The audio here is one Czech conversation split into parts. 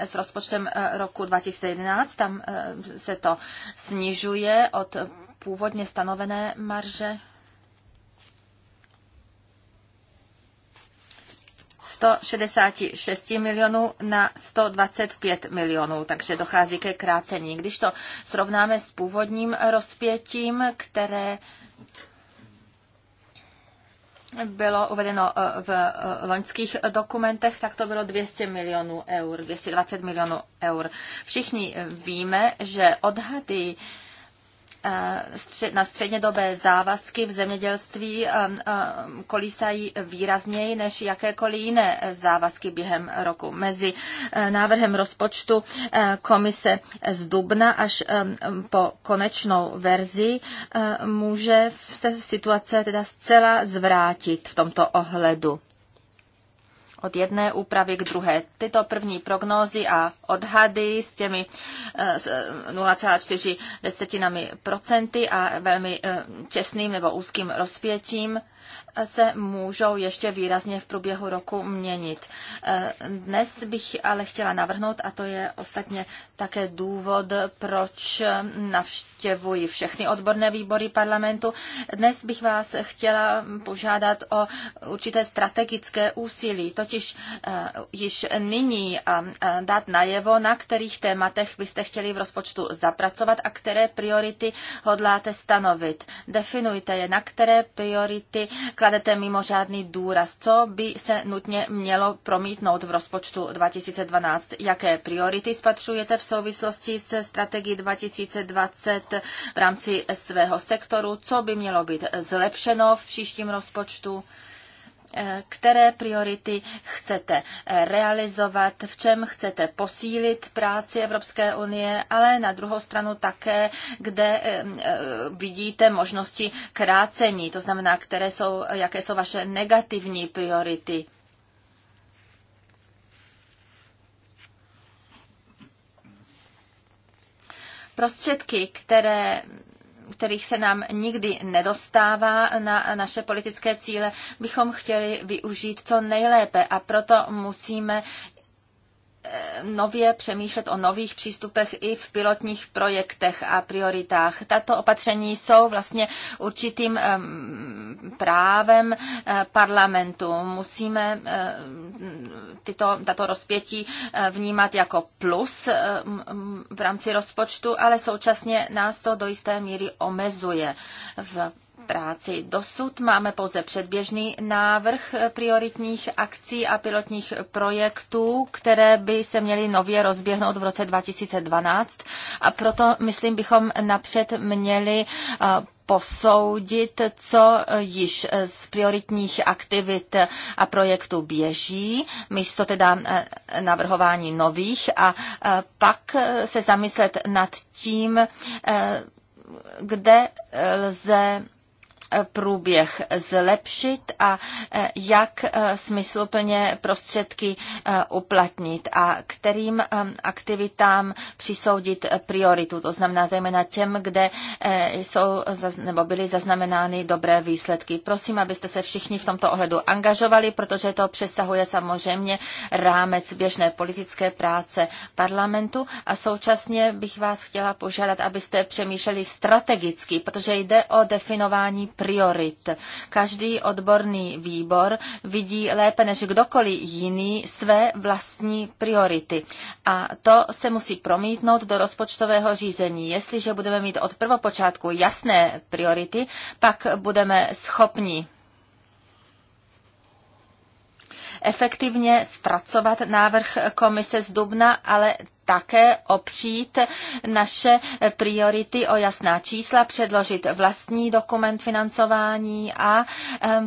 s rozpočtem eh, roku 2011, tam eh, se to snižuje od původně stanovené marže 166 milionů na 125 milionů, takže dochází ke krácení. Když to srovnáme s původním rozpětím, které bylo uvedeno eh, v eh, loňských dokumentech, tak to bylo 200 milionů eur, 220 milionů eur. Všichni eh, víme, že odhady Eh, na střednědobé závazky v zemědělství eh, eh, kolísají výrazněji než jakékoliv jiné závazky během roku. Mezi návrhem rozpočtu komise z dubna až po konečnou verzi může se situace teda zcela zvrátit v tomto ohledu od jedné úpravy k druhé. Tyto první prognózy a odhady s těmi 0,4 eh, eh, desetinami procenty a velmi eh, těsným nebo úzkým rozpětím se můžou ještě výrazně v průběhu roku měnit. Dnes bych ale chtěla navrhnout, a to je ostatně také důvod, proč navštěvuji všechny odborné výbory parlamentu, dnes bych vás chtěla požádat o určité strategické úsilí, totiž eh, již nyní dát najevo, na kterých tématech byste chtěli v rozpočtu zapracovat a které priority hodláte stanovit. Definujte je, na které priority kladete mimořádný důraz. Co by se nutně mělo promítnout v rozpočtu 2012? Jaké priority spatřujete v souvislosti se strategií 2020 v rámci svého sektoru? Co by mělo být zlepšeno v příštím rozpočtu? které priority chcete eh, realizovat, v čem chcete posílit práci Evropské unie, ale na druhou stranu také, kde eh, eh, vidíte možnosti krácení, to znamená, které jsou, jaké jsou vaše negativní priority. Prostředky, které kterých se nám nikdy nedostává na naše politické cíle, bychom chtěli využít co nejlépe a proto musíme nově přemýšlet o nových přístupech i v pilotních projektech a prioritách. Tato opatření jsou vlastně určitým právem eh, parlamentu. Musíme eh, tyto, tato rozpětí eh, vnímat jako plus v rámci rozpočtu, ale současně nás to do jisté míry omezuje v práci. Dosud máme pouze předběžný návrh prioritních akcí a pilotních projektů, které by se měly nově rozběhnout v roce 2012 a proto, myslím, bychom napřed měli eh, posoudit, co již z prioritních aktivit a projektů běží, místo teda eh, navrhování nových a eh, pak se zamyslet nad tím, kde lze průběh zlepšit a e, jak e, smysluplně prostředky e, uplatnit a kterým aktivitám přisoudit prioritu, to znamená zejména těm, kde jsou nebo byly zaznamenány dobré výsledky. Prosím, abyste se všichni v tomto ohledu angažovali, protože to přesahuje samozřejmě rámec běžné politické práce parlamentu a současně bych vás chtěla požádat, abyste přemýšleli strategicky, protože jde o definování priorit. Každý odborný výbor vidí lépe než kdokoliv jiný své vlastní priority. A to se musí promítnout do rozpočtového řízení. Jestliže budeme mít od prvopočátku jasné priority, pak budeme schopni efektivně zpracovat návrh komise z Dubna, ale také opřít naše priority o jasná čísla, předložit vlastní dokument financování a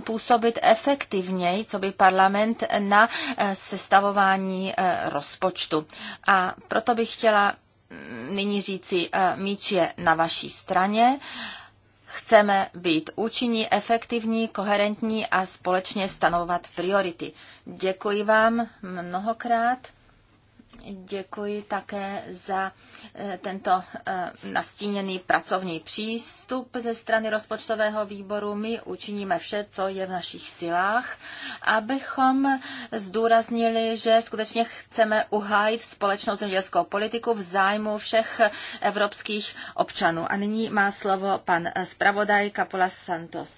působit efektivněji, co by parlament na e, sestavování e, rozpočtu. A proto bych chtěla mm, nyní říci, e, míč je na vaší straně Chceme být účinní, efektivní, koherentní a společně stanovovat priority. Děkuji vám mnohokrát Děkuji také za eh, tento eh, nastíněný pracovní přístup ze strany rozpočtového výboru. My učiníme vše, co je v našich silách, abychom zdůraznili, že skutečně chceme uhájit společnou zemědělskou politiku v zájmu všech evropských občanů. A nyní má slovo pan eh, zpravodaj Kapolas Santos.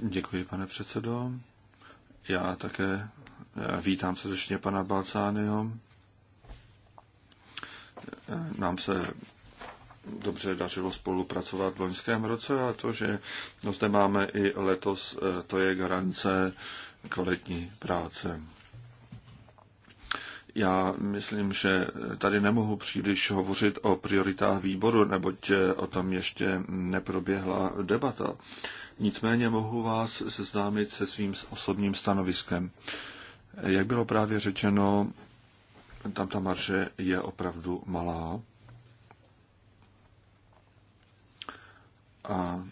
Děkuji, pane předsedo. Já také Vítám srdečně pana Balcányho. Nám se dobře dařilo spolupracovat v loňském roce a to, že no, zde máme i letos, eh, to je garance kvalitní práce. Já myslím, že tady nemohu příliš hovořit o prioritách výboru, neboť eh, o tom ještě neproběhla debata. Nicméně mohu vás seznámit se svým osobním stanoviskem. Jak bylo právě řečeno, tam ta marže je opravdu malá. A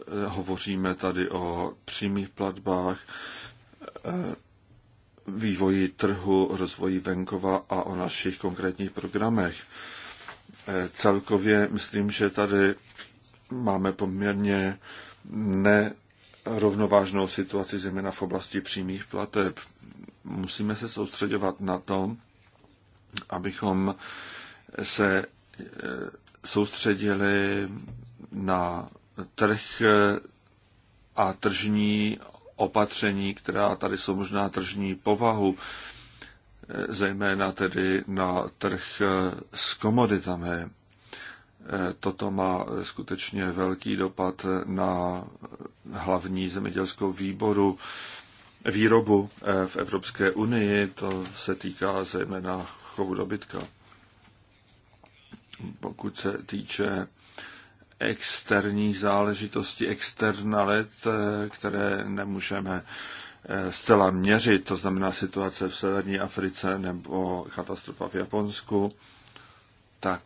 eh, hovoříme tady o přímých platbách, eh, vývoji trhu, rozvoji venkova a o našich konkrétních programech. Eh, celkově myslím, že tady máme poměrně ne rovnovážnou situaci, zejména v oblasti přímých plateb. Musíme se soustředovat na to, abychom se e, soustředili na trh e, a tržní opatření, která tady jsou možná tržní povahu, e, zejména tedy na trh s komoditami. Toto má skutečně velký dopad na hlavní zemědělskou výboru výrobu eh, v Evropské unii. To se týká zejména chovu dobytka. Pokud se týče externí záležitosti, externalit, eh, které nemůžeme eh, zcela měřit, to znamená situace v severní Africe nebo katastrofa v Japonsku, tak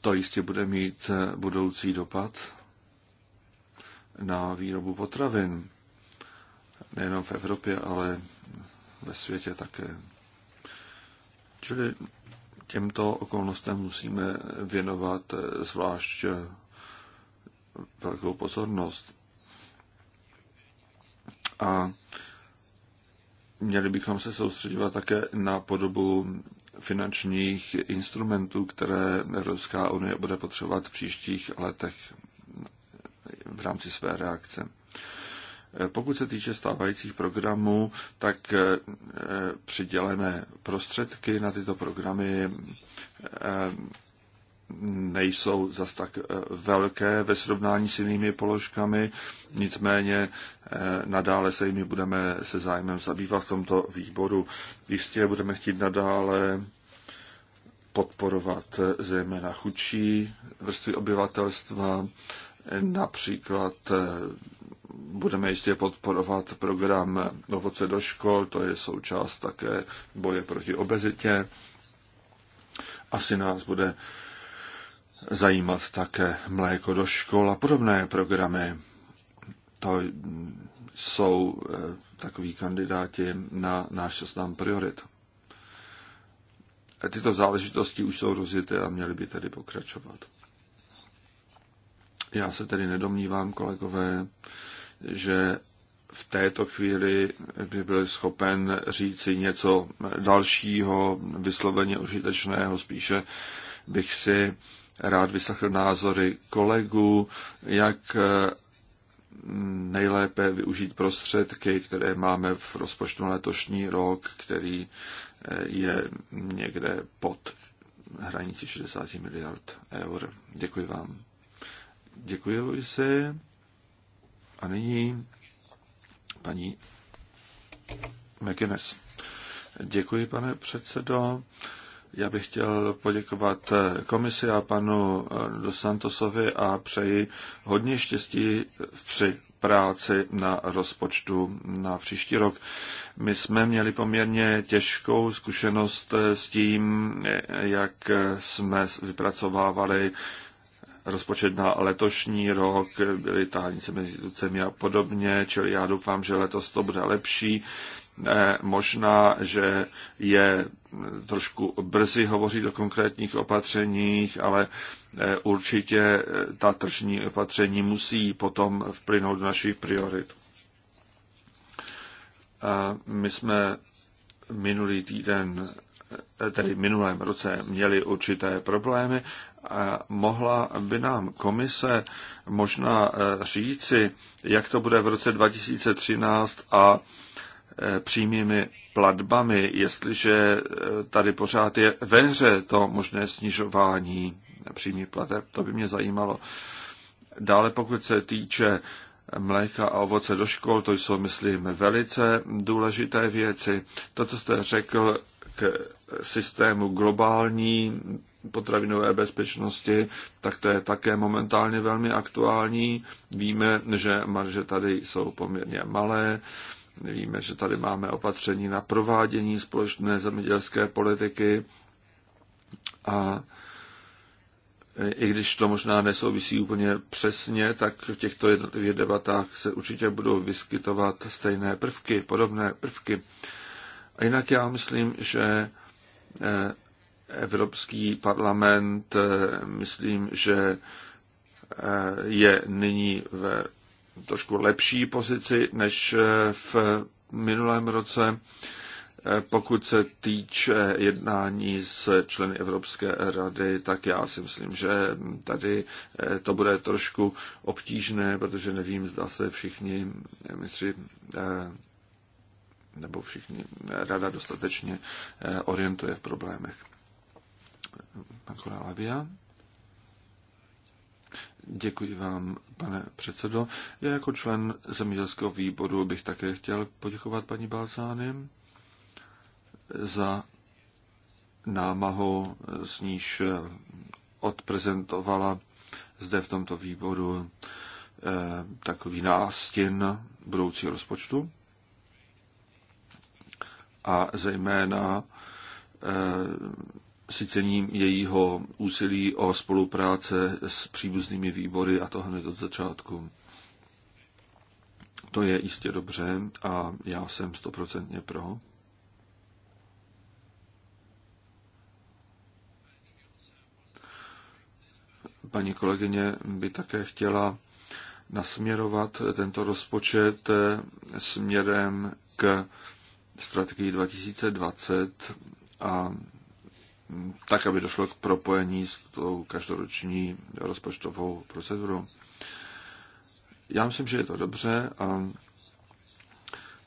to jistě bude mít budoucí dopad na výrobu potravin. Nejenom v Evropě, ale ve světě také. Čili těmto okolnostem musíme věnovat eh, zvlášť eh, velkou pozornost. A měli bychom se soustředovat také na podobu finančních instrumentů, které Evropská unie bude potřebovat v příštích letech v rámci své reakce. Eh, pokud se týče stávajících programů, tak eh, eh, přidělené prostředky na tyto programy nejsou zas tak velké ve srovnání s jinými položkami, nicméně nadále se jimi budeme se zájmem zabývat v tomto výboru. Jistě budeme chtít nadále podporovat zejména chudší vrstvy obyvatelstva, Například eh, budeme ještě podporovat program Ovoce do škol, to je součást také boje proti obezitě. Asi nás bude zajímat také mléko do škol a podobné programy. To jsou eh, takoví kandidáti na náš seznam priorit. Tyto záležitosti už jsou rozjeté a měly by tedy pokračovat. Já se tedy nedomnívám, kolegové, že v této chvíli by byl schopen říci něco dalšího, vysloveně užitečného. Spíše bych si rád vyslechl názory kolegů, jak mm, nejlépe využít prostředky, které máme v rozpočtu na letošní rok, který eh, je někde pod hranici 60 miliard eur. Děkuji vám. Děkuji, Luise. A nyní paní McInnes. Děkuji, pane předsedo. Já bych chtěl poděkovat komisi a panu Dos Santosovi a přeji hodně štěstí v při práci na rozpočtu na příští rok. My jsme měli poměrně těžkou zkušenost s tím, jak jsme vypracovávali rozpočet na letošní rok, byly tánice mezi institucemi a podobně, čili já doufám, že letos to bude lepší. Eh, možná, že je trošku brzy hovořit o konkrétních opatřeních, ale eh, určitě eh, ta tržní opatření musí potom vplynout do našich priorit. My jsme minulý týden, tedy minulém roce, měli určité problémy mohla by nám komise možná eh, říci, jak to bude v roce 2013 a eh, přímými platbami, jestliže eh, tady pořád je ve hře to možné snižování přímých plateb. To by mě zajímalo. Dále pokud se týče mléka a ovoce do škol, to jsou, myslím, velice důležité věci. To, co jste řekl k systému globální potravinové bezpečnosti, tak to je také momentálně velmi aktuální. Víme, že marže tady jsou poměrně malé. Víme, že tady máme opatření na provádění společné zemědělské politiky a i když to možná nesouvisí úplně přesně, tak v těchto jednotlivých debatách se určitě budou vyskytovat stejné prvky, podobné prvky. A jinak já myslím, že eh, Evropský parlament, eh, myslím, že eh, je nyní v trošku lepší pozici než eh, v minulém roce, pokud se týče jednání s členy Evropské rady, tak já si myslím, že tady to bude trošku obtížné, protože nevím, zda se všichni ministři nebo všichni rada dostatečně orientuje v problémech pan Lavia. Děkuji vám, pane předsedo. Já jako člen zemědělského výboru bych také chtěl poděkovat paní Balzány za námahu, z níž odprezentovala zde v tomto výboru eh, takový nástin budoucího rozpočtu a zejména eh, si cením jejího úsilí o spolupráce s příbuznými výbory a to hned od začátku. To je jistě dobře a já jsem stoprocentně pro. Paní kolegyně by také chtěla nasměrovat tento rozpočet směrem k strategii 2020 a tak, aby došlo k propojení s tou každoroční rozpočtovou procedurou. Já myslím, že je to dobře a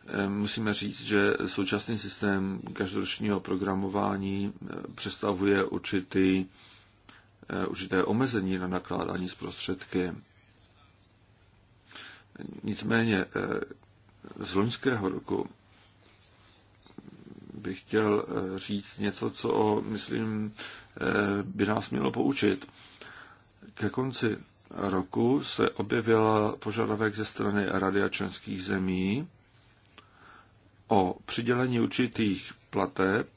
e, musíme říct, že současný systém každoročního programování e, představuje určitý, e, určité omezení na nakládání s prostředky. Nicméně z loňského roku bych chtěl eh, říct něco, co, eh, myslím, eh, by nás mělo poučit. Ke konci roku se objevil požadavek ze strany Rady a členských zemí o přidělení určitých plateb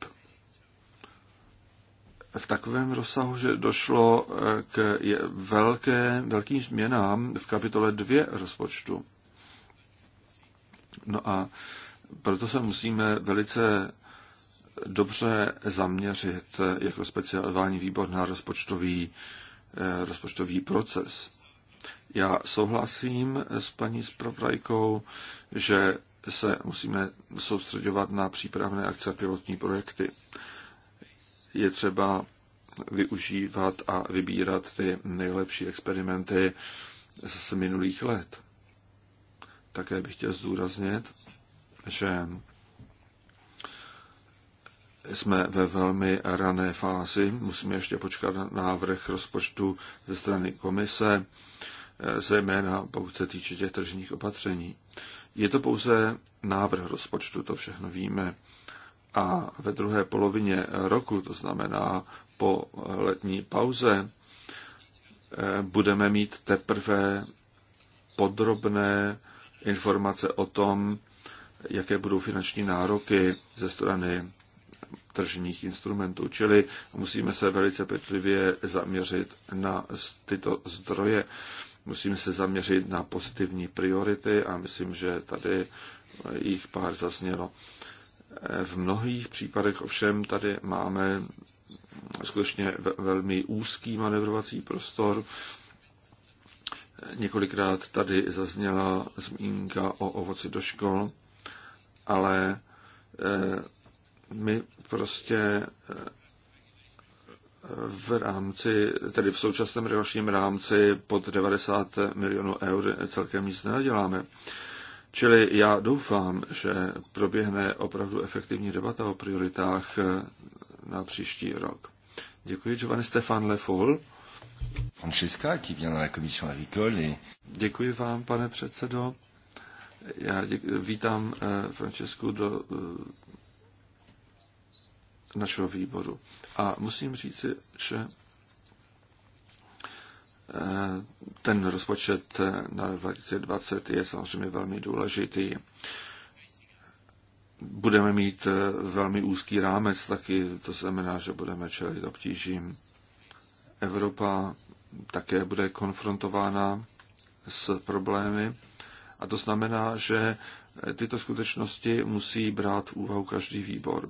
v takovém rozsahu, že došlo k velké, velkým změnám v kapitole 2 rozpočtu. No a proto se musíme velice dobře zaměřit jako speciální výbor na rozpočtový, eh, rozpočtový proces. Já souhlasím s paní zpravodajkou, že se musíme soustředovat na přípravné akce a pilotní projekty. Je třeba využívat a vybírat ty nejlepší experimenty z minulých let. Také bych chtěl zdůraznit, že jsme ve velmi rané fázi. Musíme ještě počkat na návrh rozpočtu ze strany komise, eh, zejména pokud se týče těch tržních opatření. Je to pouze návrh rozpočtu, to všechno víme. A ve druhé polovině roku, to znamená po letní pauze, eh, budeme mít teprve podrobné informace o tom, jaké budou finanční nároky ze strany tržních instrumentů. Čili musíme se velice pečlivě zaměřit na tyto zdroje. Musíme se zaměřit na pozitivní priority a myslím, že tady jich pár zaznělo. V mnohých případech ovšem tady máme skutečně velmi úzký manevrovací prostor. Několikrát tady zazněla zmínka o ovoci do škol, ale eh, my prostě eh, v rámci, tedy v současném regulačním rámci pod 90 milionů eur celkem nic neděláme. Čili já doufám, že proběhne opravdu efektivní debata o prioritách eh, na příští rok. Děkuji, Giovanni Stefan Lefol. Francesca, qui vient dans la commission agricole et... Děkuji vám, pane předsedo. Já děk, vítám eh, Francesku do našeho výboru. A musím říci, že eh, ten rozpočet na 2020 je samozřejmě velmi důležitý. Budeme mít eh, velmi úzký rámec taky, to znamená, že budeme čelit obtížím. Evropa také bude konfrontována s problémy a to znamená, že tyto skutečnosti musí brát v úvahu každý výbor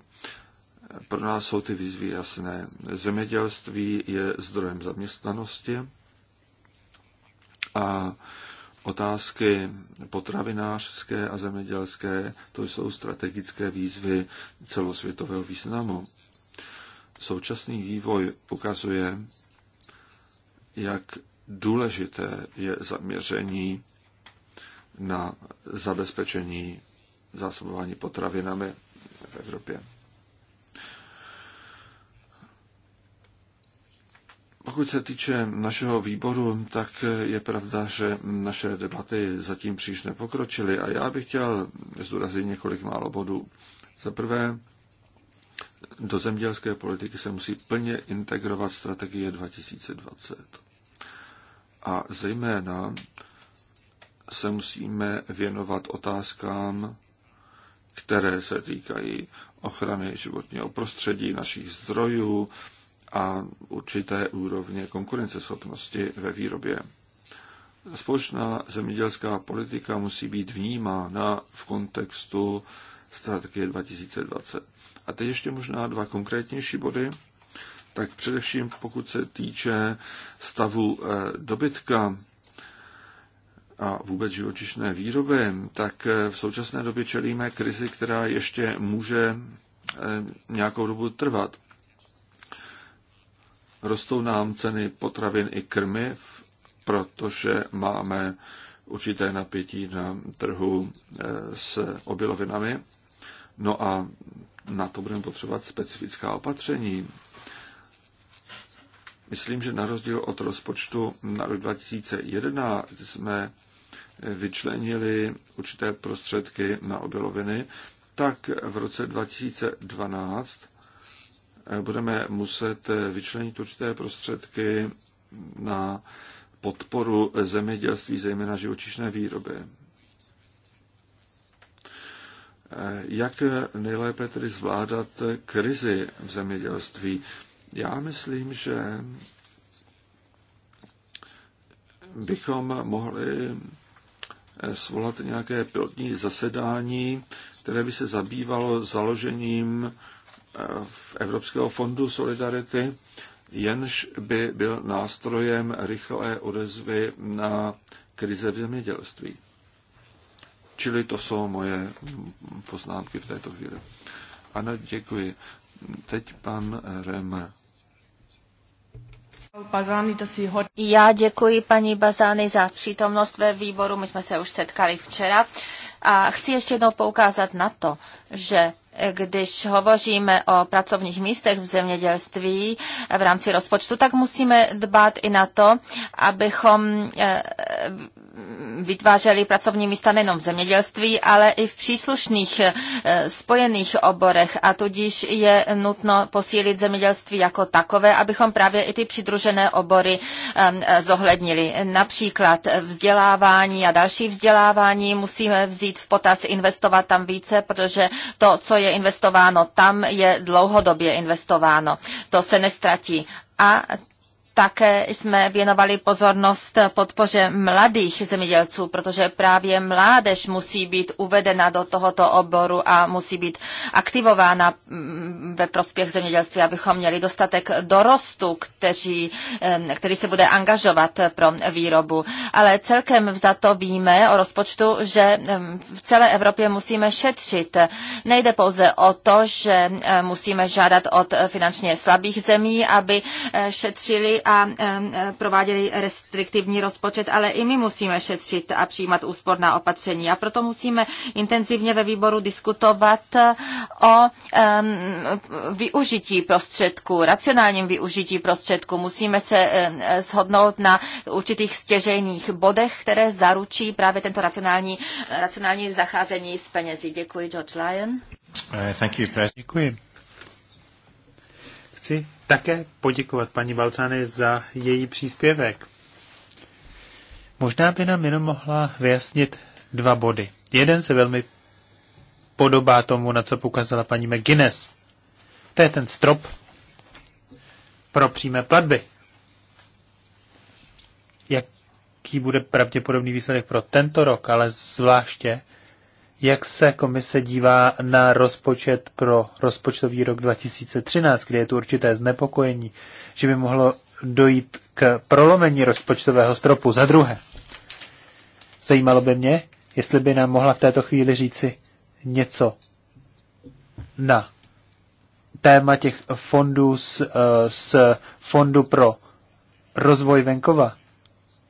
pro nás jsou ty výzvy jasné. Zemědělství je zdrojem zaměstnanosti a otázky potravinářské a zemědělské, to jsou strategické výzvy celosvětového významu. Současný vývoj ukazuje, jak důležité je zaměření na zabezpečení zásobování potravinami v Evropě. Pokud se týče našeho výboru, tak je pravda, že naše debaty zatím příliš nepokročily a já bych chtěl zdůrazit několik málo bodů. Za prvé, do zemědělské politiky se musí plně integrovat strategie 2020. A zejména se musíme věnovat otázkám, které se týkají ochrany životního prostředí, našich zdrojů, a určité úrovně konkurenceschopnosti ve výrobě. Společná zemědělská politika musí být vnímána v kontextu strategie 2020. A teď ještě možná dva konkrétnější body. Tak především pokud se týče stavu eh, dobytka a vůbec živočišné výroby, tak eh, v současné době čelíme krizi, která ještě může eh, nějakou dobu trvat. Rostou nám ceny potravin i krmiv, protože máme určité napětí na trhu eh, s obilovinami. No a na to budeme potřebovat specifická opatření. Myslím, že na rozdíl od rozpočtu na rok 2011 jsme vyčlenili určité prostředky na obiloviny, tak v roce 2012 Eh, budeme muset eh, vyčlenit určité prostředky na podporu zemědělství, zejména živočišné výroby. Eh, jak nejlépe tedy zvládat krizi v zemědělství? Já myslím, že bychom mohli svolat nějaké pilotní zasedání, které by se zabývalo založením v Evropského fondu solidarity, jenž by byl nástrojem rychlé odezvy na krize v zemědělství. Čili to jsou moje poznámky v této chvíli. Ano, děkuji. Teď pan Remer. Já děkuji paní Bazány za přítomnost ve výboru. My jsme se už setkali včera. A chci ještě jednou poukázat na to, že když hovoříme o pracovních místech v zemědělství v rámci rozpočtu, tak musíme dbát i na to, abychom eh, vytvářely pracovní místa nejenom v zemědělství, ale i v příslušných eh, spojených oborech a tudíž je nutno posílit zemědělství jako takové, abychom právě i ty přidružené obory ehm, eh, zohlednili. Například vzdělávání a další vzdělávání musíme vzít v potaz investovat tam více, protože to, co je investováno tam, je dlouhodobě investováno. To se nestratí a také jsme věnovali pozornost podpoře mladých zemědělců, protože právě mládež musí být uvedena do tohoto oboru a musí být aktivována mm, ve prospěch zemědělství, abychom měli dostatek dorostu, kteří, který se bude angažovat pro výrobu. Ale celkem to víme o rozpočtu, že v celé Evropě musíme šetřit. Nejde pouze o to, že musíme žádat od finančně slabých zemí, aby eh, šetřili a eh, prováděli restriktivní rozpočet, ale i my musíme šetřit a přijímat úsporná opatření. A proto musíme intenzivně ve výboru diskutovat eh, o využití prostředků, racionálním využití prostředků. Musíme se eh, shodnout na určitých stěžejních bodech, které zaručí právě tento racionální, racionální zacházení s penězi. Děkuji, George Lyon. Uh, thank you, Děkuji. Chci také poděkovat paní Balcány za její příspěvek. Možná by nám jenom mohla vyjasnit dva body. Jeden se velmi podobá tomu, na co pokazala paní McGuinness. To je ten strop pro přímé platby. Jaký bude pravděpodobný výsledek pro tento rok, ale zvláště jak se komise dívá na rozpočet pro rozpočtový rok 2013, kde je tu určité znepokojení, že by mohlo dojít k prolomení rozpočtového stropu. Za druhé, zajímalo by mě, jestli by nám mohla v této chvíli říci něco na téma těch fondů z, eh, z Fondu pro rozvoj venkova.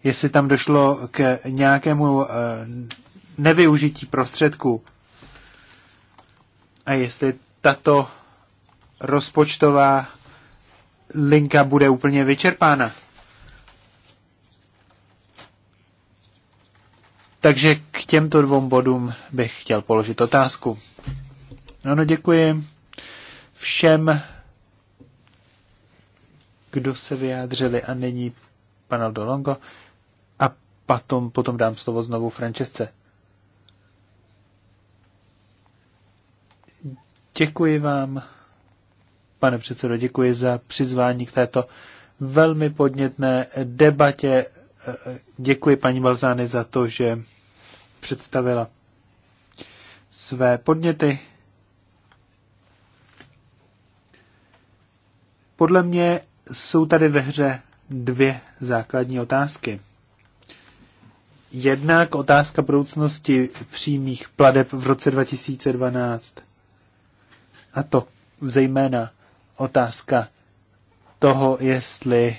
Jestli tam došlo k nějakému eh, nevyužití prostředků. A jestli tato rozpočtová linka bude úplně vyčerpána. Takže k těmto dvou bodům bych chtěl položit otázku. Ano, děkuji všem, kdo se vyjádřili a není pan Dolongo A potom, potom dám slovo znovu Francesce. Děkuji vám, pane předsedo, děkuji za přizvání k této velmi podnětné debatě. Eh, eh, děkuji paní Balzány za to, že představila své podněty. Podle mě jsou tady ve hře dvě základní otázky. Jednak otázka budoucnosti přímých pladeb v roce 2012 a to zejména otázka toho, jestli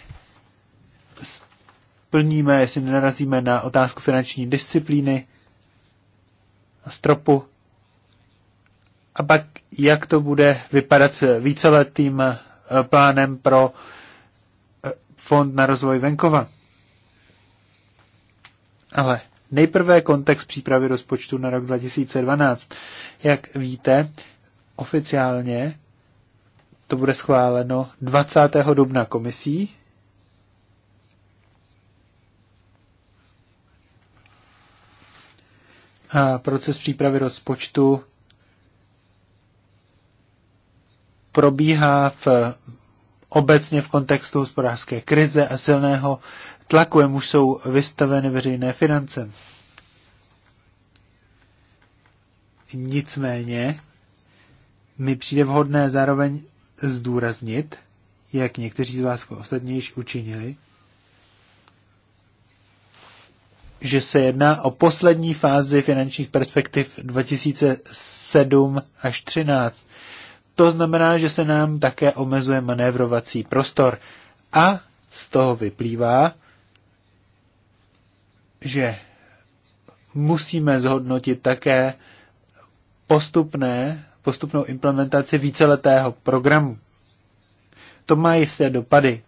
splníme, jestli nenarazíme na otázku finanční disciplíny a stropu. A pak, jak to bude vypadat s víceletým eh, plánem pro eh, Fond na rozvoj venkova. Ale nejprve kontext přípravy rozpočtu na rok 2012. Jak víte, oficiálně to bude schváleno 20. dubna komisí. A proces přípravy rozpočtu probíhá v, obecně v kontextu hospodářské krize a silného tlaku, jemu jsou vystaveny veřejné finance. Nicméně, mi přijde vhodné zároveň zdůraznit, jak někteří z vás jako ostatně již učinili, že se jedná o poslední fázi finančních perspektiv 2007 až 13. To znamená, že se nám také omezuje manévrovací prostor. A z toho vyplývá, že musíme zhodnotit také postupné postupnou implementaci víceletého programu. To má jisté dopady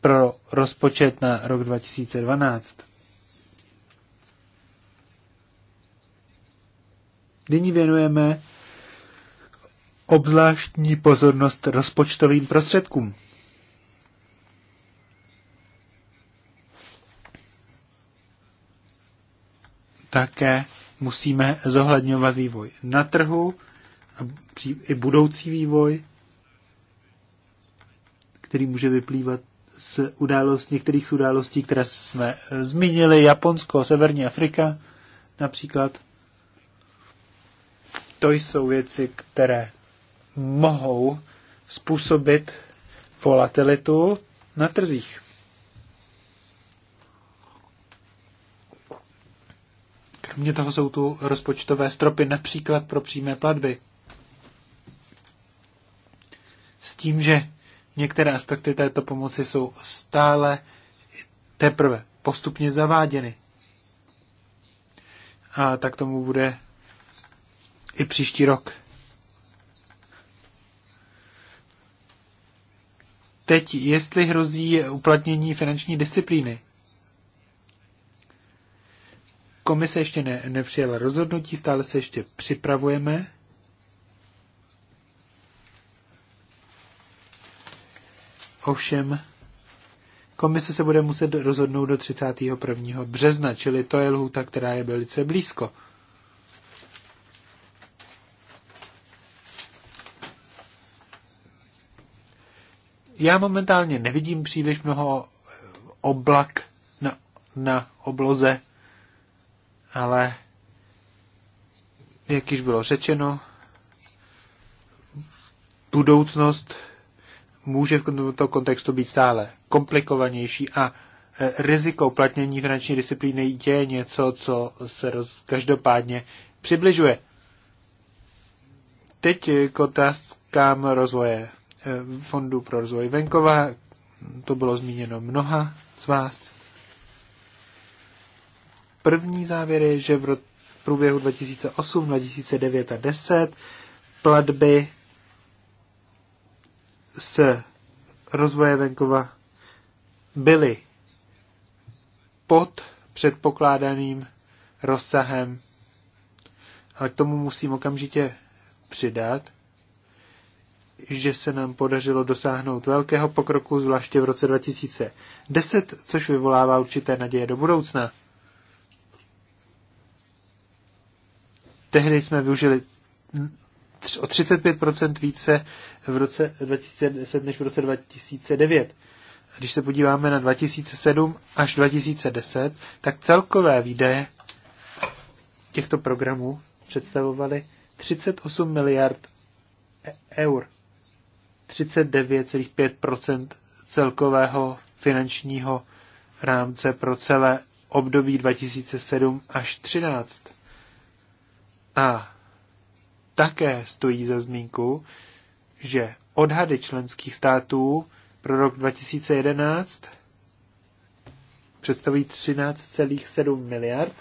pro rozpočet na rok 2012. Nyní věnujeme obzvláštní pozornost rozpočtovým prostředkům. Také musíme zohledňovat vývoj na trhu i budoucí vývoj, který může vyplývat z událost, některých z událostí, které jsme eh, zmínili, Japonsko, Severní Afrika například. To jsou věci, které mohou způsobit volatilitu na trzích. Kromě toho jsou tu rozpočtové stropy, například pro přímé platby. S tím, že některé aspekty této pomoci jsou stále teprve postupně zaváděny. A tak tomu bude i příští rok. Teď, jestli hrozí uplatnění finanční disciplíny, Komise ještě ne, nepřijala rozhodnutí, stále se ještě připravujeme. Ovšem, komise se bude muset rozhodnout do 31. března, čili to je lhůta, která je velice blízko. Já momentálně nevidím příliš mnoho oblak na, na obloze ale jak již bylo řečeno, budoucnost může v tomto kontextu být stále komplikovanější a e, riziko uplatnění finanční disciplíny je něco, co se roz, každopádně přibližuje. Teď k otázkám rozvoje e, Fondu pro rozvoj venkova. To bylo zmíněno mnoha z vás. První závěr je, že v průběhu 2008, 2009 a 10 platby se rozvoje venkova byly pod předpokládaným rozsahem, ale k tomu musím okamžitě přidat, že se nám podařilo dosáhnout velkého pokroku, zvláště v roce 2010, což vyvolává určité naděje do budoucna. Tehdy jsme využili o 35% více v roce 2010 než v roce 2009. Když se podíváme na 2007 až 2010, tak celkové výdaje těchto programů představovaly 38 miliard e- eur, 39,5 celkového finančního rámce pro celé období 2007 až 2013. A také stojí za zmínku, že odhady členských států pro rok 2011 představují 13,7 miliard,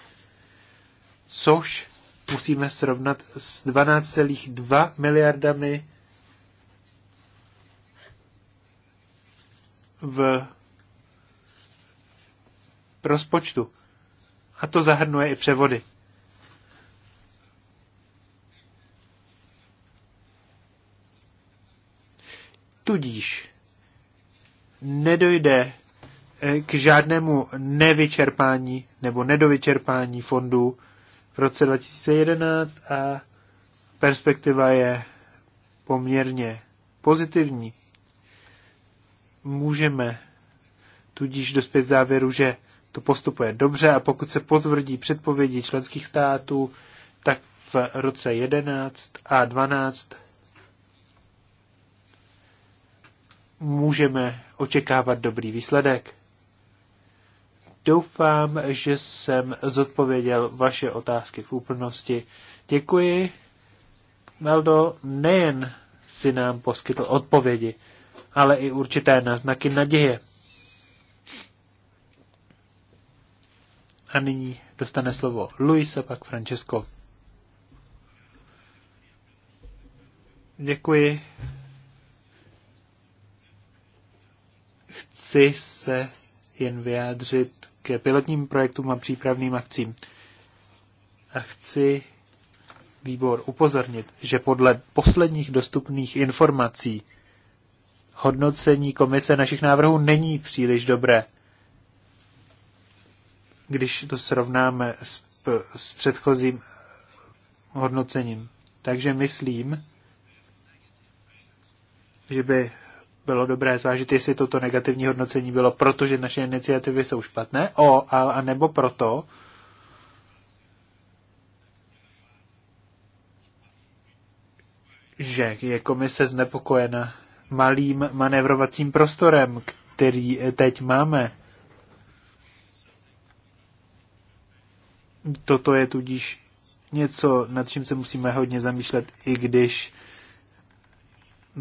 což musíme srovnat s 12,2 miliardami v rozpočtu. A to zahrnuje i převody. Tudíž nedojde eh, k žádnému nevyčerpání nebo nedovyčerpání fondů v roce 2011 a perspektiva je poměrně pozitivní. Můžeme tudíž dospět závěru, že to postupuje dobře a pokud se potvrdí předpovědi členských států, tak v roce 11 a 12 můžeme očekávat dobrý výsledek. Doufám, že jsem zodpověděl vaše otázky v úplnosti. Děkuji. Naldo nejen si nám poskytl odpovědi, ale i určité náznaky naděje. A nyní dostane slovo Luisa pak Francesco. Děkuji chci se jen vyjádřit k pilotním projektům a přípravným akcím. A chci výbor upozornit, že podle posledních dostupných informací hodnocení komise našich návrhů není příliš dobré. Když to srovnáme s, s předchozím hodnocením. Takže myslím, že by bylo dobré zvážit, jestli toto negativní hodnocení bylo proto, že naše iniciativy jsou špatné, o, a, a nebo proto, že je komise znepokojena malým manévrovacím prostorem, který teď máme. Toto je tudíž něco, nad čím se musíme hodně zamýšlet, i když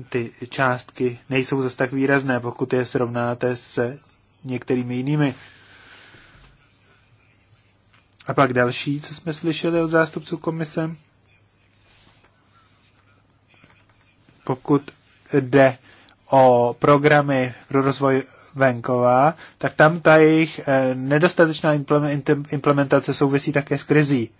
ty částky nejsou zase tak výrazné, pokud je srovnáte s některými jinými. A pak další, co jsme slyšeli od zástupců komise, pokud jde o programy pro rozvoj venkova, tak tam ta jejich eh, nedostatečná implementace souvisí také s krizí.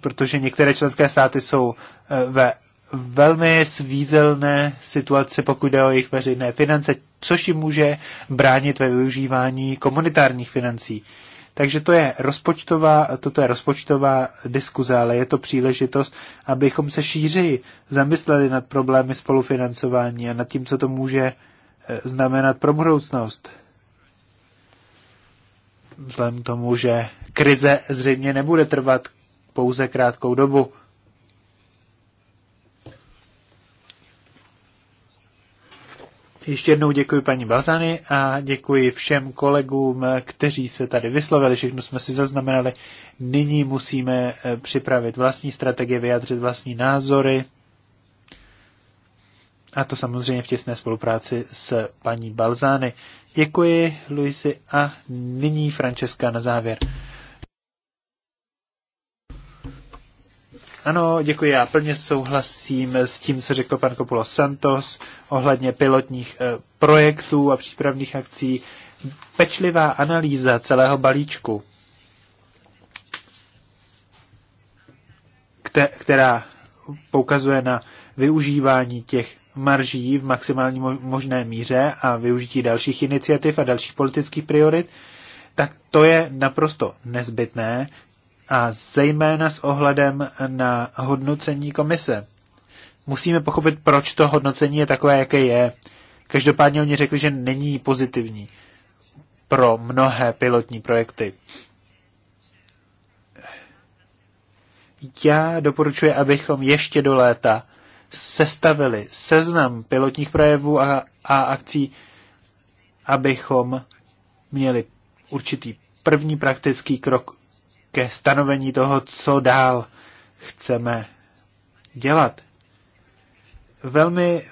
Protože některé členské státy jsou eh, ve velmi svízelné situaci, pokud jde o jejich veřejné finance, což jim může bránit ve využívání komunitárních financí. Takže to je rozpočtová, toto je rozpočtová diskuze, ale je to příležitost, abychom se šířeji zamysleli nad problémy spolufinancování a nad tím, co to může eh, znamenat pro budoucnost. Vzhledem tomu, že krize zřejmě nebude trvat pouze krátkou dobu. Ještě jednou děkuji paní Bazany a děkuji všem kolegům, kteří se tady vyslovili, všechno jsme si zaznamenali. Nyní musíme eh, připravit vlastní strategie, vyjádřit vlastní názory. A to samozřejmě v těsné spolupráci s paní Balzány. Děkuji, Luisi, a nyní Francesca na závěr. Ano, děkuji. Já plně souhlasím s tím, co řekl pan Kopulo Santos ohledně pilotních eh, projektů a přípravných akcí. Pečlivá analýza celého balíčku, která poukazuje na využívání těch marží v maximální možné míře a využití dalších iniciativ a dalších politických priorit, tak to je naprosto nezbytné, a zejména s ohledem na hodnocení komise. Musíme pochopit, proč to hodnocení je takové, jaké je. Každopádně oni řekli, že není pozitivní pro mnohé pilotní projekty. Já doporučuji, abychom ještě do léta sestavili seznam pilotních projevů a, a akcí, abychom měli určitý první praktický krok ke stanovení toho, co dál chceme dělat. Velmi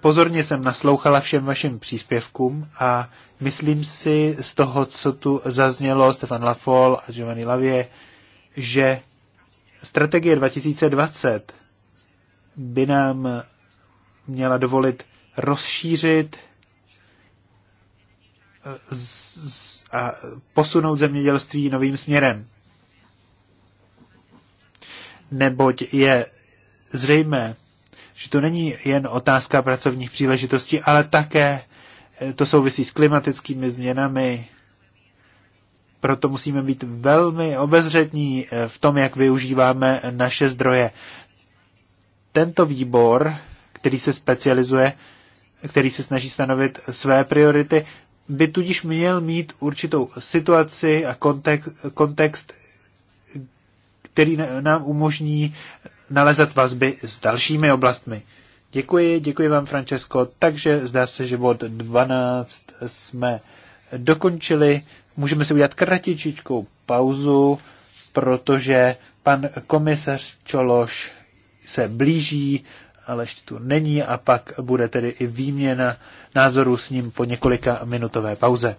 pozorně jsem naslouchala všem vašim příspěvkům a myslím si z toho, co tu zaznělo Stefan Lafol a Giovanni Lavie, že strategie 2020 by nám měla dovolit rozšířit eh, a posunout zemědělství novým směrem neboť je zřejmé, že to není jen otázka pracovních příležitostí, ale také eh, to souvisí s klimatickými změnami. Proto musíme být velmi obezřetní eh, v tom, jak využíváme naše zdroje. Tento výbor, který se specializuje, který se snaží stanovit své priority, by tudíž měl mít určitou situaci a kontext, kontext který nám umožní nalezat vazby s dalšími oblastmi. Děkuji, děkuji vám, Francesco. Takže zdá se, že bod 12 jsme dokončili. Můžeme si udělat kratičičkou pauzu, protože pan komisař Čološ se blíží, ale ještě tu není a pak bude tedy i výměna názorů s ním po několika minutové pauze.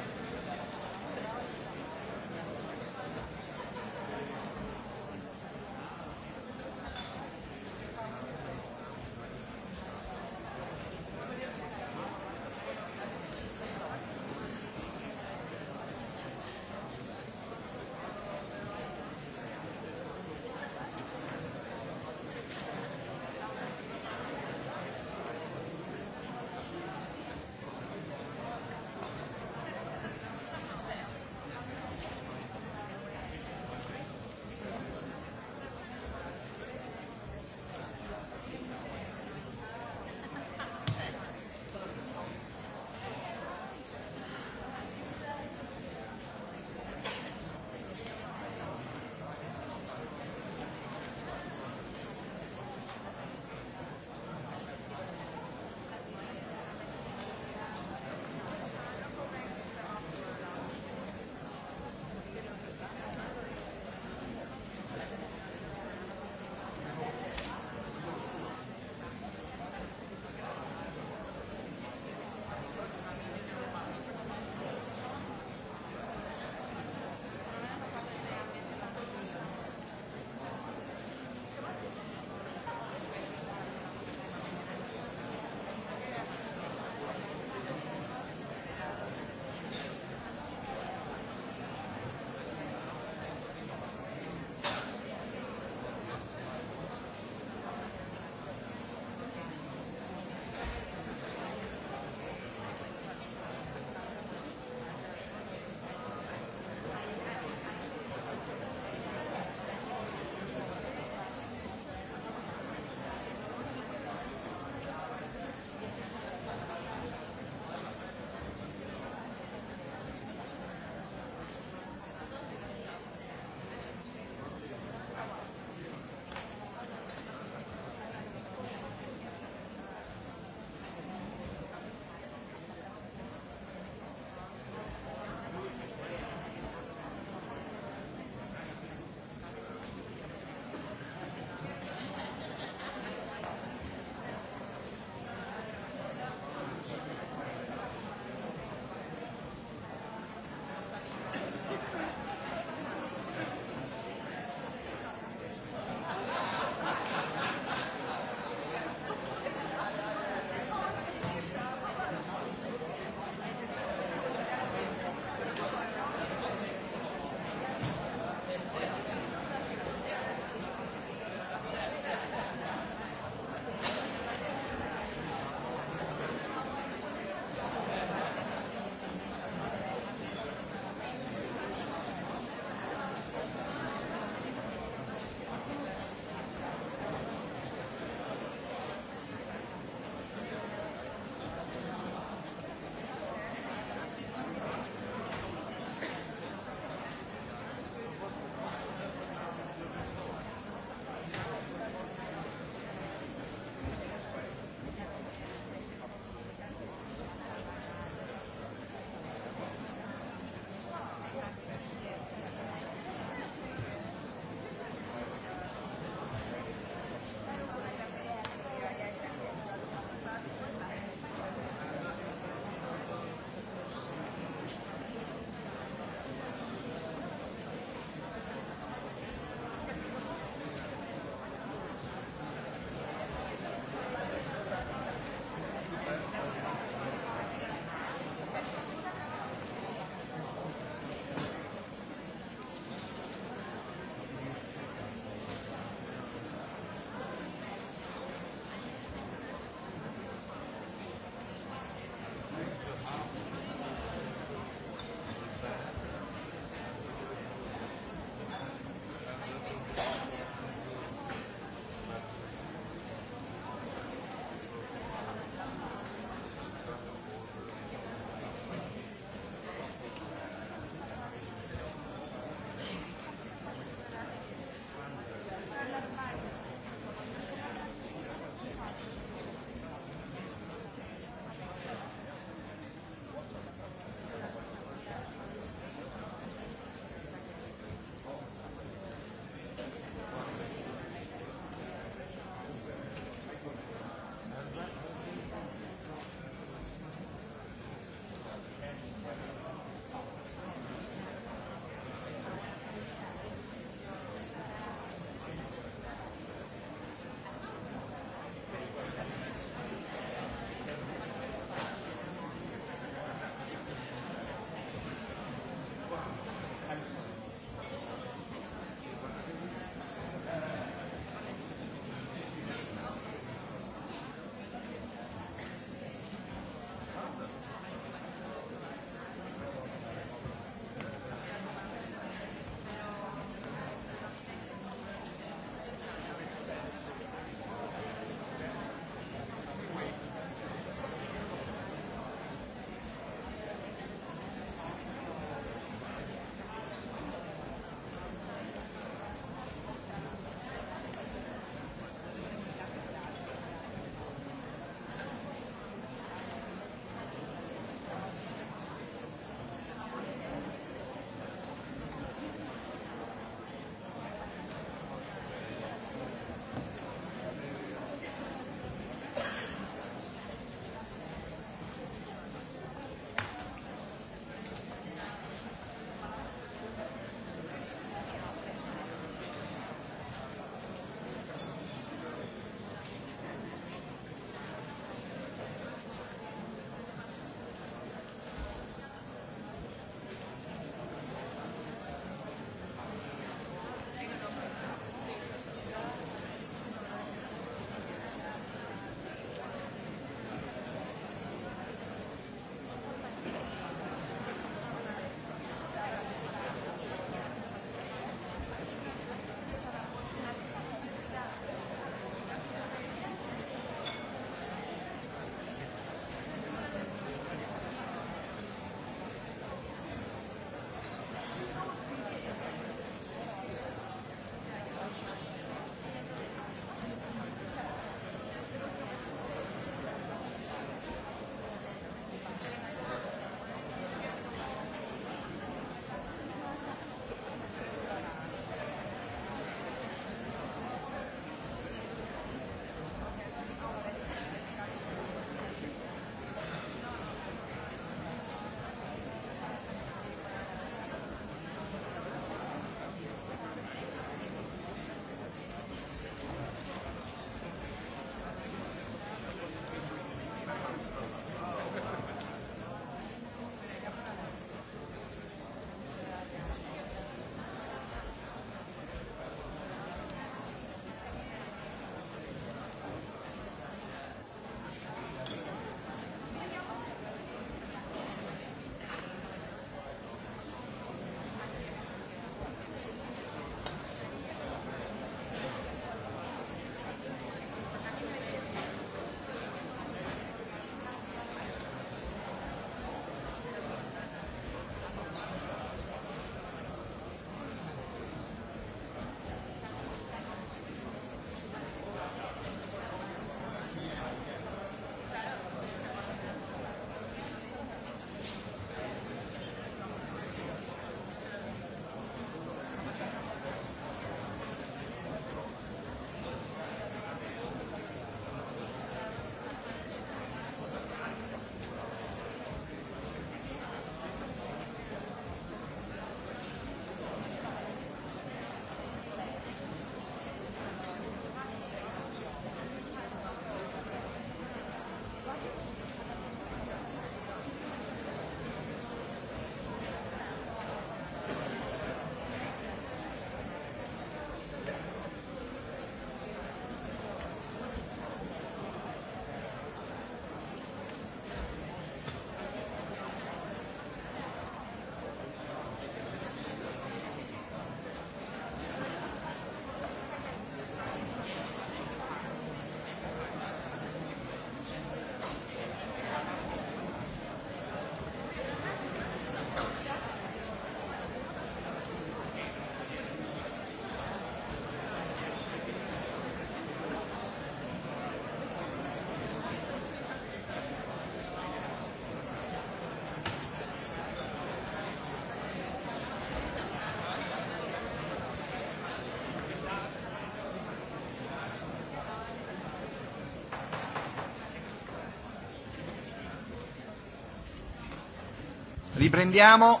Riprendiamo.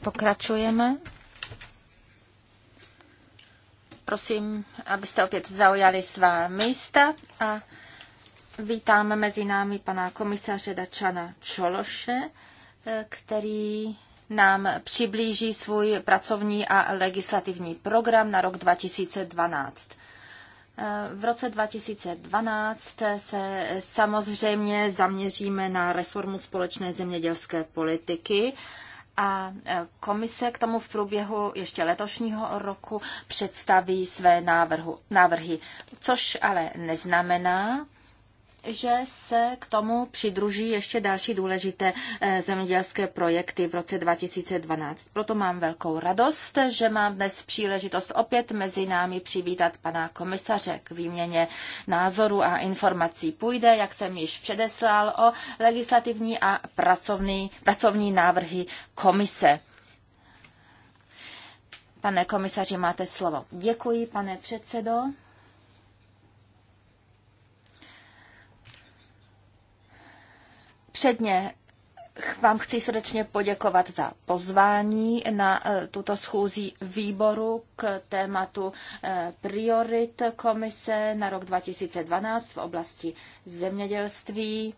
Pokračujeme. Prosím, abyste opět zaujali svá místa a vítáme mezi námi pana komisaře Dačana Čološe, eh, který nám přiblíží svůj pracovní a legislativní program na rok 2012. V roce 2012 se samozřejmě zaměříme na reformu společné zemědělské politiky a komise k tomu v průběhu ještě letošního roku představí své návrhu, návrhy, což ale neznamená, že se k tomu přidruží ještě další důležité eh, zemědělské projekty v roce 2012. Proto mám velkou radost, že mám dnes příležitost opět mezi námi přivítat pana komisaře k výměně názoru a informací. Půjde, jak jsem již předeslal, o legislativní a pracovní, pracovní návrhy komise. Pane komisaři, máte slovo. Děkuji, pane předsedo. Předně vám chci srdečně poděkovat za pozvání na eh, tuto schůzi výboru k tématu eh, priorit komise na rok 2012 v oblasti zemědělství.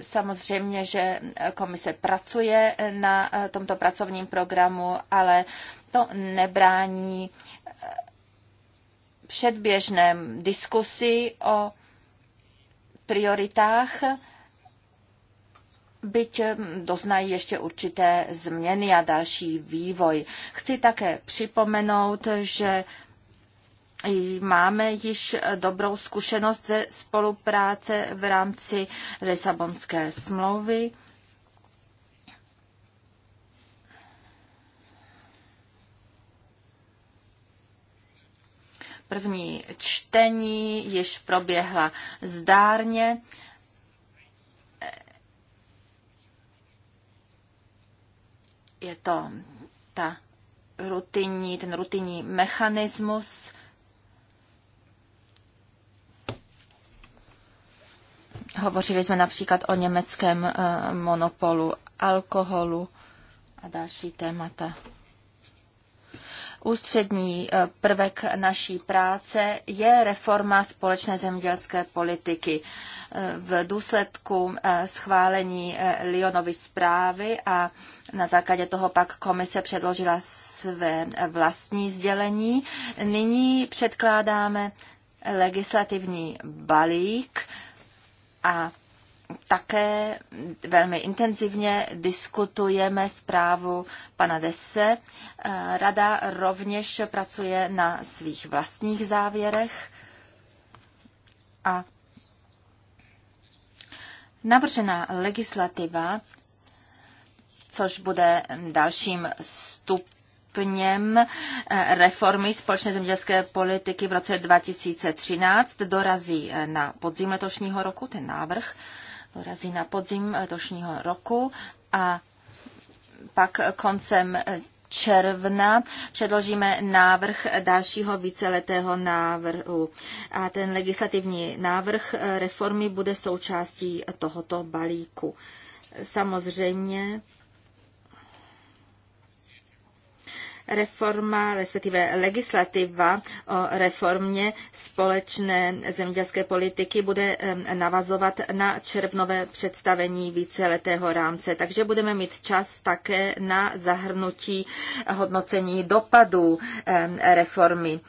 Samozřejmě, že komise pracuje eh, na tomto pracovním programu, ale to nebrání předběžném diskusi o prioritách byť eh, doznají ještě určité změny a další vývoj. Chci také připomenout, že máme již dobrou zkušenost ze spolupráce v rámci Lisabonské smlouvy. První čtení již proběhla zdárně. Je to ta rutinní, ten rutinní mechanismus, Hovořili jsme například o německém eh, monopolu alkoholu a další témata. Ústřední eh, prvek naší práce je reforma společné zemědělské politiky. Eh, v důsledku eh, schválení Lyonovy zprávy a na základě toho pak komise předložila své vlastní sdělení. Nyní předkládáme legislativní balík a také velmi intenzivně diskutujeme zprávu pana Desse. Rada rovněž pracuje na svých vlastních závěrech a navržená legislativa, což bude dalším stupem, stupněm eh, reformy společné zemědělské politiky v roce 2013 dorazí eh, na podzim letošního roku ten návrh dorazí na podzim letošního roku a pak koncem června předložíme návrh dalšího víceletého návrhu. A ten legislativní návrh reformy bude součástí tohoto balíku. Samozřejmě Reforma, respektive legislativa o reformě společné zemědělské politiky bude navazovat na červnové představení víceletého rámce, takže budeme mít čas také na zahrnutí hodnocení dopadů reformy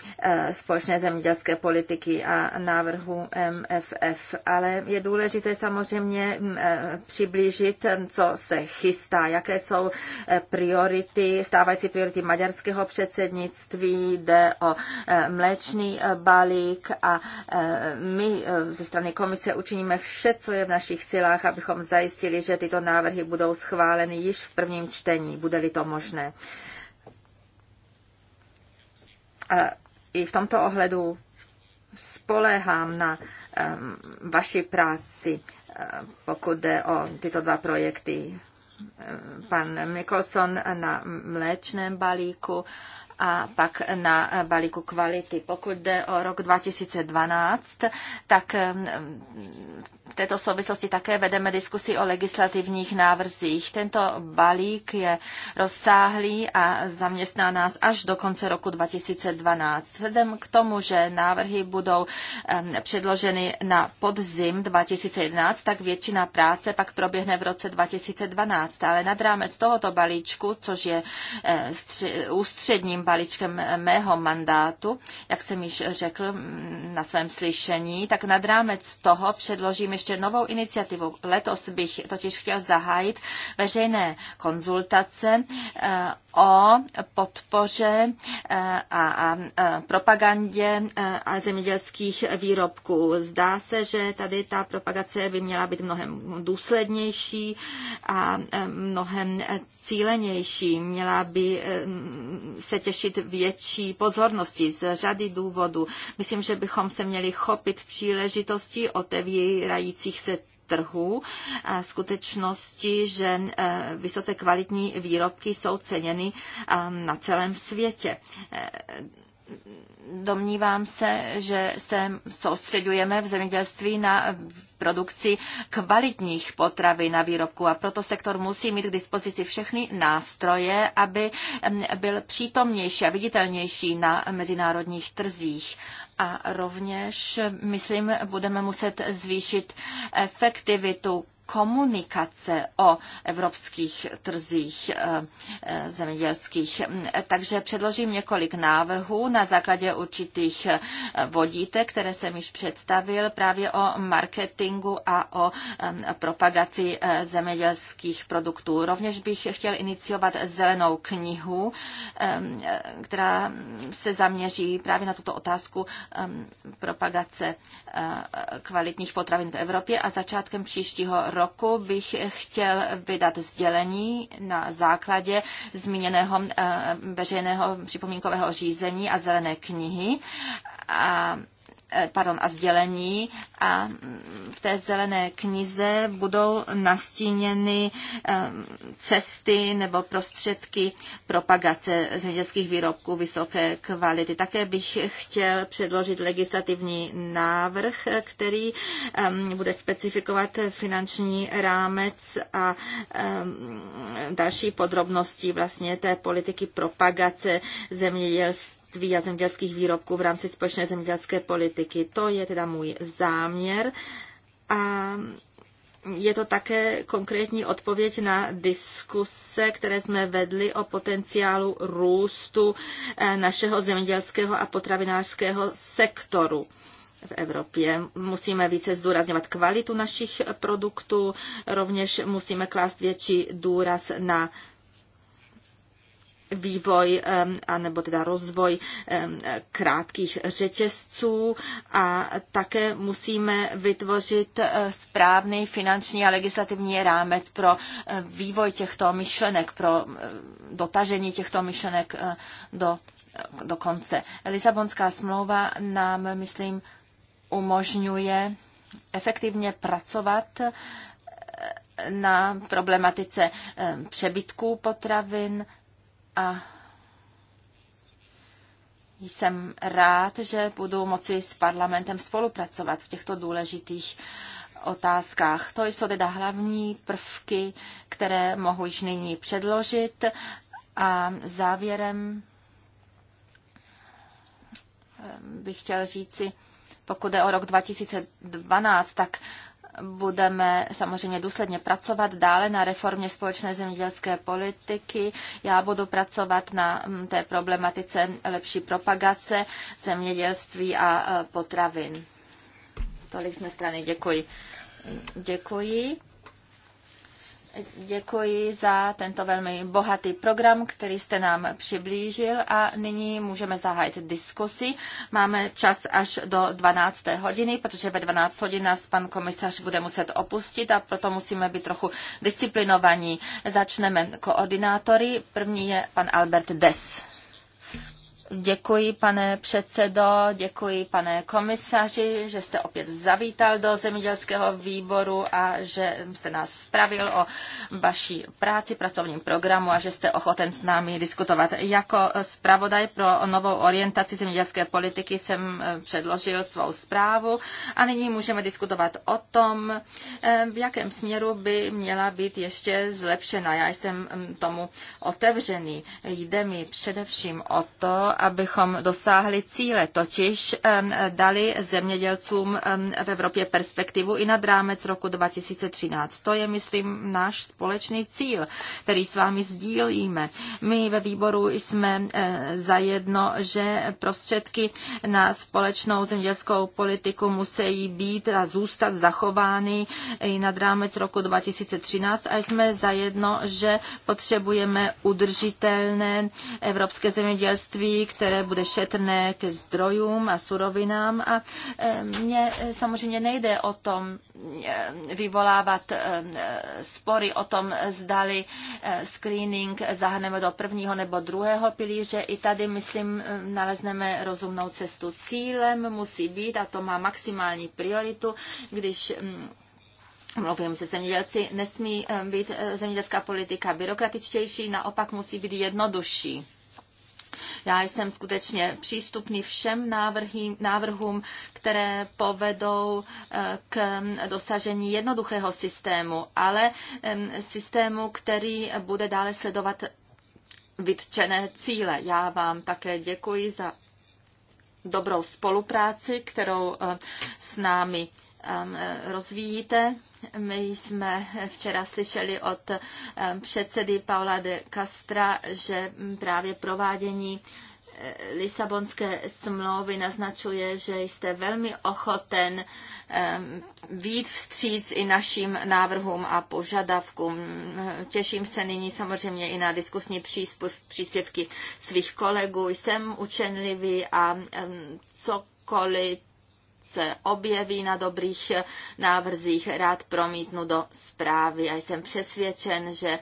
společné zemědělské politiky a návrhu MFF. Ale je důležité samozřejmě přiblížit, co se chystá, jaké jsou eh, priority, stávající priority Maďarska maďarského předsednictví, jde o e, mléčný e, balík a e, my ze strany komise učiníme vše, co je v našich silách, abychom zajistili, že tyto návrhy budou schváleny již v prvním čtení, bude-li to možné. A i v tomto ohledu spoléhám na um, vaši práci, pokud jde o tyto dva projekty pan Mikkelson na mléčném balíku a pak na balíku kvality. Pokud jde o rok 2012, tak v této souvislosti také vedeme diskusi o legislativních návrzích. Tento balík je rozsáhlý a zaměstná nás až do konce roku 2012. Vzhledem k tomu, že návrhy budou předloženy na podzim 2011, tak většina práce pak proběhne v roce 2012. Ale nad rámec tohoto balíčku, což je eh, ústředním balíčkem eh, mého mandátu, jak jsem již řekl mm, na svém slyšení, tak nad rámec toho předložíme ještě novou iniciativu. Letos bych totiž chtěl zahájit veřejné konzultace eh, o podpoře eh, a eh, propagandě zemědělských výrobků. Zdá se, že tady ta propagace by měla být mnohem důslednější a mnohem cílenější. Měla by se těšit větší pozornosti z řady důvodů. Myslím, že bychom se měli chopit příležitosti otevírají měnících se trhů a skutečnosti, že e, vysoce kvalitní výrobky jsou ceněny e, na celém světě e, domnívám se, že se soustředujeme v zemědělství na produkci kvalitních potravy na výrobku a proto sektor musí mít k dispozici všechny nástroje, aby byl přítomnější a viditelnější na mezinárodních trzích a rovněž, myslím, budeme muset zvýšit efektivitu komunikace o evropských trzích eh, eh, zemědělských. Eh, takže předložím několik návrhů na základě určitých vodítek, které jsem již představil právě o marketingu a o propagaci zemědělských produktů. Rovněž bych chtěl iniciovat zelenou knihu, která se zaměří právě na tuto otázku propagace kvalitních potravin v Evropě a začátkem příštího roku roku bych chtěl vydat sdělení na základě zmíněného eh, veřejného připomínkového řízení a zelené knihy. A Eh, pardon, a sdělení a v té zelené knize budou nastíněny eh, cesty nebo prostředky propagace zemědělských výrobků vysoké kvality. Také bych chtěl předložit legislativní návrh, který eh, bude specifikovat finanční rámec a další podrobnosti vlastně té politiky propagace zemědělství odvětví a zemědělských výrobků v rámci společné zemědělské politiky. To je teda můj záměr. A je to také konkrétní odpověď na diskuse, které jsme vedli o potenciálu růstu eh, našeho zemědělského a potravinářského sektoru v Evropě. Musíme více zdůrazňovat kvalitu našich produktů, rovněž musíme klást větší důraz na vývoj a nebo teda rozvoj krátkých řetězců a také musíme vytvořit eh, správný finanční a legislativní rámec pro eh, vývoj těchto myšlenek, pro eh, dotažení těchto myšlenek do, do konce. Lisabonská smlouva nám, myslím, umožňuje efektivně pracovat na problematice přebytků potravin, a jsem rád, že budu moci s parlamentem spolupracovat v těchto důležitých otázkách. To jsou teda hlavní prvky, které mohu již nyní předložit. A závěrem eh, bych chtěl říci, pokud je o rok 2012, tak budeme samozřejmě důsledně pracovat dále na reformě společné zemědělské politiky. Já budu pracovat na mm, té problematice lepší propagace zemědělství a e, potravin. Tolik z mé strany. Děkuji. Děkuji. Děkuji za tento velmi bohatý program, který jste nám přiblížil a nyní můžeme zahájit diskusi. Máme čas až do 12. hodiny, protože ve 12 hodin nás pan komisař bude muset opustit a proto musíme být trochu disciplinovaní. Začneme koordinátory. První je pan Albert Des. Děkuji, pane předsedo, děkuji, pane komisaři, že jste opět zavítal do zemědělského výboru a že jste nás spravil o vaší práci, pracovním programu a že jste ochoten s námi diskutovat. Jako zpravodaj pro novou orientaci zemědělské politiky jsem eh, předložil svou zprávu a nyní můžeme diskutovat o tom, eh, v jakém směru by měla být ještě zlepšena. Já jsem mm, tomu otevřený. Jde mi především o to, abychom dosáhli cíle, totiž dali zemědělcům v Evropě perspektivu i nad rámec roku 2013. To je, myslím, náš společný cíl, který s vámi sdílíme. My ve výboru jsme eh, zajedno, že prostředky na společnou zemědělskou politiku musí být a zůstat zachovány i nad rámec roku 2013 a jsme zajedno, že potřebujeme udržitelné evropské zemědělství, které bude šetrné ke zdrojům a surovinám. A e, mně e, samozřejmě nejde o tom e, vyvolávat spory o tom, zdali screening zahneme do prvního nebo druhého pilíře. I tady, myslím, nalezneme rozumnou cestu. Cílem musí být, a to má maximální prioritu, když mluvím se zemědělci, nesmí být zemědělská politika byrokratičtější, naopak musí být jednodušší. Já jsem skutečně přístupný všem návrhy, návrhům, které povedou eh, k dosažení jednoduchého systému, ale systému, který bude dále sledovat vytčené cíle. Já vám také děkuji za dobrou spolupráci, kterou eh, s námi Um, rozvíjíte. My jsme včera slyšeli od um, předsedy Paula de Castra, že um, právě provádění uh, Lisabonské smlouvy naznačuje, že jste velmi ochoten výjít vstříc i našim návrhům a požadavkům. Těším se nyní samozřejmě i na diskusní příspěvky svých kolegů. Jsem učenlivý a cokoliv se objeví na dobrých návrzích, rád promítnu do zprávy a jsem přesvědčen, že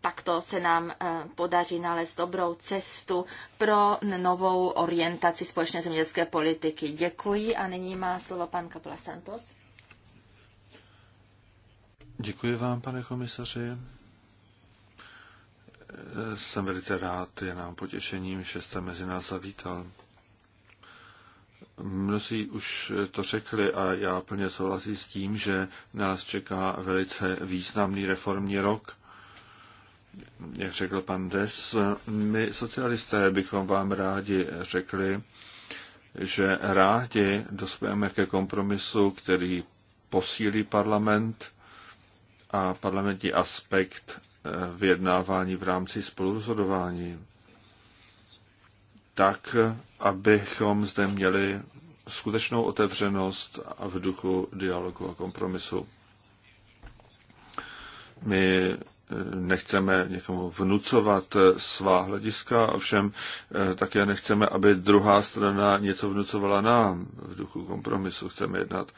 takto se nám eh, podaří nalézt dobrou cestu pro novou orientaci společné zemědělské politiky. Děkuji a nyní má slovo pan Kapla Santos. Děkuji vám, pane komisaři. Eh, jsem velice rád, je nám potěšením, že jste mezi nás zavítal. Mnozí už to řekli a já plně souhlasím s tím, že nás čeká velice významný reformní rok. Jak řekl pan Des, my socialisté bychom vám rádi řekli, že rádi dospějeme ke kompromisu, který posílí parlament a parlamentní aspekt vyjednávání v rámci spolurozhodování tak, abychom zde měli skutečnou otevřenost a v duchu dialogu a kompromisu. My eh, nechceme někomu vnucovat eh, svá hlediska, ovšem eh, také nechceme, aby druhá strana něco vnucovala nám. V duchu kompromisu chceme jednat.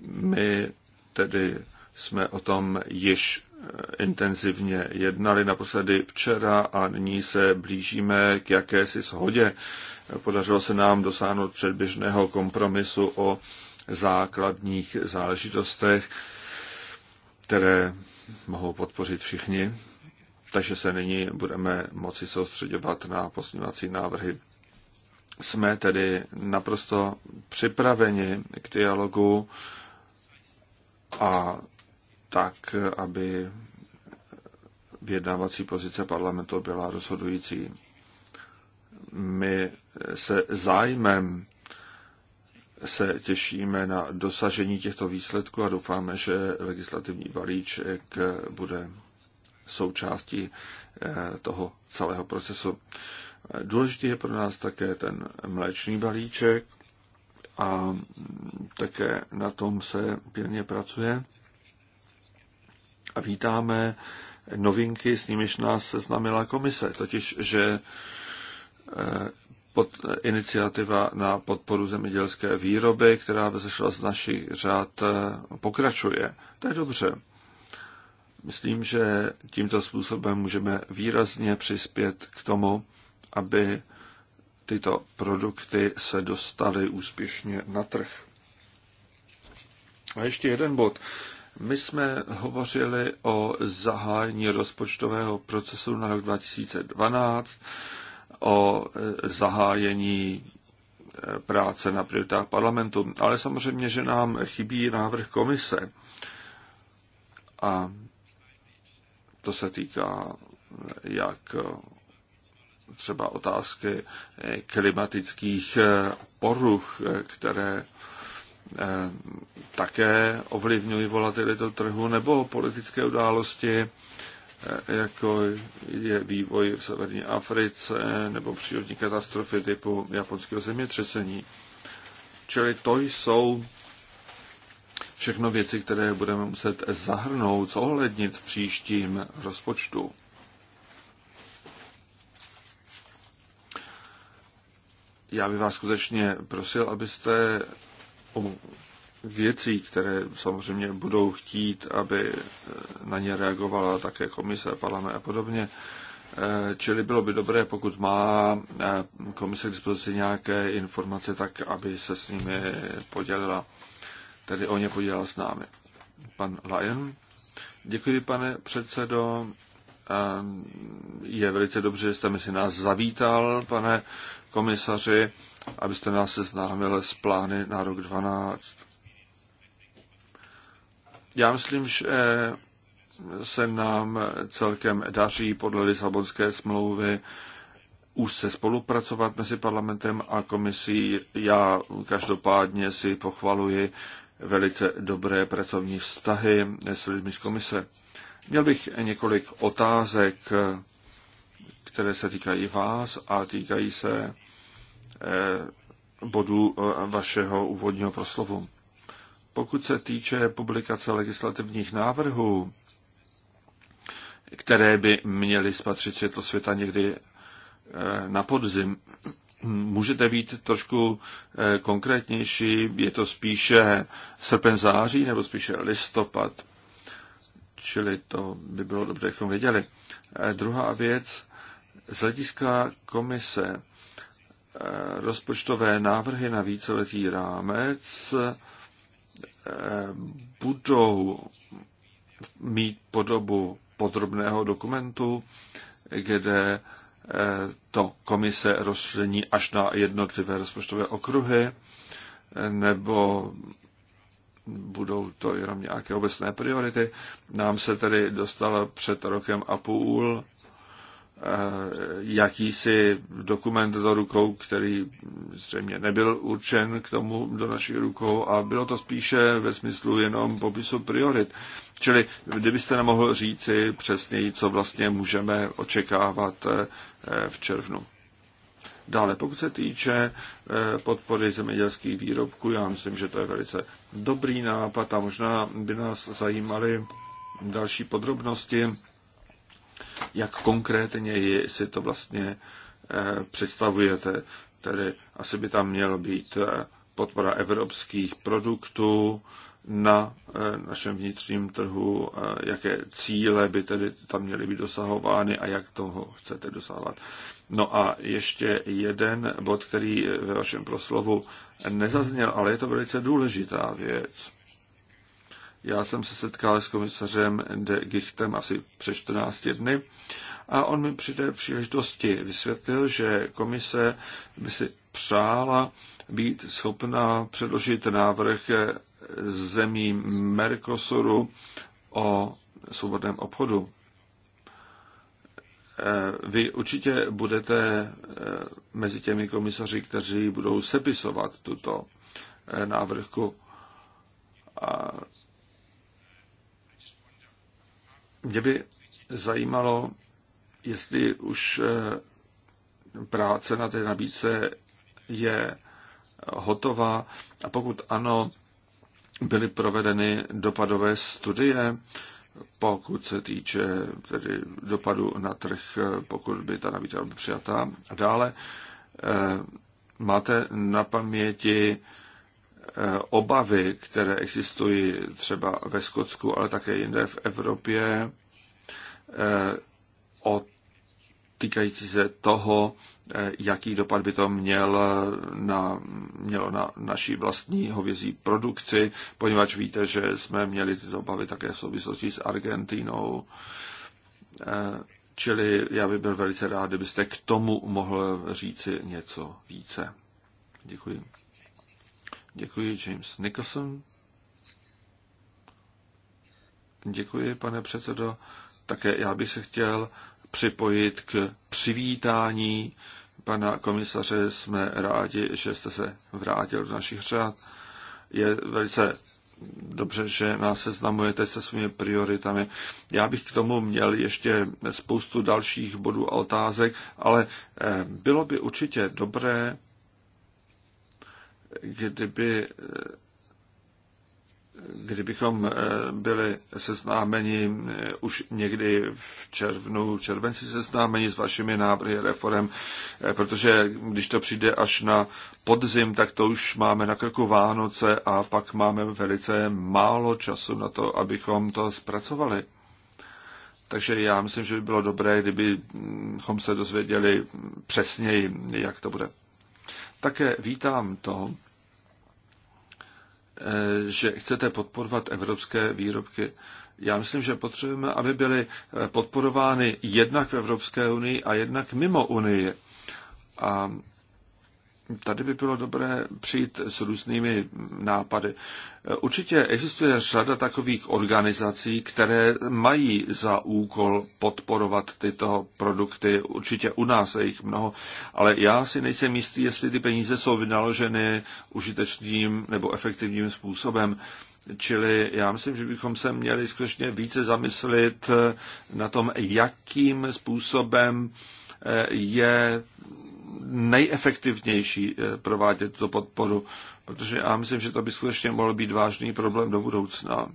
My tedy jsme o tom již intenzivně jednali naposledy včera a nyní se blížíme k jakési shodě. Podařilo se nám dosáhnout předběžného kompromisu o základních záležitostech, které mohou podpořit všichni. Takže se nyní budeme moci soustředovat na posměvací návrhy. Jsme tedy naprosto připraveni k dialogu a tak, aby vyjednávací pozice parlamentu byla rozhodující. My se zájmem se těšíme na dosažení těchto výsledků a doufáme, že legislativní balíček bude součástí eh, toho celého procesu. Důležitý je pro nás také ten mléčný balíček a také na tom se pěkně pracuje a vítáme novinky, s nimiž nás seznámila komise, totiž, že eh, pod, iniciativa na podporu zemědělské výroby, která vzešla z našich řád, eh, pokračuje. To je dobře. Myslím, že tímto způsobem můžeme výrazně přispět k tomu, aby tyto produkty se dostaly úspěšně na trh. A ještě jeden bod. My jsme hovořili o zahájení rozpočtového procesu na rok 2012, o zahájení eh, práce na prioritách parlamentu, ale samozřejmě, že nám chybí návrh komise. A to se týká eh, jak eh, třeba otázky klimatických poruch, které Eh, také ovlivňují volatilitu trhu nebo politické události, eh, jako je vývoj v severní Africe nebo přírodní katastrofy typu japonského zemětřesení. Čili to jsou všechno věci, které budeme muset zahrnout, zohlednit v příštím rozpočtu. Já bych vás skutečně prosil, abyste o věcí, které samozřejmě budou chtít, aby eh, na ně reagovala také komise, parlament a podobně. Eh, čili bylo by dobré, pokud má eh, komise k dispozici nějaké informace, tak aby se s nimi podělila, tedy o ně podělila s námi. Pan Lyon. Děkuji, pane předsedo. Je velice dobře, že jste mezi nás zavítal, pane komisaři, abyste nás seznámil s plány na rok 12. Já myslím, že se nám celkem daří podle Lisabonské smlouvy už se spolupracovat mezi parlamentem a komisí. Já každopádně si pochvaluji velice dobré pracovní vztahy s lidmi z komise. Měl bych několik otázek, které se týkají vás a týkají se eh, bodu eh, vašeho úvodního proslovu. Pokud se týče publikace legislativních návrhů, které by měly spatřit světlo světa někdy eh, na podzim, můžete být trošku konkrétnější? Je to spíše srpen září nebo spíše listopad? Čili to by bylo dobře, abychom věděli. E, druhá věc, z hlediska komise e, rozpočtové návrhy na víceletý rámec e, budou mít podobu podrobného dokumentu, kde to komise rozšlení až na jednotlivé rozpočtové okruhy, nebo budou to jenom nějaké obecné priority. Nám se tedy dostal před rokem a půl eh, jakýsi dokument do rukou, který zřejmě nebyl určen k tomu do našich rukou a bylo to spíše ve smyslu jenom popisu priorit. Čili kdybyste nemohl říci přesněji, co vlastně můžeme očekávat eh, v červnu. Dále, pokud se týče eh, podpory zemědělských výrobků, já myslím, že to je velice dobrý nápad a možná by nás zajímaly další podrobnosti, jak konkrétně si to vlastně eh, představujete. Tedy asi by tam měl být eh, podpora evropských produktů na našem vnitřním trhu, jaké cíle by tedy tam měly být dosahovány a jak toho chcete dosahovat. No a ještě jeden bod, který ve vašem proslovu nezazněl, ale je to velice důležitá věc. Já jsem se setkal s komisařem De Gichtem asi před 14 dny a on mi při té příležitosti vysvětlil, že komise by si přála být schopna předložit návrh zemí Mercosuru o svobodném obchodu. Eh, vy určitě budete eh, mezi těmi komisaři, kteří budou sepisovat tuto eh, návrhku. A mě by zajímalo, jestli už práce na té nabídce je hotová a pokud ano, byly provedeny dopadové studie, pokud se týče tedy dopadu na trh, pokud by ta nabídka byla přijatá. A dále eh, máte na paměti eh, obavy, které existují třeba ve Skotsku, ale také jinde v Evropě, eh, o týkající se toho, Eh, jaký dopad by to měl eh, na, mělo na naší vlastní hovězí produkci, poněvadž víte, že jsme měli tyto obavy také v souvislosti s Argentínou. Eh, čili já bych byl velice rád, kdybyste k tomu mohl říci něco více. Děkuji. Děkuji, James Nicholson. Děkuji, pane předsedo. Také já bych se chtěl připojit k přivítání pana komisaře. Jsme rádi, že jste se vrátil do našich řad. Je velice dobře, že nás seznamujete se svými prioritami. Já bych k tomu měl ještě spoustu dalších bodů a otázek, ale eh, bylo by určitě dobré, kdyby eh, kdybychom eh, byli seznámeni eh, už někdy v červnu, v červenci seznámeni s vašimi návrhy reform, eh, protože když to přijde až na podzim, tak to už máme na krku Vánoce a pak máme velice málo času na to, abychom to zpracovali. Takže já myslím, že by bylo dobré, kdybychom se dozvěděli přesněji, jak to bude. Také vítám to, Eh, že chcete podporovat evropské výrobky. Já myslím, že potřebujeme, aby byly eh, podporovány jednak v Evropské unii a jednak mimo unii. A tady by bylo dobré přijít s různými nápady. Určitě existuje řada takových organizací, které mají za úkol podporovat tyto produkty. Určitě u nás je jich mnoho, ale já si nejsem jistý, jestli ty peníze jsou vynaloženy užitečným nebo efektivním způsobem. Čili já myslím, že bychom se měli skutečně více zamyslit na tom, jakým způsobem eh, je nejefektivnější eh, provádět tuto podporu, protože já myslím, že to by skutečně mohl být vážný problém do budoucna.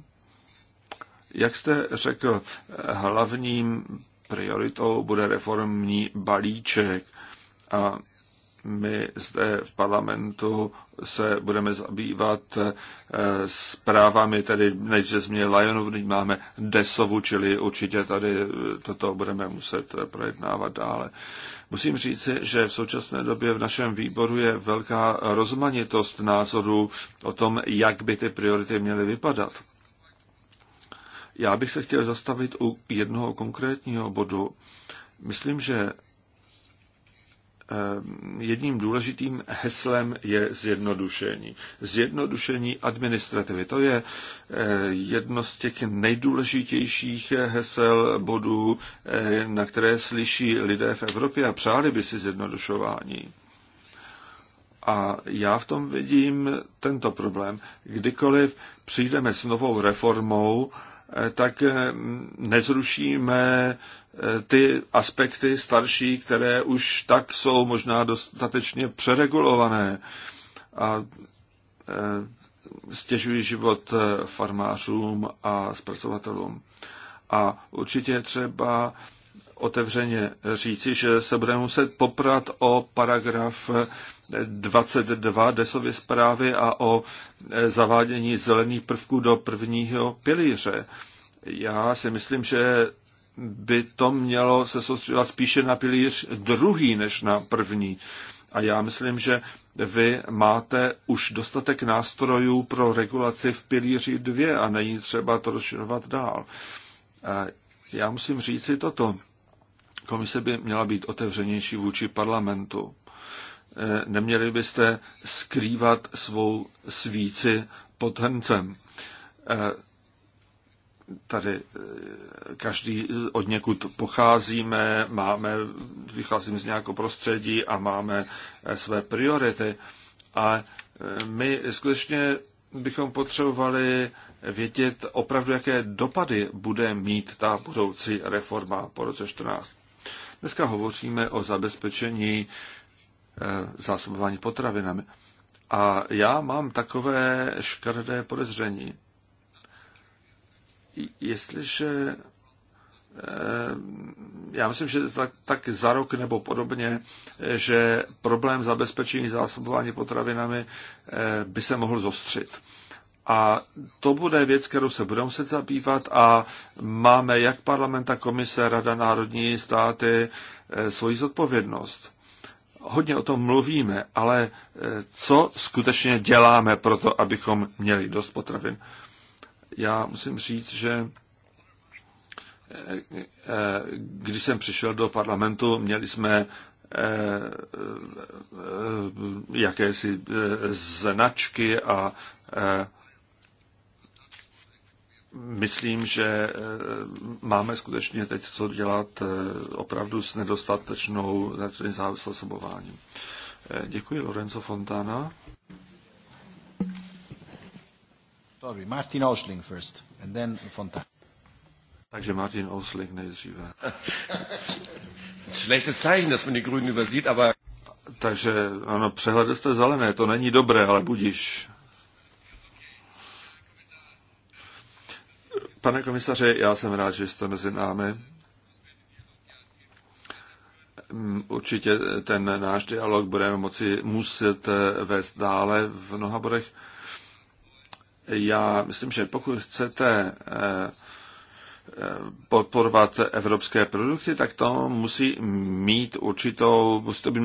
Jak jste řekl, eh, hlavním prioritou bude reformní balíček a my zde v parlamentu se budeme zabývat eh, zprávami, tedy nejdříve jsme Lionov, teď máme Desovu, čili určitě tady eh, toto budeme muset eh, projednávat dále. Musím říci, že v současné době v našem výboru je velká rozmanitost názorů o tom, jak by ty priority měly vypadat. Já bych se chtěl zastavit u jednoho konkrétního bodu. Myslím, že Eh, jedním důležitým heslem je zjednodušení. Zjednodušení administrativy. To je eh, jedno z těch nejdůležitějších hesel bodů, eh, na které slyší lidé v Evropě a přáli by si zjednodušování. A já v tom vidím tento problém. Kdykoliv přijdeme s novou reformou, tak nezrušíme Eh, ty aspekty starší, které už tak jsou možná dostatečně přeregulované a eh, stěžují život eh, farmářům a zpracovatelům. A určitě třeba otevřeně říci, že se budeme muset poprat o paragraf 22 desovy zprávy a o zavádění zelených prvků do prvního pilíře. Já si myslím, že by to mělo se soustředovat spíše na pilíř druhý než na první. A já myslím, že vy máte už dostatek nástrojů pro regulaci v pilíři dvě a není třeba to rozširovat dál. Já musím říct si toto. Komise by měla být otevřenější vůči parlamentu. E, neměli byste skrývat svou svíci pod hrncem e, tady eh, každý eh, od někud pocházíme, máme, vycházím z nějakého prostředí a máme eh, své priority. A my skutečně bychom potřebovali vědět opravdu, jaké dopady bude mít ta budoucí reforma po roce 14. Dneska hovoříme o zabezpečení zásobování potravinami. A já mám takové škaredé podezření, jestliže eh, já myslím, že tak, tak za rok nebo podobně, eh, že problém zabezpečení zásobování potravinami eh, by se mohl zostřit. A to bude věc, kterou se budeme muset zabývat a máme jak parlament, tak komise, Rada národní státy svoji zodpovědnost. Hodně o tom mluvíme, ale co skutečně děláme pro to, abychom měli dost potravin? já musím říct, že eh, eh, když jsem přišel do parlamentu, měli jsme eh, jakési značky a myslím, že máme skutečně teď co dělat opravdu s nedostatečnou závislost Děkuji Lorenzo Fontana. Sorry, Martin Osling first, and then Fontaine. Takže Martin Osling nejdříve. Schlechtes Zeichen, dass man die Grünen übersieht, aber... Takže ano, přehled jste zelené, to není dobré, ale budíš. Pane komisaře, já jsem rád, že jste mezi námi. Mm, určitě ten náš dialog budeme moci muset eh, vést dále v mnoha bodech. Já myslím, že pokud chcete eh, eh, podporovat evropské produkty, tak to musí mít určitou, musí to být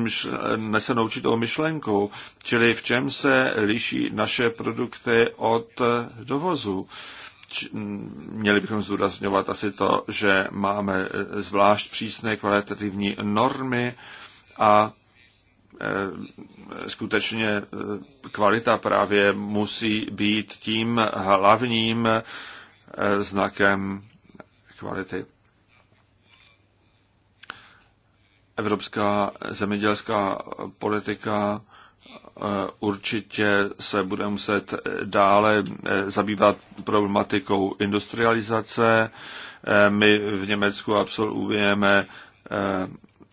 nesenou určitou myšlenkou, čili v čem se liší naše produkty od dovozu. Měli bychom zdůrazňovat asi to, že máme eh, zvlášť přísné kvalitativní normy a Eh, skutečně eh, kvalita právě musí být tím hlavním eh, znakem kvality. Evropská zemědělská politika určitě se bude muset dále zabývat problematikou industrializace. My v Německu absolvujeme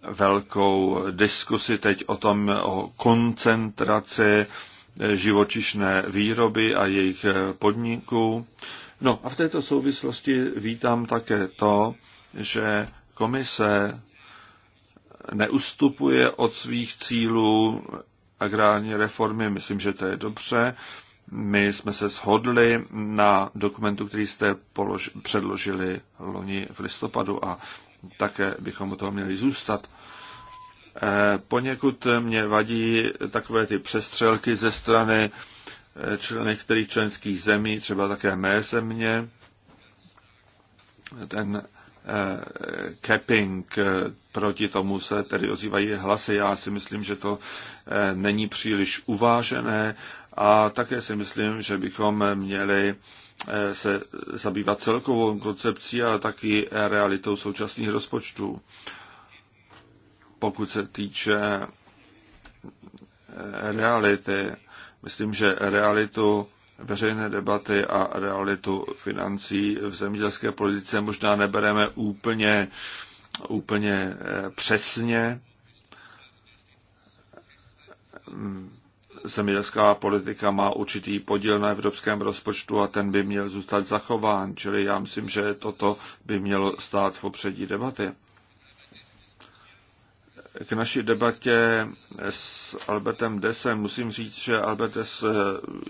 velkou diskusi teď o tom, o koncentraci živočišné výroby a jejich podniků. No a v této souvislosti vítám také to, že komise neustupuje od svých cílů agrární reformy. Myslím, že to je dobře. My jsme se shodli na dokumentu, který jste polož- předložili loni v listopadu a také bychom o toho měli zůstat. Eh, poněkud mě vadí takové ty přestřelky ze strany eh, některých členských zemí, třeba také mé země, ten eh, capping, proti tomu se tedy ozývají hlasy. Já si myslím, že to není příliš uvážené a také si myslím, že bychom měli se zabývat celkovou koncepcí a taky realitou současných rozpočtů pokud se týče eh, reality, myslím, že realitu veřejné debaty a realitu financí v zemědělské politice možná nebereme úplně, úplně eh, přesně. Mm, zemědělská politika má určitý podíl na evropském rozpočtu a ten by měl zůstat zachován, čili já myslím, že toto by mělo stát v popředí debaty. K naší debatě s Albertem Desem musím říct, že Albert Des eh,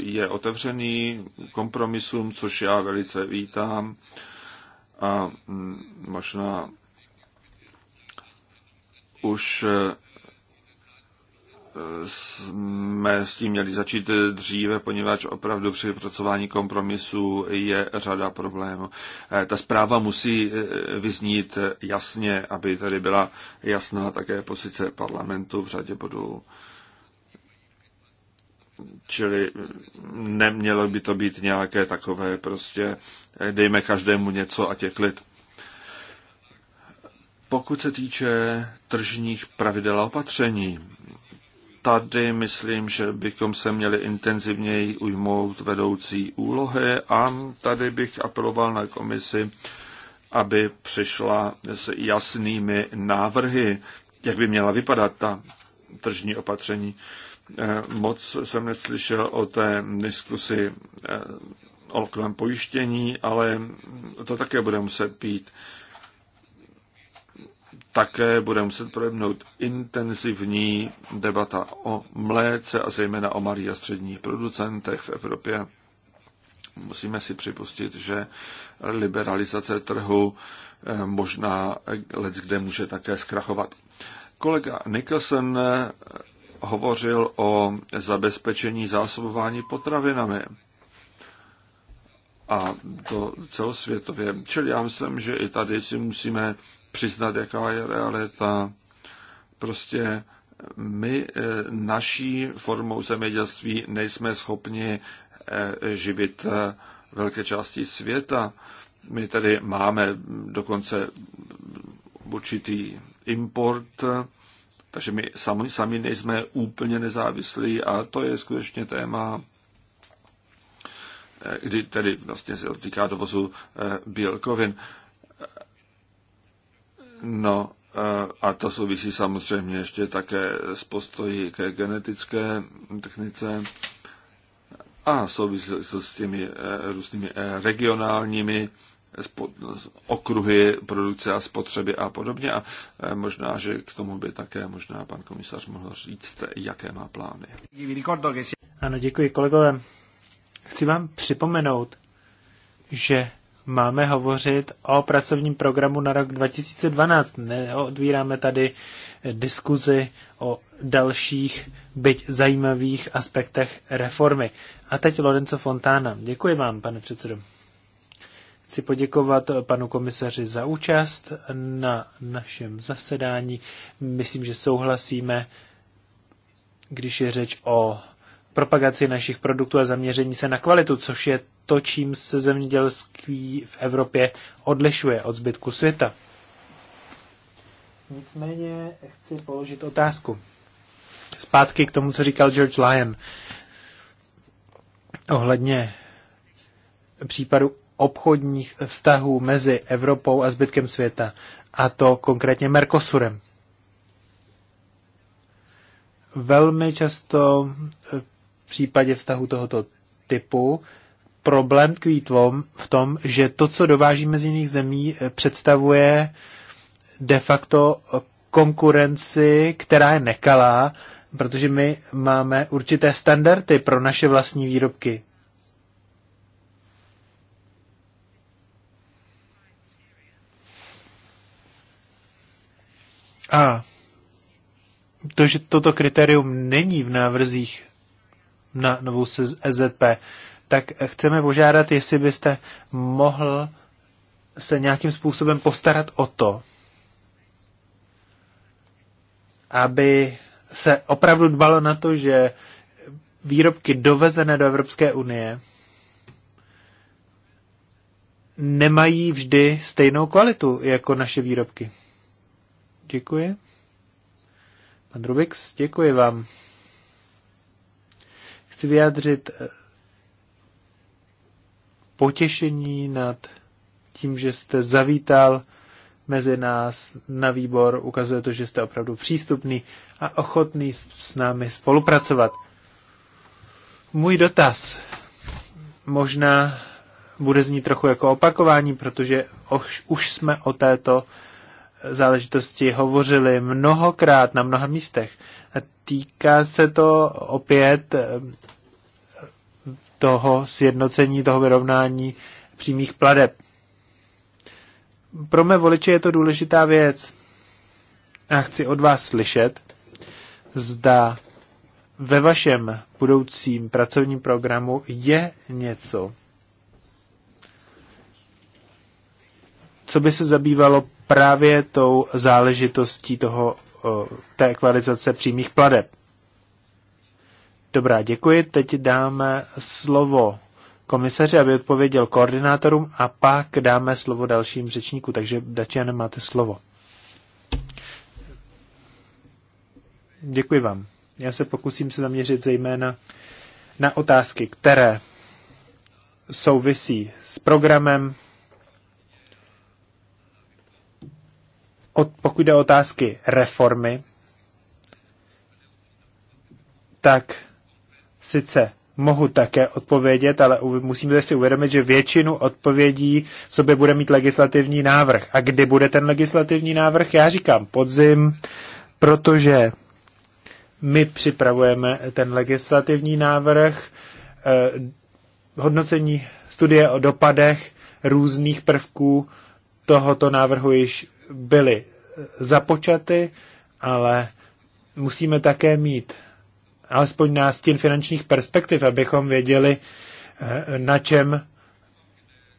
je otevřený kompromisům, což já velice vítám. A mm, možná už eh, jsme s tím měli začít dříve, poněvadž opravdu při pracování kompromisu je řada problémů. Eh, ta zpráva musí eh, vyznít jasně, aby tady byla jasná také pozice parlamentu v řadě bodů. Čili mm, nemělo by to být nějaké takové prostě eh, dejme každému něco a těch klid. Pokud se týče tržních pravidel a opatření, tady myslím, že bychom se měli intenzivněji ujmout vedoucí úlohy a tady bych apeloval na komisi, aby přišla s jasnými návrhy, jak by měla vypadat ta tržní opatření. Eh, moc jsem neslyšel o té diskusi eh, o pojištění, ale to také bude muset být také bude muset projemnout intenzivní debata o mléce a zejména o malých a středních producentech v Evropě. Musíme si připustit, že liberalizace trhu eh, možná let, kde může také zkrachovat. Kolega Nicholson eh, hovořil o zabezpečení zásobování potravinami a to celosvětově. Čili já myslím, že i tady si musíme přiznat, jaká je realita. Prostě my eh, naší formou zemědělství nejsme schopni eh, živit eh, velké části světa. My tady máme dokonce určitý import, takže my sami, sami nejsme úplně nezávislí a to je skutečně téma, Eh, kdy tedy vlastně se odtýká dovozu eh, bílkovin. Eh, no a to souvisí samozřejmě ještě také s postoji ke genetické technice a souvisí to s těmi různými regionálními okruhy produkce a spotřeby a podobně. A možná, že k tomu by také možná pan komisař mohl říct, jaké má plány. Ano, děkuji kolegové. Chci vám připomenout, že máme hovořit o pracovním programu na rok 2012. Neodvíráme tady diskuzi o dalších, byť zajímavých aspektech reformy. A teď Lorenzo Fontána. Děkuji vám, pane předsedo. Chci poděkovat panu komisaři za účast na našem zasedání. Myslím, že souhlasíme, když je řeč o propagaci našich produktů a zaměření se na kvalitu, což je to, čím se zemědělství v Evropě odlišuje od zbytku světa. Nicméně chci položit otázku. Zpátky k tomu, co říkal George Lyon ohledně případu obchodních vztahů mezi Evropou a zbytkem světa, a to konkrétně Mercosurem. Velmi často v případě vztahu tohoto typu problém tkví v tom, že to, co dovážíme z jiných zemí, eh, představuje de facto eh, konkurenci, která je nekalá, protože my máme určité standardy pro naše vlastní výrobky. A to, že toto kritérium není v návrzích na novou EZP, tak chceme požádat, jestli byste mohl se nějakým způsobem postarat o to, aby se opravdu dbalo na to, že výrobky dovezené do Evropské unie nemají vždy stejnou kvalitu jako naše výrobky. Děkuji. Pan Rubix, děkuji vám. Chci vyjádřit eh, potěšení nad tím, že jste zavítal mezi nás na výbor. Ukazuje to, že jste opravdu přístupný a ochotný s námi spolupracovat. Můj dotaz možná bude znít trochu jako opakování, protože už, už jsme o této záležitosti hovořili mnohokrát na mnoha místech. A týká se to opět eh, toho sjednocení, toho vyrovnání přímých pladeb. Pro mé voliče je to důležitá věc. A chci od vás slyšet, zda ve vašem budoucím pracovním programu je něco, co by se zabývalo právě tou záležitostí toho, té ekvalizace přímých pladeb. Dobrá, děkuji. Teď dáme slovo komisaři, aby odpověděl koordinátorům a pak dáme slovo dalším řečníku. Takže, Dačiane, máte slovo. Děkuji vám. Já se pokusím se zaměřit zejména na otázky, které souvisí s programem od, pokud jde o otázky reformy, tak sice mohu také odpovědět, ale musíme si uvědomit, že většinu odpovědí v sobě bude mít legislativní návrh. A kdy bude ten legislativní návrh? Já říkám podzim, protože my připravujeme ten legislativní návrh, eh, hodnocení studie o dopadech různých prvků tohoto návrhu již byly započaty, ale musíme také mít alespoň nástin finančních perspektiv, abychom věděli, eh, na čem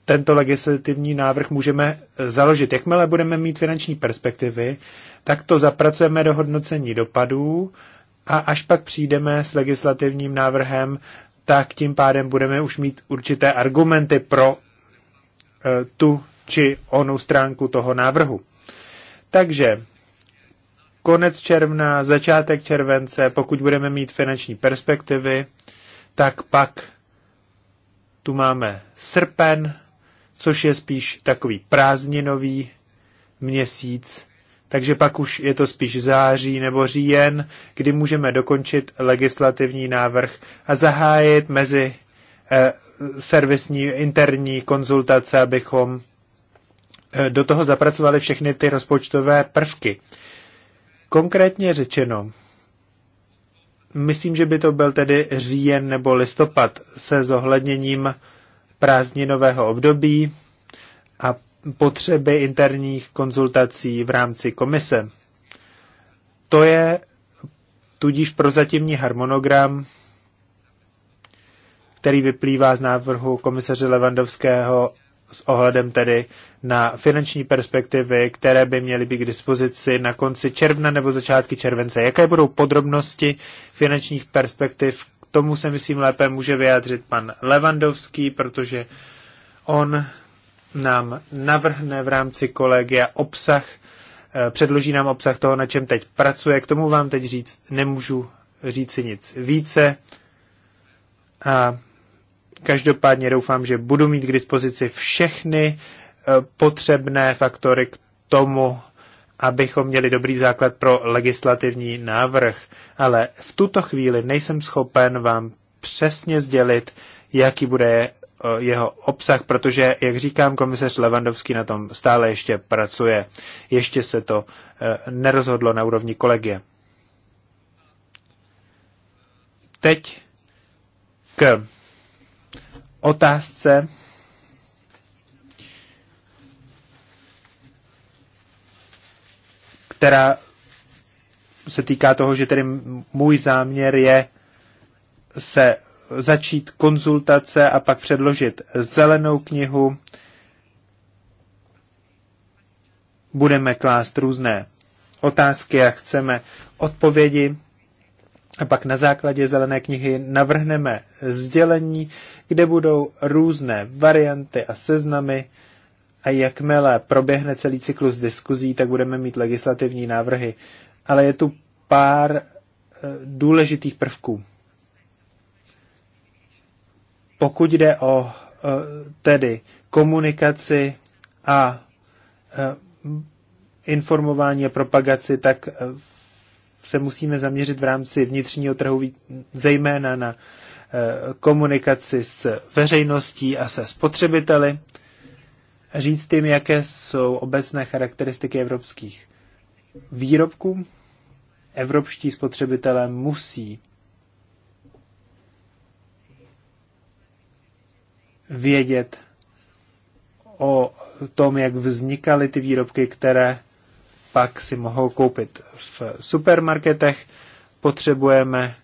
tento legislativní návrh můžeme založit. Jakmile budeme mít finanční perspektivy, tak to zapracujeme do hodnocení dopadů a až pak přijdeme s legislativním návrhem, tak tím pádem budeme už mít určité argumenty pro eh, tu či onu stránku toho návrhu. Takže konec června, začátek července, pokud budeme mít finanční perspektivy, tak pak tu máme srpen, což je spíš takový prázdninový měsíc, takže pak už je to spíš září nebo říjen, kdy můžeme dokončit legislativní návrh a zahájit mezi eh, servisní interní konzultace, abychom Eh, do toho zapracovali všechny ty rozpočtové prvky. Konkrétně řečeno, myslím, že by to byl tedy říjen nebo listopad se zohledněním prázdninového období a potřeby interních konzultací v rámci komise. To je tudíž prozatímní harmonogram, který vyplývá z návrhu komisaře Levandovského s ohledem tedy na finanční perspektivy, které by měly být k dispozici na konci června nebo začátky července. Jaké budou podrobnosti finančních perspektiv? K tomu se, myslím, lépe může vyjádřit pan Levandovský, protože on nám navrhne v rámci kolegia obsah, eh, předloží nám obsah toho, na čem teď pracuje. K tomu vám teď říct nemůžu říci nic více. A Každopádně doufám, že budu mít k dispozici všechny eh, potřebné faktory k tomu, abychom měli dobrý základ pro legislativní návrh. Ale v tuto chvíli nejsem schopen vám přesně sdělit, jaký bude eh, jeho obsah, protože, jak říkám, komisař Levandovský na tom stále ještě pracuje. Ještě se to eh, nerozhodlo na úrovni kolegie. Teď k otázce která se týká toho, že tedy můj záměr je se začít konzultace a pak předložit zelenou knihu. Budeme klást různé otázky a chceme odpovědi. A pak na základě zelené knihy navrhneme sdělení, kde budou různé varianty a seznamy. A jakmile proběhne celý cyklus diskuzí, tak budeme mít legislativní návrhy. Ale je tu pár eh, důležitých prvků. Pokud jde o eh, tedy komunikaci a eh, informování a propagaci, tak se musíme zaměřit v rámci vnitřního trhu zejména na eh, komunikaci s veřejností a se spotřebiteli, říct jim, jaké jsou obecné charakteristiky evropských výrobků. Evropští spotřebitelé musí vědět o tom, jak vznikaly ty výrobky, které pak si mohou koupit v supermarketech. Potřebujeme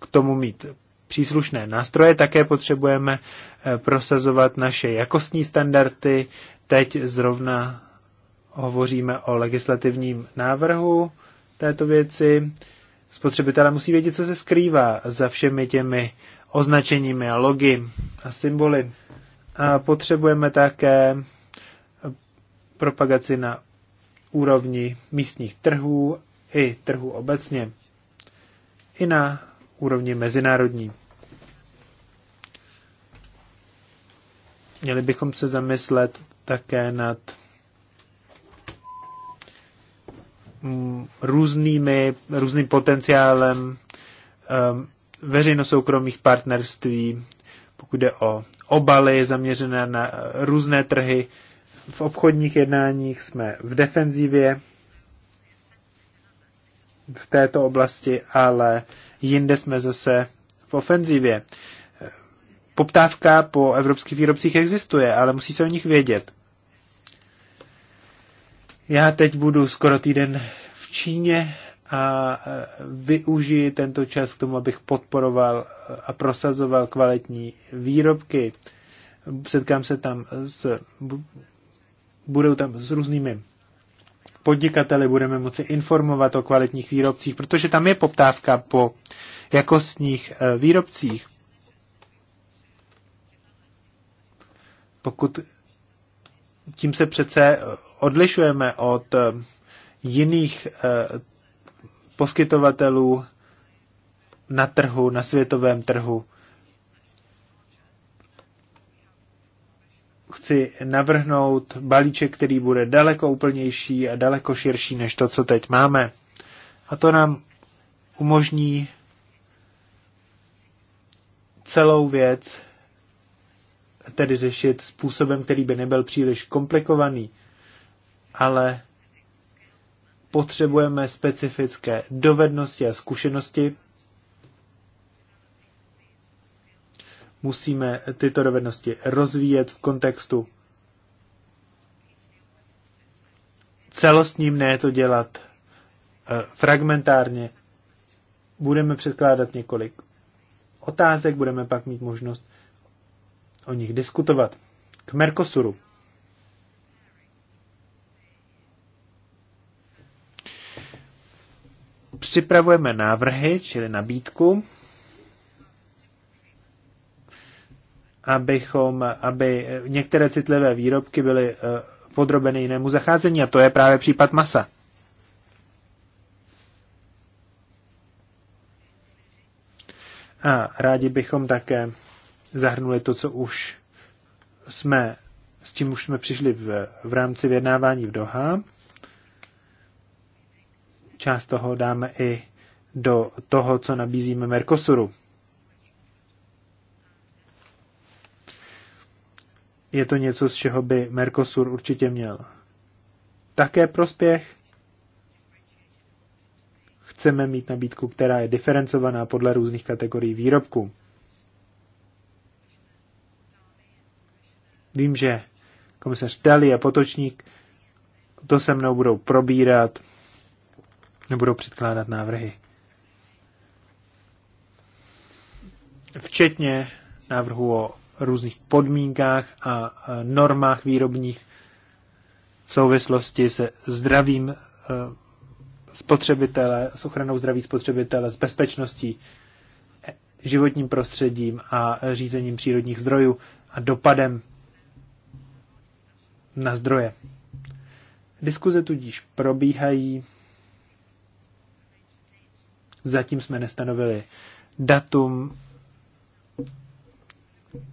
k tomu mít příslušné nástroje, také potřebujeme eh, prosazovat naše jakostní standardy. Teď zrovna hovoříme o legislativním návrhu této věci. Spotřebitelé musí vědět, co se skrývá za všemi těmi označeními a logy a symboly. A potřebujeme také propagaci na úrovni místních trhů i trhů obecně, i na úrovni mezinárodní. Měli bychom se zamyslet také nad mm, různými, různým potenciálem um, veřejno-soukromých partnerství, pokud jde o obaly zaměřené na různé trhy, v obchodních jednáních jsme v defenzivě v této oblasti, ale jinde jsme zase v ofenzivě. Poptávka po evropských výrobcích existuje, ale musí se o nich vědět. Já teď budu skoro týden v Číně a e, využiji tento čas k tomu, abych podporoval a prosazoval kvalitní výrobky. Setkám se tam s budou tam s různými podnikateli, budeme moci informovat o kvalitních výrobcích, protože tam je poptávka po jakostních eh, výrobcích. Pokud tím se přece odlišujeme od eh, jiných eh, poskytovatelů na trhu, na světovém trhu, chci navrhnout balíček, který bude daleko úplnější a daleko širší než to, co teď máme. A to nám umožní celou věc tedy řešit způsobem, který by nebyl příliš komplikovaný, ale potřebujeme specifické dovednosti a zkušenosti, musíme tyto dovednosti rozvíjet v kontextu celostním, ne to dělat eh, fragmentárně. Budeme předkládat několik otázek, budeme pak mít možnost o nich diskutovat. K Mercosuru. Připravujeme návrhy, čili nabídku abychom, aby některé citlivé výrobky byly eh, podrobeny jinému zacházení a to je právě případ masa. A rádi bychom také zahrnuli to, co už jsme, s čím už jsme přišli v, v rámci vyjednávání v Doha. Část toho dáme i do toho, co nabízíme Mercosuru. je to něco, z čeho by Mercosur určitě měl také prospěch. Chceme mít nabídku, která je diferencovaná podle různých kategorií výrobků. Vím, že komisař Dali a Potočník to se mnou budou probírat, nebudou předkládat návrhy. Včetně návrhu o různých podmínkách a normách výrobních v souvislosti se zdravím e, spotřebitele, s ochranou zdraví spotřebitele, s bezpečností, e, životním prostředím a řízením přírodních zdrojů a dopadem na zdroje. Diskuze tudíž probíhají. Zatím jsme nestanovili datum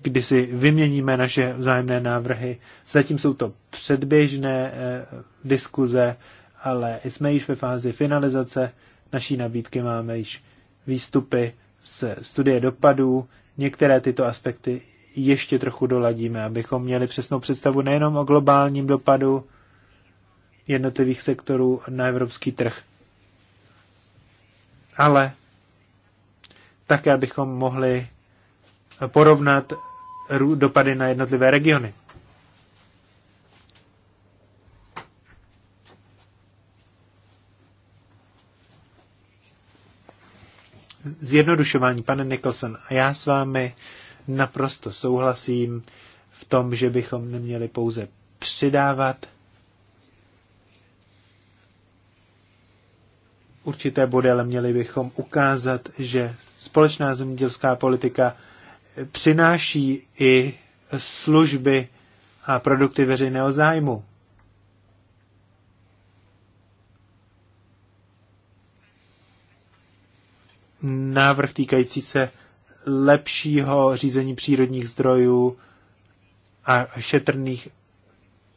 kdy si vyměníme naše vzájemné návrhy. Zatím jsou to předběžné eh, diskuze, ale jsme již ve fázi finalizace naší nabídky, máme již výstupy z studie dopadů. Některé tyto aspekty ještě trochu doladíme, abychom měli přesnou představu nejenom o globálním dopadu jednotlivých sektorů na evropský trh, ale také abychom mohli porovnat dopady na jednotlivé regiony. Zjednodušování, pane Nicholson, a já s vámi naprosto souhlasím v tom, že bychom neměli pouze přidávat určité body, ale měli bychom ukázat, že společná zemědělská politika přináší i služby a produkty veřejného zájmu. Návrh týkající se lepšího řízení přírodních zdrojů a šetrných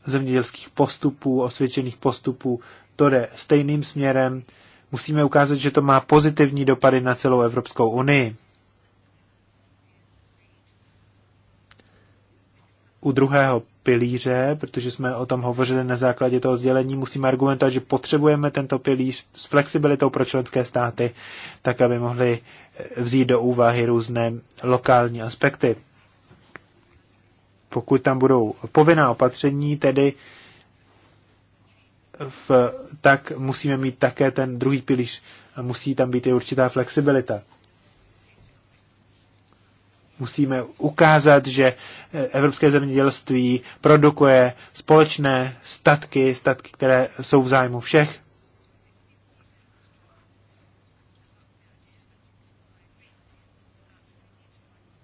zemědělských postupů, osvědčených postupů, to jde stejným směrem. Musíme ukázat, že to má pozitivní dopady na celou Evropskou unii. u druhého pilíře, protože jsme o tom hovořili na základě toho sdělení, musíme argumentovat, že potřebujeme tento pilíř s flexibilitou pro členské státy, tak aby mohli eh, vzít do úvahy různé lokální aspekty. Pokud tam budou povinná opatření, tedy v, tak musíme mít také ten druhý pilíř a musí tam být i určitá flexibilita musíme ukázat, že eh, evropské zemědělství produkuje společné statky, statky, které jsou v zájmu všech.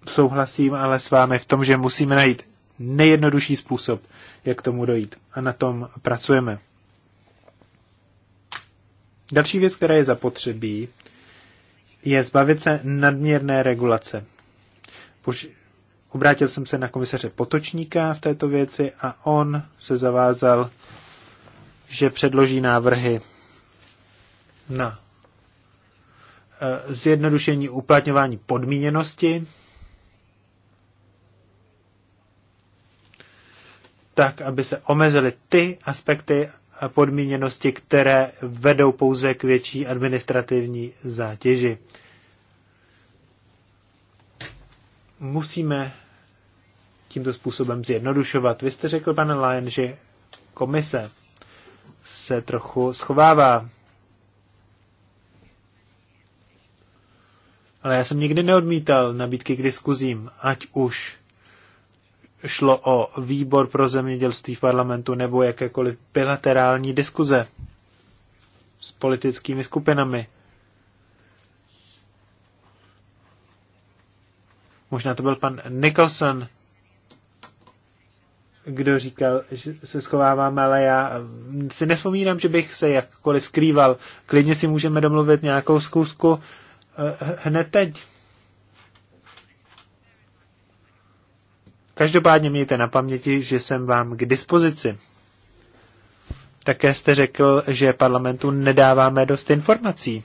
Souhlasím ale s vámi v tom, že musíme najít nejjednodušší způsob, jak k tomu dojít. A na tom pracujeme. Další věc, která je zapotřebí, je zbavit se nadměrné regulace. Pož- obrátil jsem se na komisaře Potočníka v této věci a on se zavázal, že předloží návrhy na eh, zjednodušení uplatňování podmíněnosti, tak, aby se omezily ty aspekty a podmíněnosti, které vedou pouze k větší administrativní zátěži. musíme tímto způsobem zjednodušovat. Vy jste řekl, pane Lyon, že komise se trochu schovává. Ale já jsem nikdy neodmítal nabídky k diskuzím, ať už šlo o výbor pro zemědělství v parlamentu nebo jakékoliv bilaterální diskuze s politickými skupinami. Možná to byl pan Nicholson, kdo říkal, že se schováváme, ale já mm, si nespomínám, že bych se jakkoliv skrýval. Klidně si můžeme domluvit nějakou zkusku eh, hned teď. Každopádně mějte na paměti, že jsem vám k dispozici. Také jste řekl, že parlamentu nedáváme dost informací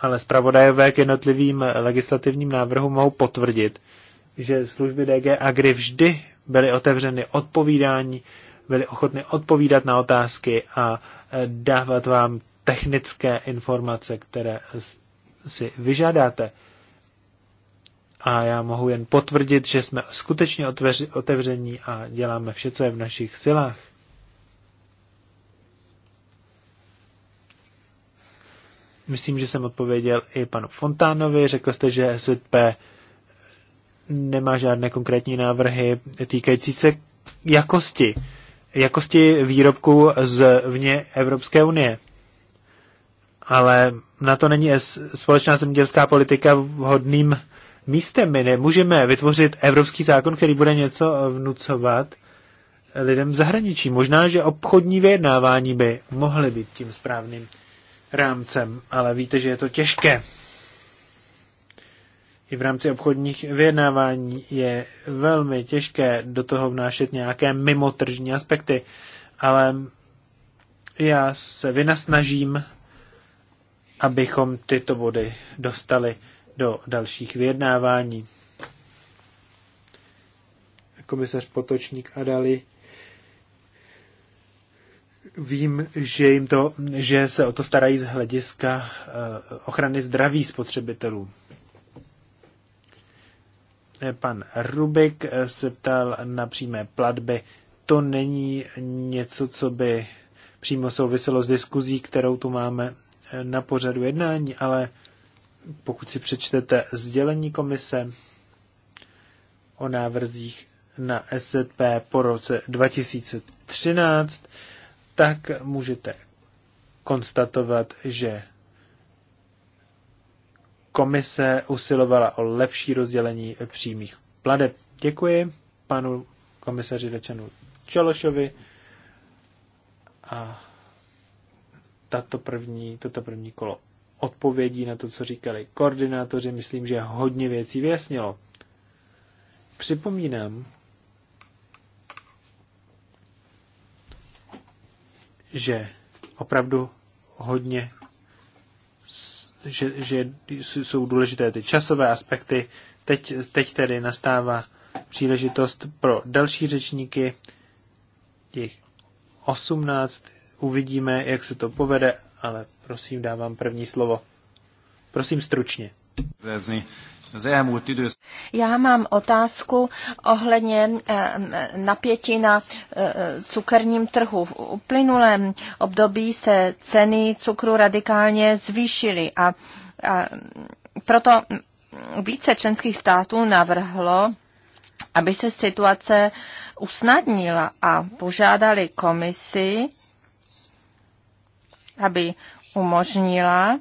ale zpravodajové k jednotlivým legislativním návrhům mohou potvrdit, že služby DG Agri vždy byly otevřeny odpovídání, byly ochotny odpovídat na otázky a eh, dávat vám technické informace, které si vyžádáte. A já mohu jen potvrdit, že jsme skutečně otevření a děláme vše, co je v našich silách. Myslím, že jsem odpověděl i panu Fontánovi. Řekl jste, že SVP nemá žádné konkrétní návrhy týkající se jakosti, jakosti výrobků z vně Evropské unie. Ale na to není společná zemědělská politika vhodným místem. My nemůžeme vytvořit evropský zákon, který bude něco vnucovat lidem v zahraničí. Možná, že obchodní vyjednávání by mohly být tím správným rámcem, ale víte, že je to těžké. I v rámci obchodních vyjednávání je velmi těžké do toho vnášet nějaké mimotržní aspekty, ale já se vynasnažím, abychom tyto body dostali do dalších vyjednávání. Komisař Potočník a dali Vím, že, jim to, že se o to starají z hlediska eh, ochrany zdraví spotřebitelů. Eh, pan Rubik eh, se ptal na přímé platby. To není něco, co by přímo souviselo s diskuzí, kterou tu máme na pořadu jednání, ale pokud si přečtete sdělení komise o návrzích na SZP po roce 2013, tak můžete konstatovat, že komise usilovala o lepší rozdělení přímých pladeb. Děkuji panu komisaři Dečanu Čelošovi a tato první, toto první kolo odpovědí na to, co říkali koordinátoři, myslím, že hodně věcí vyjasnilo. Připomínám, že opravdu hodně, že, že jsou důležité ty časové aspekty. Teď, teď tedy nastává příležitost pro další řečníky, těch 18. Uvidíme, jak se to povede, ale prosím, dávám první slovo. Prosím stručně. Já mám otázku ohledně eh, napětí na eh, cukerním trhu. V uplynulém období se ceny cukru radikálně zvýšily a, a proto více členských států navrhlo, aby se situace usnadnila a požádali komisi, aby umožnila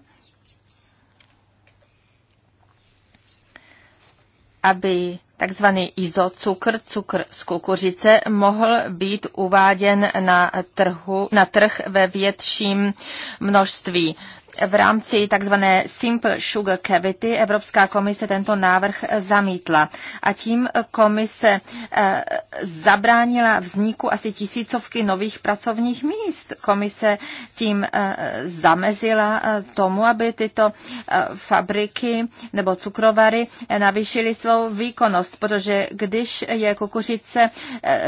aby takzvaný izocukr, cukr z kukuřice, mohl být uváděn na, trhu, na trh ve větším množství v rámci takzvané Simple Sugar Cavity Evropská komise tento návrh zamítla a tím komise eh, zabránila vzniku asi tisícovky nových pracovních míst. Komise tím eh, zamezila eh, tomu, aby tyto fabriky nebo cukrovary navýšily svou výkonnost, protože když je kukuřice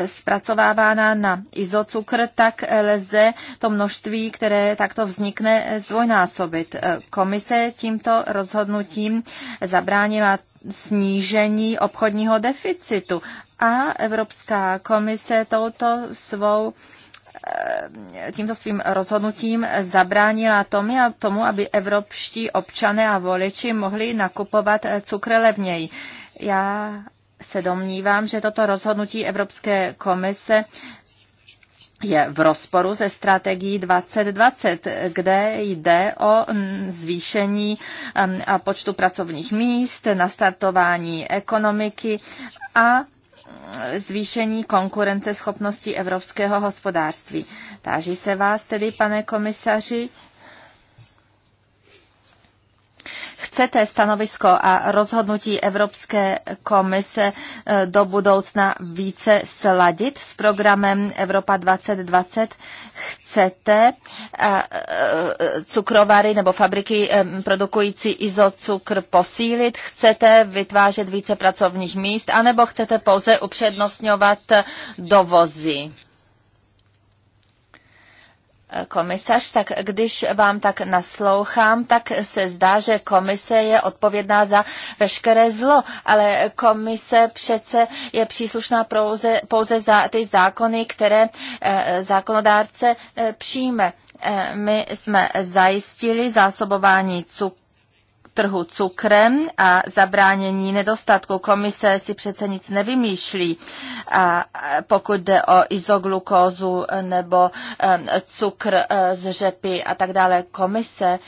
zpracovávána na izocukr, tak lze to množství, které takto vznikne, zdvojnásobit působit. E, komise tímto rozhodnutím zabránila snížení obchodního deficitu a Evropská komise touto svou e, tímto svým rozhodnutím zabránila tomu, aby evropští občané a voliči mohli nakupovat e, cukr levněji. Já se domnívám, že toto rozhodnutí Evropské komise je v rozporu se strategií 2020, kde jde o mm, zvýšení mm, počtu pracovních míst, nastartování ekonomiky a mm, zvýšení konkurenceschopnosti evropského hospodářství. Táží se vás tedy, pane komisaři, chcete stanovisko a rozhodnutí Evropské komise eh, do budoucna více sladit s programem Evropa 2020? Chcete eh, eh, cukrovary nebo fabriky produkující izocukr posílit? Chcete vytvářet více pracovních míst? anebo chcete pouze upřednostňovat dovozy? komisař, tak když vám tak naslouchám, tak se zdá, že komise je odpovědná za veškeré zlo, ale komise přece je příslušná pouze, pouze za ty zákony, které eh, zákonodárce eh, přijme. Eh, my jsme zajistili zásobování cukru trhu cukrem a zabránění nedostatku. Komise si přece nic nevymýšlí, a pokud jde o izoglukózu nebo cukr e, z řepy a tak dále. Komise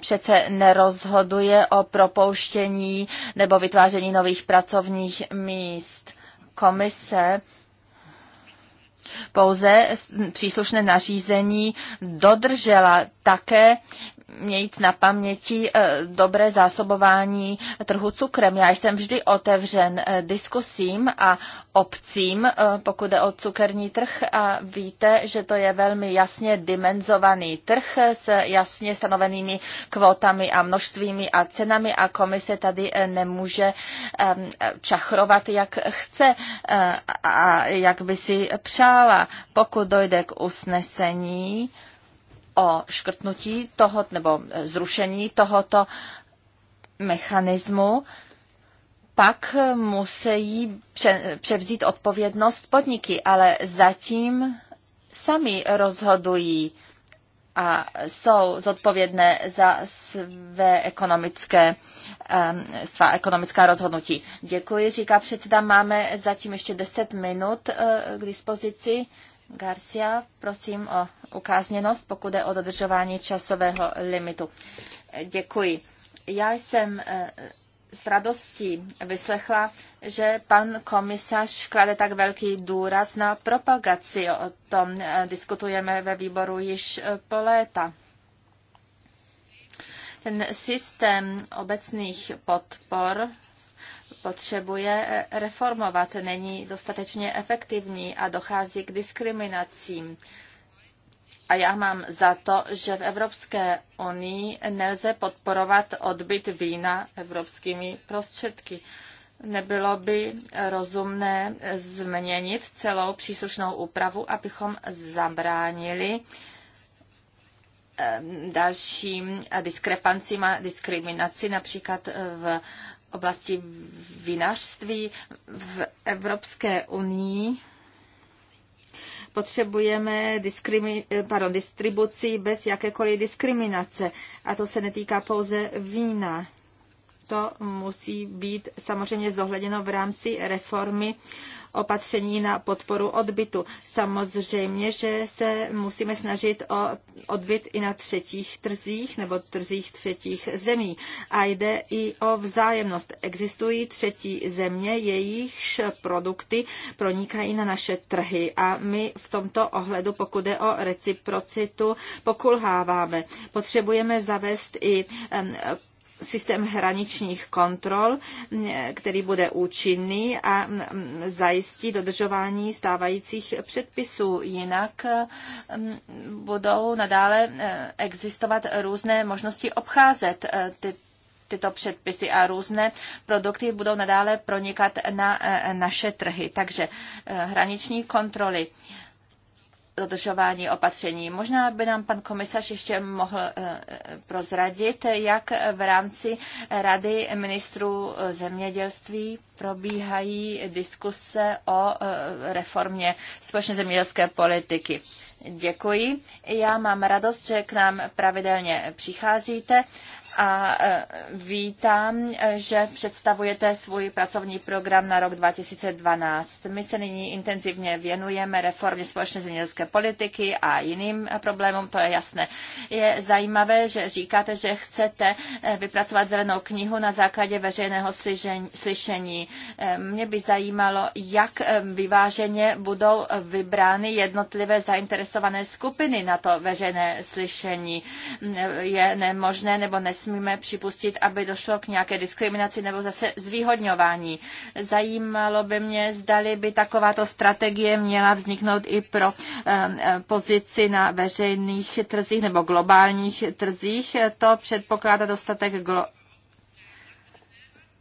přece nerozhoduje o propouštění nebo vytváření nových pracovních míst. Komise pouze příslušné nařízení dodržela také mít na paměti eh, dobré zásobování trhu cukrem. Já jsem vždy otevřen eh, diskusím a obcím, eh, pokud je o cukerní trh a víte, že to je velmi jasně dimenzovaný trh s jasně stanovenými kvótami a množstvími a cenami a komise tady nemůže čachrovat, jak chce a jak by si přála. Pokud dojde k usnesení, o škrtnutí toho nebo e, zrušení tohoto mechanismu, pak e, musí převzít odpovědnost podniky, ale zatím sami rozhodují a jsou zodpovědné za své ekonomické, svá ekonomická rozhodnutí. Děkuji, říká předseda. Máme zatím ještě 10 minut e, k dispozici Garcia, prosím o ukázněnost, pokud je o dodržování časového limitu. Děkuji. Já jsem eh, s radostí vyslechla, že pan komisař klade tak velký důraz na propagaci. O tom eh, diskutujeme ve výboru již eh, po léta. Ten systém obecných podpor potřebuje eh, reformovat, není dostatečně efektivní a dochází k diskriminacím. A já mám za to, že v Evropské unii nelze podporovat odbyt vína evropskými prostředky. Nebylo by rozumné změnit celou příslušnou úpravu, abychom zabránili eh, dalším eh, diskrepancím a diskriminaci například v oblasti vinařství v Evropské unii potřebujeme diskrimi, pardon, distribuci bez jakékoliv diskriminace. A to se netýká pouze vína to musí být samozřejmě zohleděno v rámci reformy opatření na podporu odbytu. Samozřejmě, že se musíme snažit o odbyt i na třetích trzích nebo trzích třetích zemí. A jde i o vzájemnost. Existují třetí země, jejichž produkty pronikají na naše trhy a my v tomto ohledu, pokud jde o reciprocitu, pokulháváme. Potřebujeme zavést i systém hraničních kontrol, který bude účinný a zajistí dodržování stávajících předpisů. Jinak mm, budou nadále eh, existovat různé možnosti obcházet eh, ty tyto předpisy a různé produkty budou nadále pronikat na eh, naše trhy. Takže hraniční kontroly dodržování opatření. Možná by nám pan komisař ještě mohl eh, prozradit, jak v rámci Rady ministrů zemědělství probíhají diskuse o eh, reformě společné zemědělské politiky. Děkuji. Já mám radost, že k nám pravidelně přicházíte a e, vítám, že představujete svůj pracovní program na rok 2012. My se nyní intenzivně věnujeme reformě společné zemědělské politiky a jiným problémům, to je jasné. Je zajímavé, že říkáte, že chcete e, vypracovat zelenou knihu na základě veřejného slyšení. E, mě by zajímalo, jak vyváženě budou vybrány jednotlivé zainteresované zainteresované skupiny na to veřejné slyšení. Je nemožné nebo nesmíme připustit, aby došlo k nějaké diskriminaci nebo zase zvýhodňování. Zajímalo by mě, zdali by takováto strategie měla vzniknout i pro eh, eh, pozici na veřejných trzích nebo globálních trzích. To předpokládá dostatek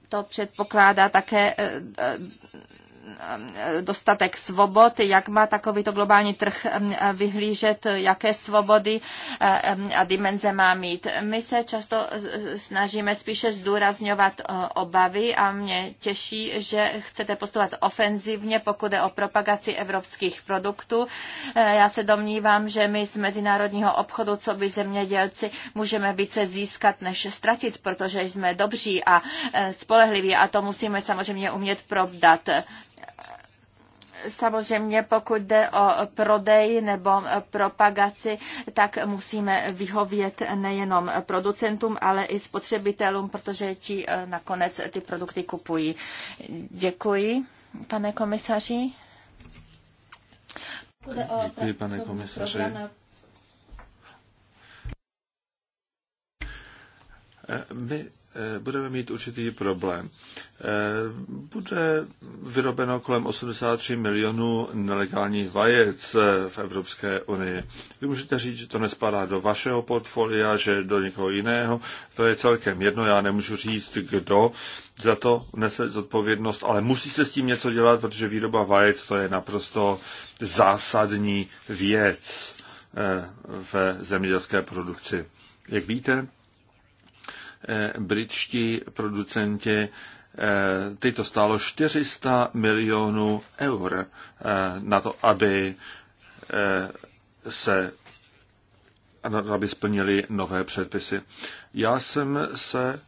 to předpokládá také eh, dostatek svobod, jak má takovýto globální trh vyhlížet, jaké svobody a dimenze má mít. My se často snažíme spíše zdůrazňovat eh, obavy a mě těší, že chcete postupovat ofenzivně, pokud je o propagaci evropských produktů. Eh, já se domnívám, že my z mezinárodního obchodu, co by zemědělci, můžeme více získat, než ztratit, protože jsme dobří a eh, spolehliví a to musíme samozřejmě umět prodat. Samozřejmě pokud jde o prodej nebo propagaci, tak musíme vyhovět nejenom producentům, ale i spotřebitelům, protože ti eh, nakonec ty produkty kupují. Děkuji, pane komisaři. Děkuji, pane komisaři. my eh, budeme mít určitý problém. Eh, bude vyrobeno kolem 83 milionů nelegálních vajec eh, v Evropské unii. Vy můžete říct, že to nespadá do vašeho portfolia, že do někoho jiného. To je celkem jedno, já nemůžu říct, kdo za to nese zodpovědnost, ale musí se s tím něco dělat, protože výroba vajec to je naprosto zásadní věc ve zemědělské produkci. Jak víte, Eh, britští producenti eh, ty to stálo 400 milionů eur eh, na to, aby se aby splnili nové předpisy. Já jsem se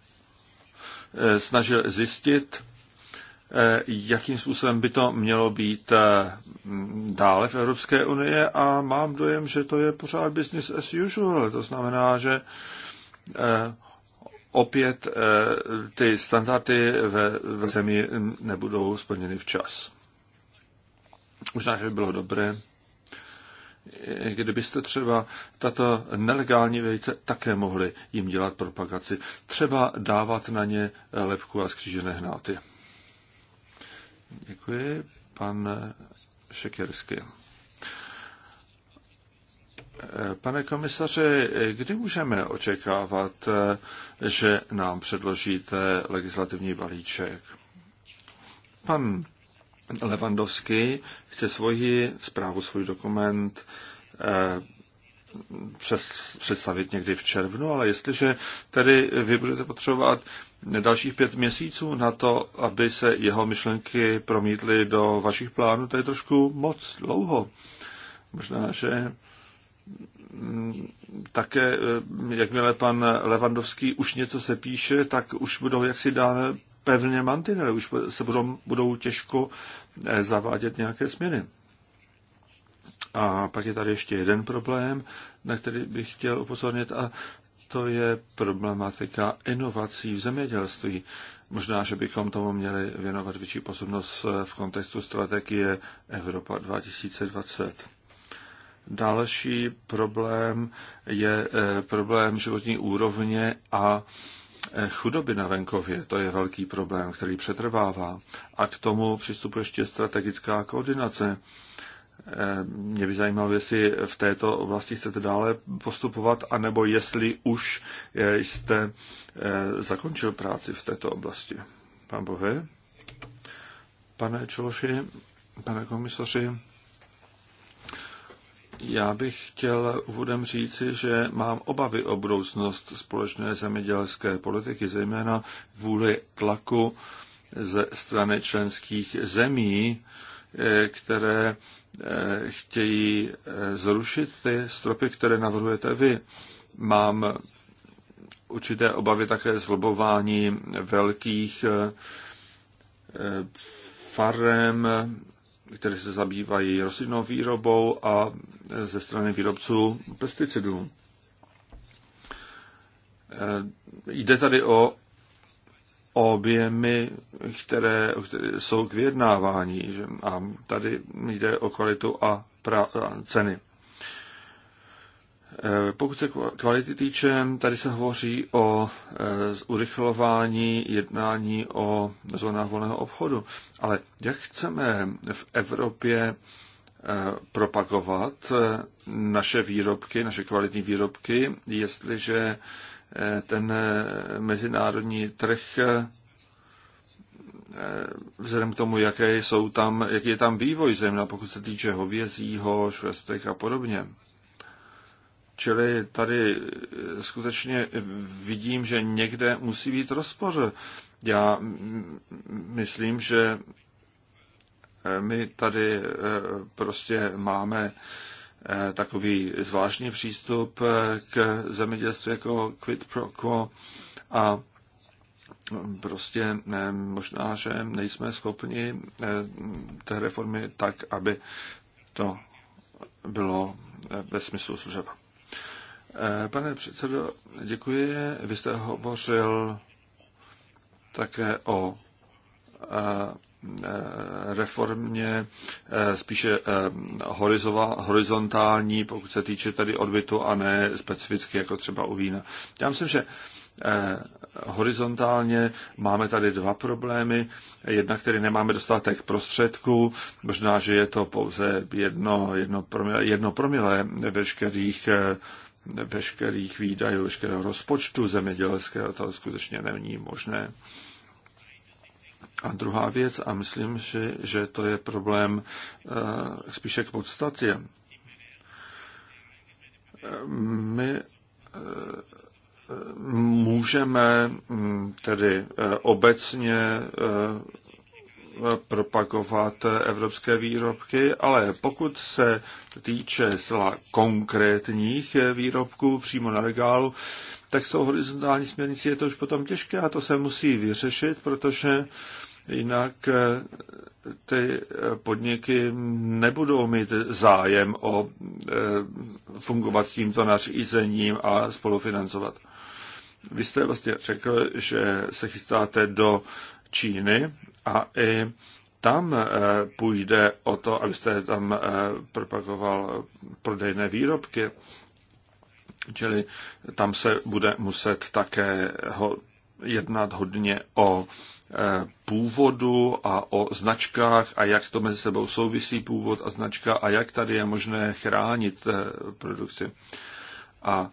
snažil zjistit, jakým způsobem by to mělo být dále v Evropské unii a mám dojem, že to je pořád business as usual. To znamená, že opět eh, ty standardy ve, v zemi nebudou splněny včas. Možná, že by bylo dobré, kdybyste třeba tato nelegální vejce také mohli jim dělat propagaci. Třeba dávat na ně lepku a skřížené hnáty. Děkuji, pan Šekersky. Pane komisaři, kdy můžeme očekávat, že nám předložíte legislativní balíček? Pan Levandovský chce svoji zprávu, svůj dokument eh, přes, představit někdy v červnu, ale jestliže tedy vy budete potřebovat dalších pět měsíců na to, aby se jeho myšlenky promítly do vašich plánů, to je trošku moc dlouho. Možná, že také, eh, jakmile pan Levandovský už něco se píše, tak už budou jaksi dále pevně mantinely, už se budou, budou těžko eh, zavádět nějaké směny. A pak je tady ještě jeden problém, na který bych chtěl upozornit, a to je problematika inovací v zemědělství. Možná, že bychom tomu měli věnovat větší pozornost v kontextu strategie Evropa 2020. Další problém je eh, problém životní úrovně a eh, chudoby na venkově. To je velký problém, který přetrvává. A k tomu přistupuje ještě strategická koordinace. Eh, mě by zajímalo, jestli v této oblasti chcete dále postupovat, anebo jestli už jste zakončil práci v této oblasti. Pan Bohe? Pane Čološi, pane komisaři, já bych chtěl úvodem říci, že mám obavy o budoucnost společné zemědělské politiky, zejména vůli tlaku ze strany členských zemí, eh, které eh, chtějí eh, zrušit ty stropy, které navrhujete vy. Mám určité obavy také z velkých farem které se zabývají rostlinnou výrobou a ze strany výrobců pesticidů. Eh, jde tady o objemy, které, které jsou k vyjednávání. A tady jde o kvalitu a, pra, a ceny. Eh, pokud se kvality týče, tady se hovoří o eh, urychlování jednání o zónách volného obchodu. Ale jak chceme v Evropě eh, propagovat naše výrobky, naše kvalitní výrobky, jestliže ten mezinárodní trh vzhledem k tomu, jaké jsou tam, jaký je tam vývoj, zejména pokud se týče hovězího, švestek a podobně. Čili tady eh, skutečně vidím, že někde musí být rozpor. Já myslím, že eh, my tady eh, prostě máme takový zvláštní přístup k zemědělství jako quid pro quo a mm, prostě možná, že nejsme schopni té reformy tak, aby to bylo ve smyslu služeb. Eh, pane předsedo, děkuji. Vy jste hovořil také o eh, eh, reformě spíše horizontální, pokud se týče tady odbytu a ne specificky jako třeba u vína. Já myslím, že horizontálně máme tady dva problémy. Jedna, který nemáme dostatek prostředků, možná, že je to pouze jedno, jedno promile, jedno promile veškerých veškerých výdajů, veškerého rozpočtu zemědělského, to skutečně není možné. A druhá věc, a myslím, že, že to je problém eh, spíše k podstatě. My eh, můžeme mm, tedy eh, obecně propagovat evropské výrobky, ale pokud se týče zcela konkrétních výrobků přímo na regálu, tak s tou horizontální směrnicí je to už potom těžké a to se musí vyřešit, protože jinak eh, ty podniky nebudou mít zájem o eh, fungovat s tímto nařízením a spolufinancovat. Vy jste vlastně řekl, že se chystáte do Číny a i tam e, půjde o to, abyste tam e, propagoval prodejné výrobky, čili tam se bude muset také jednat hodně o e, původu a o značkách a jak to mezi sebou souvisí původ a značka a jak tady je možné chránit produkci. A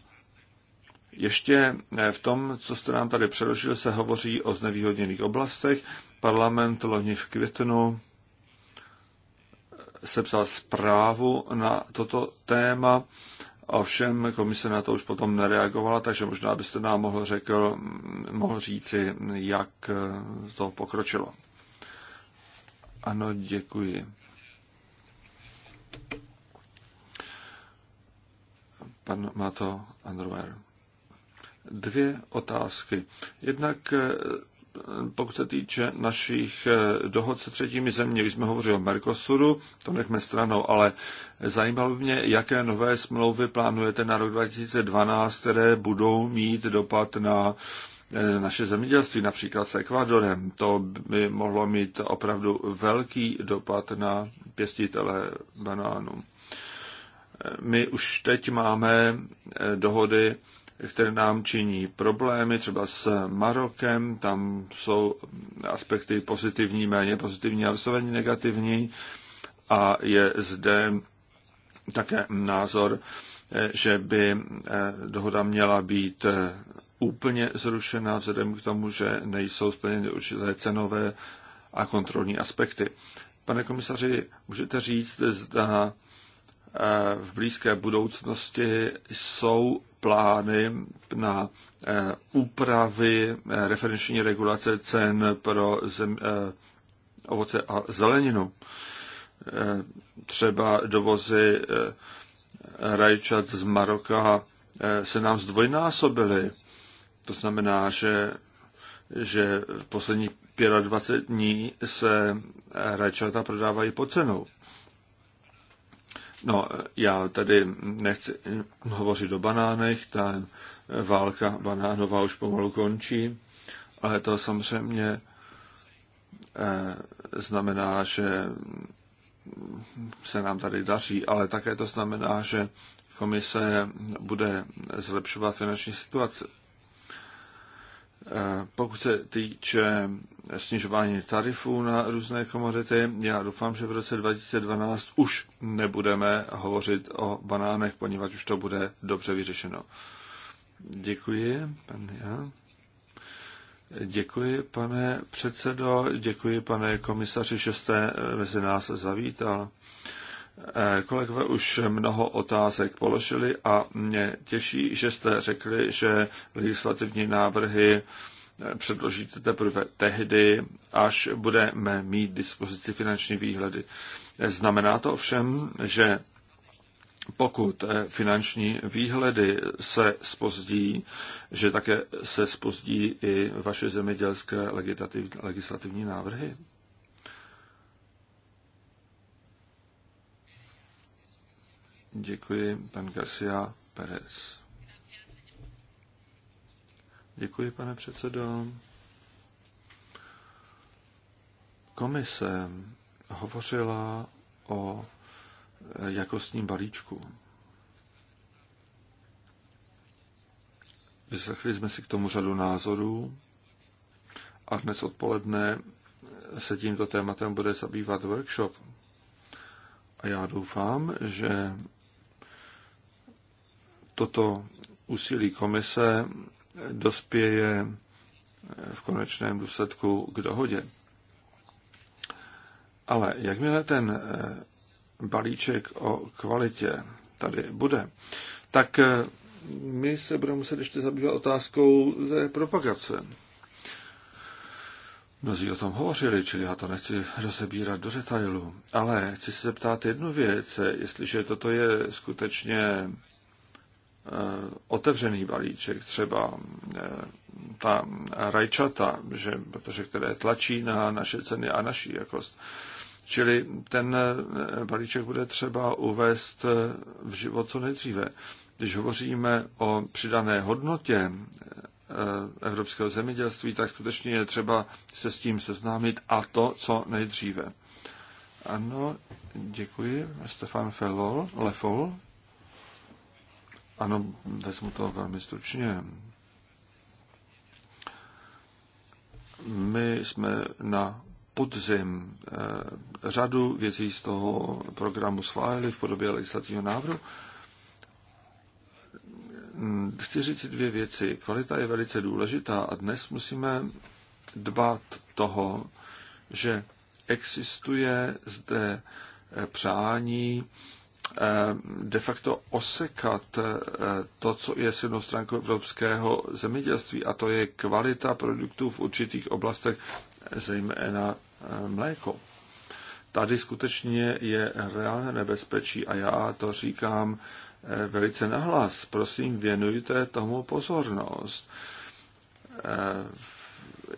ještě v tom, co jste nám tady přeložil, se hovoří o znevýhodněných oblastech. Parlament loni v květnu sepsal zprávu na toto téma, ovšem komise na to už potom nereagovala, takže možná byste nám mohl, řekl, mohl říci, jak to pokročilo. Ano, děkuji. Pan Mato Androver. Dvě otázky. Jednak pokud se týče našich eh, dohod se třetími zeměmi, jsme hovořili o Mercosuru, to nechme stranou, ale zajímalo by mě, jaké nové smlouvy plánujete na rok 2012, které budou mít dopad na eh, naše zemědělství, například s Ekvadorem. To by mohlo mít opravdu velký dopad na pěstitele banánů. Eh, my už teď máme dohody které nám činí problémy, třeba s Marokem, tam jsou aspekty pozitivní, méně pozitivní a vysloveně negativní. A je zde také názor, že by eh, dohoda měla být eh, úplně zrušena vzhledem k tomu, že nejsou splněny určité cenové a kontrolní aspekty. Pane komisaři, můžete říct, zda eh, v blízké budoucnosti jsou plány na eh, úpravy eh, referenční regulace cen pro zem, eh, ovoce a zeleninu. Třeba dovozy rajčat z Maroka se nám zdvojnásobily. To znamená, že, že v posledních 25 dní se rajčata prodávají po cenou. No, já tady nechci hovořit o banánech, ta válka banánová už pomalu končí, ale to samozřejmě eh, znamená, že se nám tady daří, ale také to znamená, že komise bude zlepšovat finanční situaci. Eh, pokud se týče snižování tarifů na různé komodity. Já doufám, že v roce 2012 už nebudeme hovořit o banánech, poněvadž už to bude dobře vyřešeno. Děkuji, pan já. Děkuji, pane předsedo, děkuji, pane komisaři, že jste mezi nás zavítal. Kolegové už mnoho otázek položili a mě těší, že jste řekli, že legislativní návrhy předložíte teprve tehdy, až budeme mít dispozici finanční výhledy. Znamená to ovšem, že pokud finanční výhledy se spozdí, že také se spozdí i vaše zemědělské legislativní návrhy? Děkuji, pan Garcia Perez. Děkuji, pane předsedo. Komise hovořila o jakostním balíčku. Vyslechli jsme si k tomu řadu názorů a dnes odpoledne se tímto tématem bude zabývat workshop. A já doufám, že toto úsilí komise dospěje v konečném důsledku k dohodě. Ale jakmile ten eh, balíček o kvalitě tady bude, tak eh, my se budeme muset ještě zabývat otázkou té propagace. Mnozí o tom hovořili, čili já to nechci rozebírat do detailu, ale chci se zeptat jednu věc, jestliže toto je skutečně Eh, otevřený balíček, třeba eh, ta rajčata, že, protože které tlačí na naše ceny a naší jakost. Čili ten eh, balíček bude třeba uvést v život co nejdříve. Když hovoříme o přidané hodnotě evropského zemědělství, tak skutečně je třeba se s tím seznámit a to co nejdříve. Ano, děkuji. Stefan Fellol, Lefol. Ano, vezmu to velmi stručně. My jsme na podzim eh, řadu věcí z toho programu schválili v podobě legislativního návrhu. Chci říct dvě věci. Kvalita je velice důležitá a dnes musíme dbat toho, že existuje zde přání Eh, de facto osekat eh, to, co je silnou stránkou evropského zemědělství, a to je kvalita produktů v určitých oblastech, zejména eh, mléko. Tady skutečně je reálné nebezpečí a já to říkám velice nahlas. Prosím, věnujte tomu pozornost. V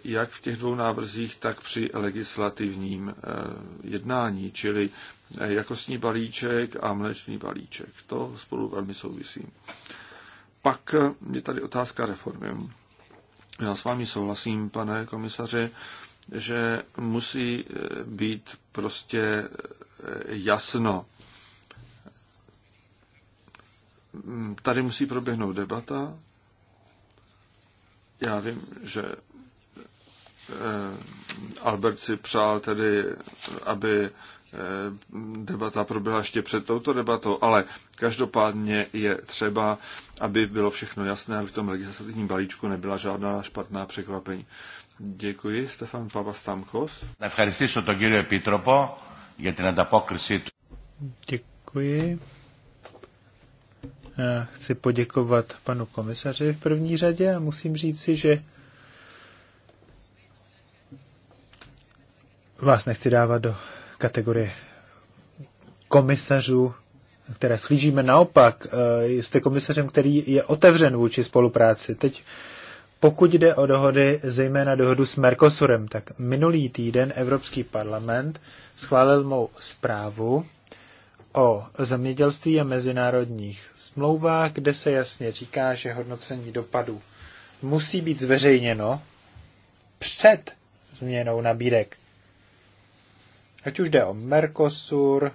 jak v těch dvou návrzích, tak při legislativním eh, jednání, čili eh, jakostní balíček a mléčný balíček. To spolu velmi souvisí. Pak eh, je tady otázka reformy. Já s vámi souhlasím, pane komisaři, že musí být prostě jasno. Tady musí proběhnout debata. Já vím, že Eh, Albert si přál tedy, aby eh, debata proběhla ještě před touto debatou, ale každopádně je třeba, aby bylo všechno jasné, aby v tom legislativním balíčku nebyla žádná špatná překvapení. Děkuji, Stefan Papastamkos. Ευχαριστήσω Děkuji. Já chci poděkovat panu komisaři v první řadě a musím říci, že vás nechci dávat do kategorie komisařů, které slížíme. Naopak, eh, jste komisařem, který je otevřen vůči spolupráci. Teď pokud jde o dohody, zejména dohodu s Mercosurem, tak minulý týden Evropský parlament schválil mou zprávu o zemědělství a mezinárodních smlouvách, kde se jasně říká, že hodnocení dopadů musí být zveřejněno před změnou nabídek. Ať už jde o Mercosur,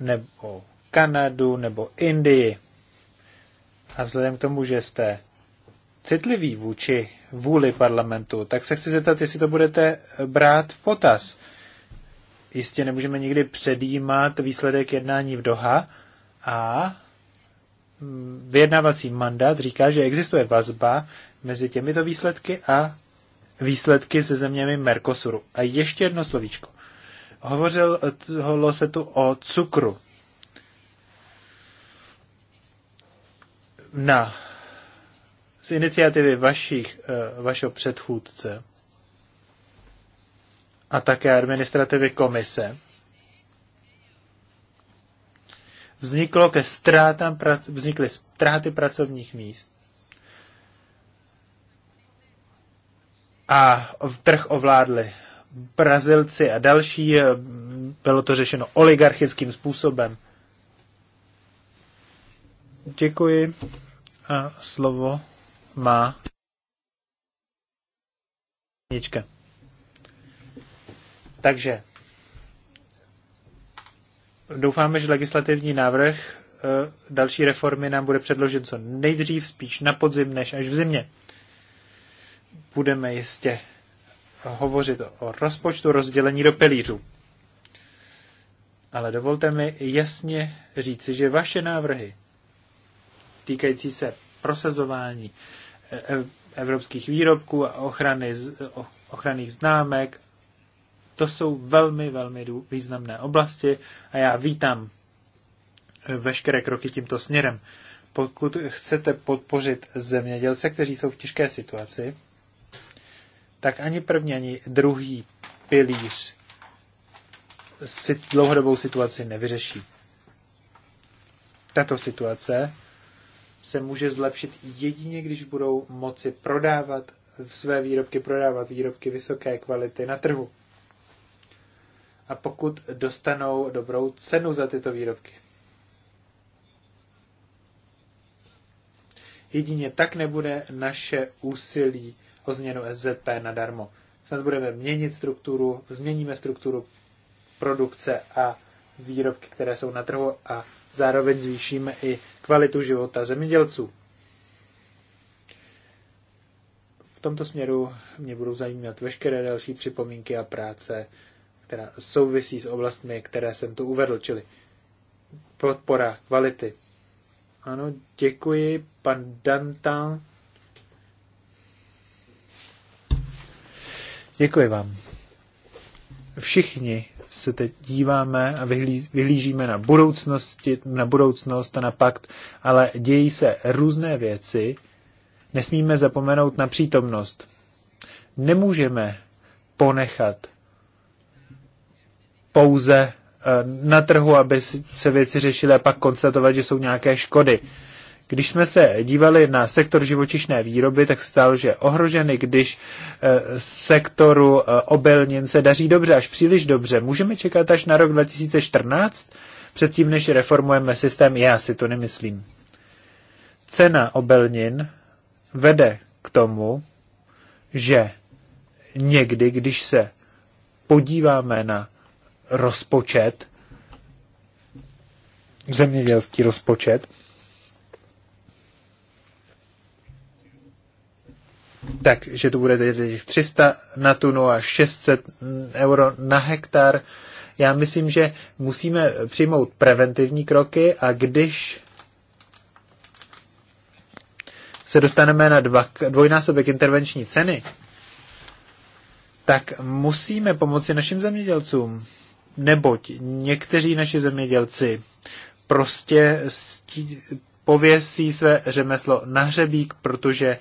nebo Kanadu, nebo Indii. A vzhledem k tomu, že jste citlivý vůči vůli parlamentu, tak se chci zeptat, jestli to budete brát v potaz. Jistě nemůžeme nikdy předjímat výsledek jednání v Doha a vyjednávací mandát říká, že existuje vazba mezi těmito výsledky a výsledky se zeměmi Mercosuru. A ještě jedno slovíčko. Hovořil hovořilo se tu o cukru. Na z iniciativy vašich, eh, vašeho předchůdce a také administrativy komise vzniklo ke ztrátám, vznikly ztráty pracovních míst. A trh ovládly Brazilci a další. Eh, bylo to řešeno oligarchickým způsobem. Děkuji. A slovo má Nička. Takže doufáme, že legislativní návrh eh, další reformy nám bude předložen co nejdřív, spíš na podzim než až v zimě. Budeme jistě hovořit o rozpočtu rozdělení do pilířů. Ale dovolte mi jasně říci, že vaše návrhy týkající se prosazování eh, eh, evropských výrobků a ochrany, ochranných známek, to jsou velmi, velmi významné oblasti a já vítám eh, veškeré kroky tímto směrem. Pokud chcete podpořit zemědělce, kteří jsou v těžké situaci, tak ani první, ani druhý pilíř si dlouhodobou situaci nevyřeší. Tato situace se může zlepšit jedině, když budou moci prodávat své výrobky, prodávat výrobky vysoké kvality na trhu. A pokud dostanou dobrou cenu za tyto výrobky. Jedině tak nebude naše úsilí o změnu SZP nadarmo. Snad budeme měnit strukturu, změníme strukturu produkce a výrobky, které jsou na trhu a zároveň zvýšíme i kvalitu života zemědělců. V tomto směru mě budou zajímat veškeré další připomínky a práce, která souvisí s oblastmi, které jsem tu uvedl, čili podpora kvality. Ano, děkuji, pan Dantan. Děkuji vám. Všichni se teď díváme a vyhlížíme na, budoucnosti, na budoucnost a na pakt, ale dějí se různé věci. Nesmíme zapomenout na přítomnost. Nemůžeme ponechat pouze eh, na trhu, aby se věci řešily a pak konstatovat, že jsou nějaké škody. Když jsme se dívali na sektor živočišné výroby, tak se stalo, že ohroženy, ohrožený, když eh, sektoru eh, obelnin se daří dobře, až příliš dobře. Můžeme čekat až na rok 2014, předtím, než reformujeme systém? Já si to nemyslím. Cena obelnin vede k tomu, že někdy, když se podíváme na rozpočet, zemědělský rozpočet, tak, že to bude tedy 300 na tunu a 600 euro na hektar. Já myslím, že musíme přijmout preventivní kroky a když se dostaneme na dva, dvojnásobek intervenční ceny, tak musíme pomoci našim zemědělcům, neboť někteří naši zemědělci prostě pověsí své řemeslo na hřebík, protože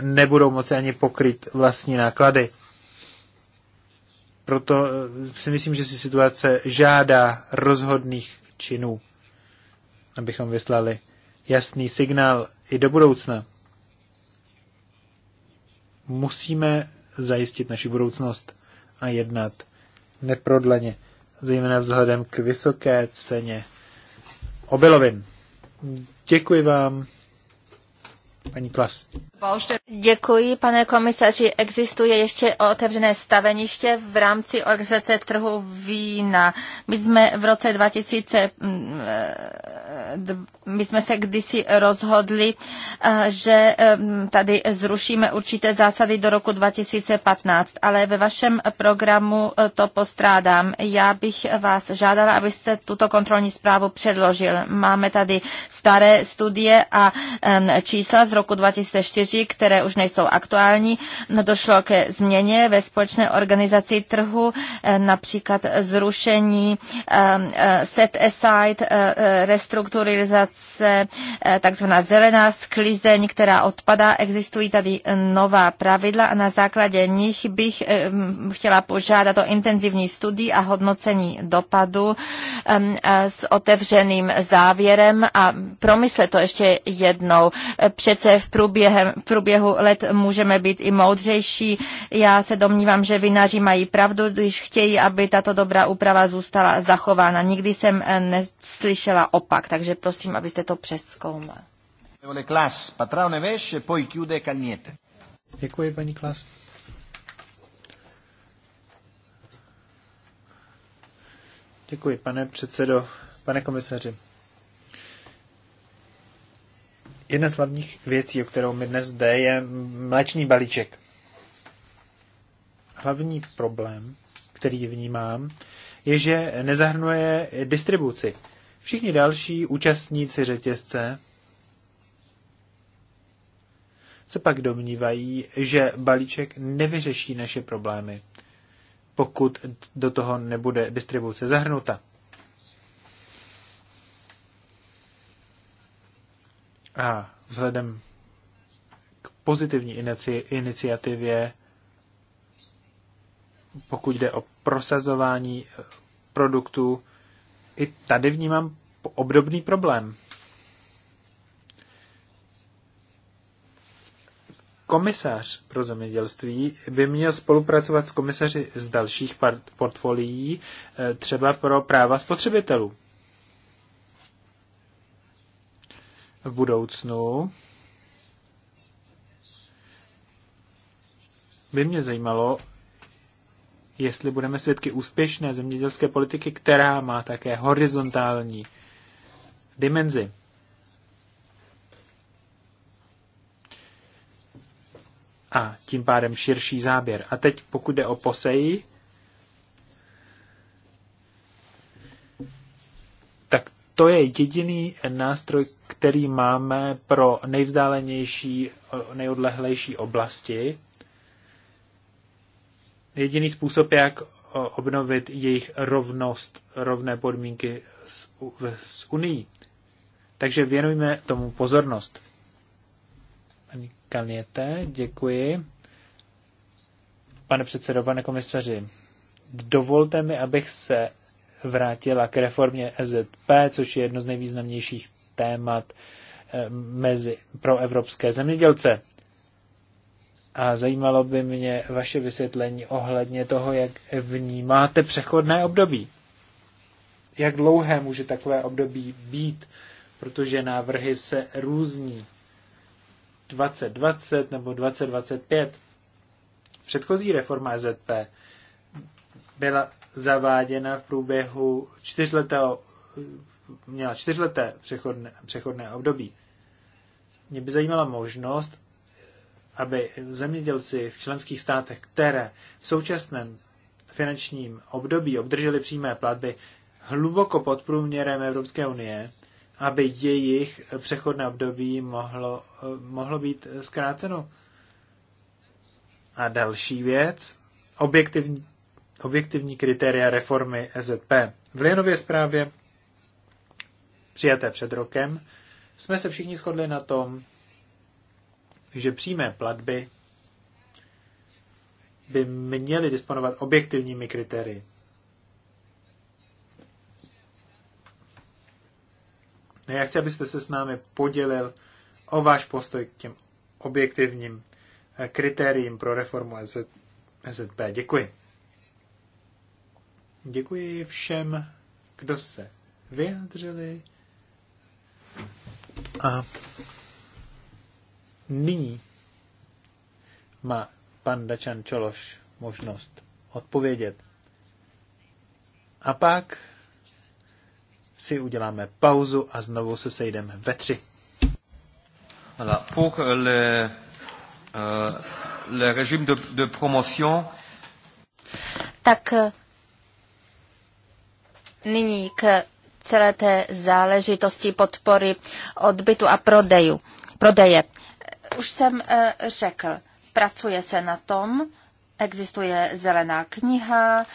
nebudou moci ani pokryt vlastní náklady. Proto eh, si myslím, že si situace žádá rozhodných činů, abychom vyslali jasný signál i do budoucna. Musíme zajistit naši budoucnost a jednat neprodleně, zejména vzhledem k vysoké ceně obilovin. Děkuji vám. Paní Klas. Děkuji, pane komisaři. Existuje ještě otevřené staveniště v rámci organizace trhu vína. My jsme v roce 2000 my jsme se kdysi rozhodli, eh, že eh, tady zrušíme určité zásady do roku 2015, ale ve vašem programu eh, to postrádám. Já bych vás žádala, abyste tuto kontrolní zprávu předložil. Máme tady staré studie a čísla z roku 2004, které už nejsou aktuální. Došlo ke změně ve společné organizaci trhu, například zrušení set aside, restrukturalizace práce, eh, takzvaná zelená sklizeň, která odpadá. Existují tady nová pravidla a na základě nich bych eh, chtěla požádat o intenzivní studii a hodnocení dopadu eh, s otevřeným závěrem a promyslet to ještě jednou. Přece v, průběhem, v průběhu let můžeme být i moudřejší. Já se domnívám, že vinaři mají pravdu, když chtějí, aby tato dobrá úprava zůstala zachována. Nikdy jsem neslyšela opak, takže prosím, aby abyste to přeskoumal. Klas, Děkuji, paní Klas. Děkuji, pane předsedo, pane komisaři. Jedna z hlavních věcí, o kterou mi dnes jde, je mléčný balíček. Hlavní problém, který vnímám, je, že nezahrnuje distribuci. Všichni další účastníci řetězce se pak domnívají, že balíček nevyřeší naše problémy, pokud do toho nebude distribuce zahrnuta. A vzhledem k pozitivní inici- iniciativě, pokud jde o prosazování produktů, i tady vnímám obdobný problém. Komisař pro zemědělství by měl spolupracovat s komisaři z dalších portfolií, eh, třeba pro práva spotřebitelů. V budoucnu by mě zajímalo, jestli budeme svědky úspěšné zemědělské politiky, která má také horizontální dimenzi. A tím pádem širší záběr. A teď pokud jde o poseji, tak to je jediný nástroj, který máme pro nejvzdálenější, nejodlehlejší oblasti, jediný způsob, jak obnovit jejich rovnost, rovné podmínky s, s Unii. Takže věnujme tomu pozornost. Pani Kalněte, děkuji. Pane předsedo, pane komisaři, dovolte mi, abych se vrátila k reformě EZP, což je jedno z nejvýznamnějších témat eh, mezi pro evropské zemědělce. A zajímalo by mě vaše vysvětlení ohledně toho, jak vnímáte přechodné období. Jak dlouhé může takové období být, protože návrhy se různí. 2020 nebo 2025. Předchozí reforma e ZP byla zaváděna v průběhu čtyřletého, měla čtyřleté přechodné, přechodné období. Mě by zajímala možnost, aby zemědělci v členských státech, které v současném finančním období obdrželi přímé platby hluboko pod průměrem Evropské unie, aby jejich přechodné období mohlo, mohlo být zkráceno. A další věc, objektivní, objektivní kritéria reformy EZP. V Lienově zprávě, přijaté před rokem, jsme se všichni shodli na tom, že přímé platby by měly disponovat objektivními kritérii. No, já chci, abyste se s námi podělil o váš postoj k těm objektivním eh, kritériím pro reformu EZB. E Děkuji. Děkuji všem, kdo se vyjádřili. A Nyní má pan Dačan Čološ možnost odpovědět. A pak si uděláme pauzu a znovu se sejdeme ve tři. Voilà. Pour euh, le, uh, le régime de, de promotion. Tak euh, nyní k celé té záležitosti podpory odbytu a prodeju, prodeje už jsem eh, řekl, pracuje se na tom, existuje zelená kniha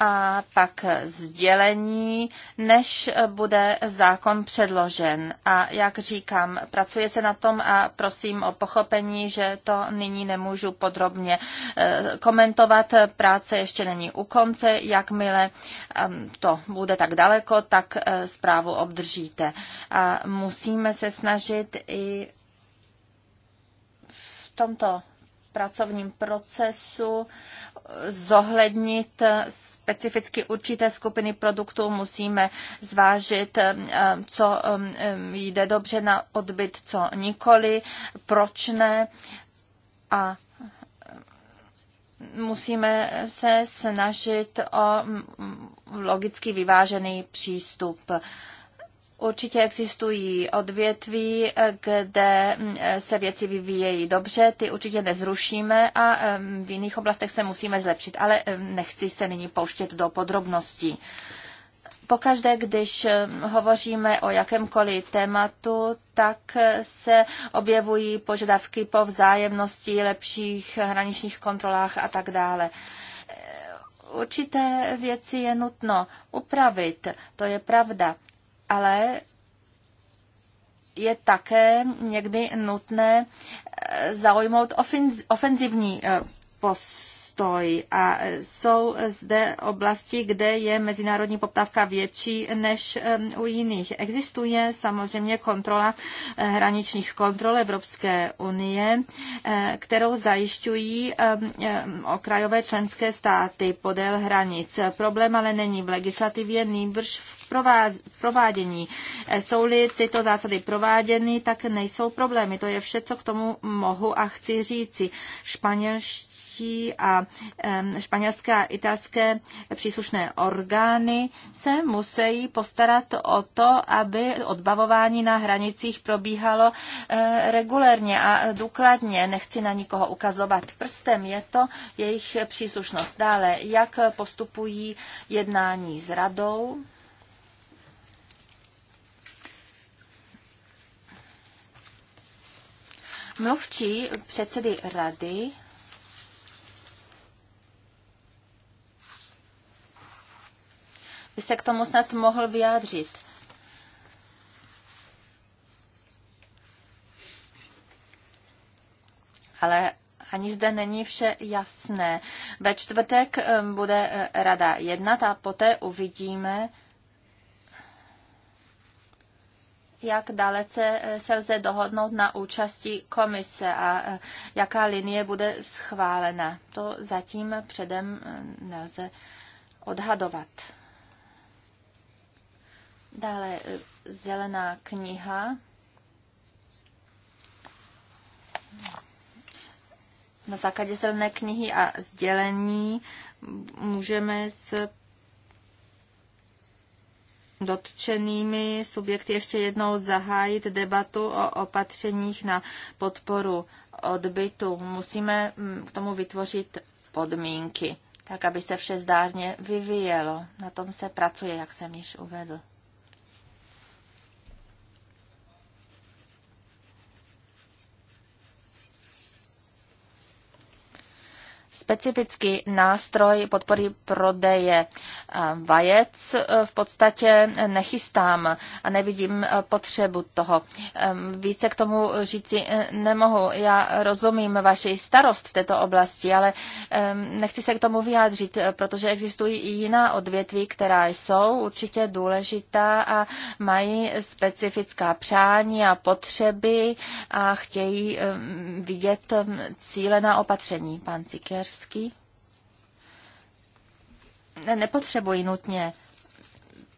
a pak sdělení, než bude zákon předložen. A jak říkám, pracuje se na tom a prosím o pochopení, že to nyní nemůžu podrobně eh, komentovat. Práce ještě není u konce. Jakmile ehm, to bude tak daleko, tak eh, zprávu obdržíte. A musíme se snažit i tomto pracovním procesu zohlednit specificky určité skupiny produktů, musíme zvážit, eh, co eh, jde dobře na odbyt, co nikoli, proč ne a musíme se snažit o mm, logicky vyvážený přístup. Určitě existují odvětví, kde mm, se věci vyvíjejí dobře, ty určitě nezrušíme a mm, v jiných oblastech se musíme zlepšit, ale mm, nechci se nyní pouštět do podrobností. Pokaždé, když hovoříme o jakémkoliv tématu, tak se objevují požadavky po vzájemnosti, lepších hraničních kontrolách a tak dále určité věci je nutno upravit, to je pravda, ale je také někdy nutné eh, zaujmout ofenzivní eh, postup postoj a jsou zde oblasti, kde je mezinárodní poptávka větší než u jiných. Existuje samozřejmě kontrola eh, hraničních kontrol Evropské unie, eh, kterou zajišťují okrajové členské státy podél hranic. Problém ale není v legislativě, nýbrž v provádění. Eh, jsou-li tyto zásady prováděny, tak nejsou problémy. To je vše, co k tomu mohu a chci říci. Španělští rozhodnutí a španělské a italské příslušné orgány se musí postarat o to, aby odbavování na hranicích probíhalo eh, regulérně a důkladně. Nechci na nikoho ukazovat prstem, je to jejich příslušnost. Dále, jak postupují jednání s radou? Mluvčí předsedy rady by se k tomu snad mohl vyjádřit. Ale ani zde není vše jasné. Ve čtvrtek eh, bude eh, rada jednat a poté uvidíme, jak dalece eh, se lze dohodnout na účasti komise a jaká linie bude schválena. To zatím předem nelze odhadovat. Dále eh, zelená kniha. Na základě zelené knihy a sdělení můžeme s dotčenými subjekty ještě jednou zahájit debatu o opatřeních na podporu odbytu. Musíme mm, k tomu vytvořit podmínky, tak aby se vše zdárně vyvíjelo. Na tom se pracuje, jak jsem již uvedl. specifický nástroj podpory prodeje vajec e, v podstatě nechystám a nevidím e, potřebu toho. Více k tomu říci e, nemohu. Já rozumím vaši starost v této oblasti, ale nechci se k tomu vyjádřit, protože existují i jiná odvětví, která jsou určitě důležitá a mají specifická přání a potřeby a chtějí vidět cílená opatření. Pan Cikér. Sikerský nepotřebuji nutně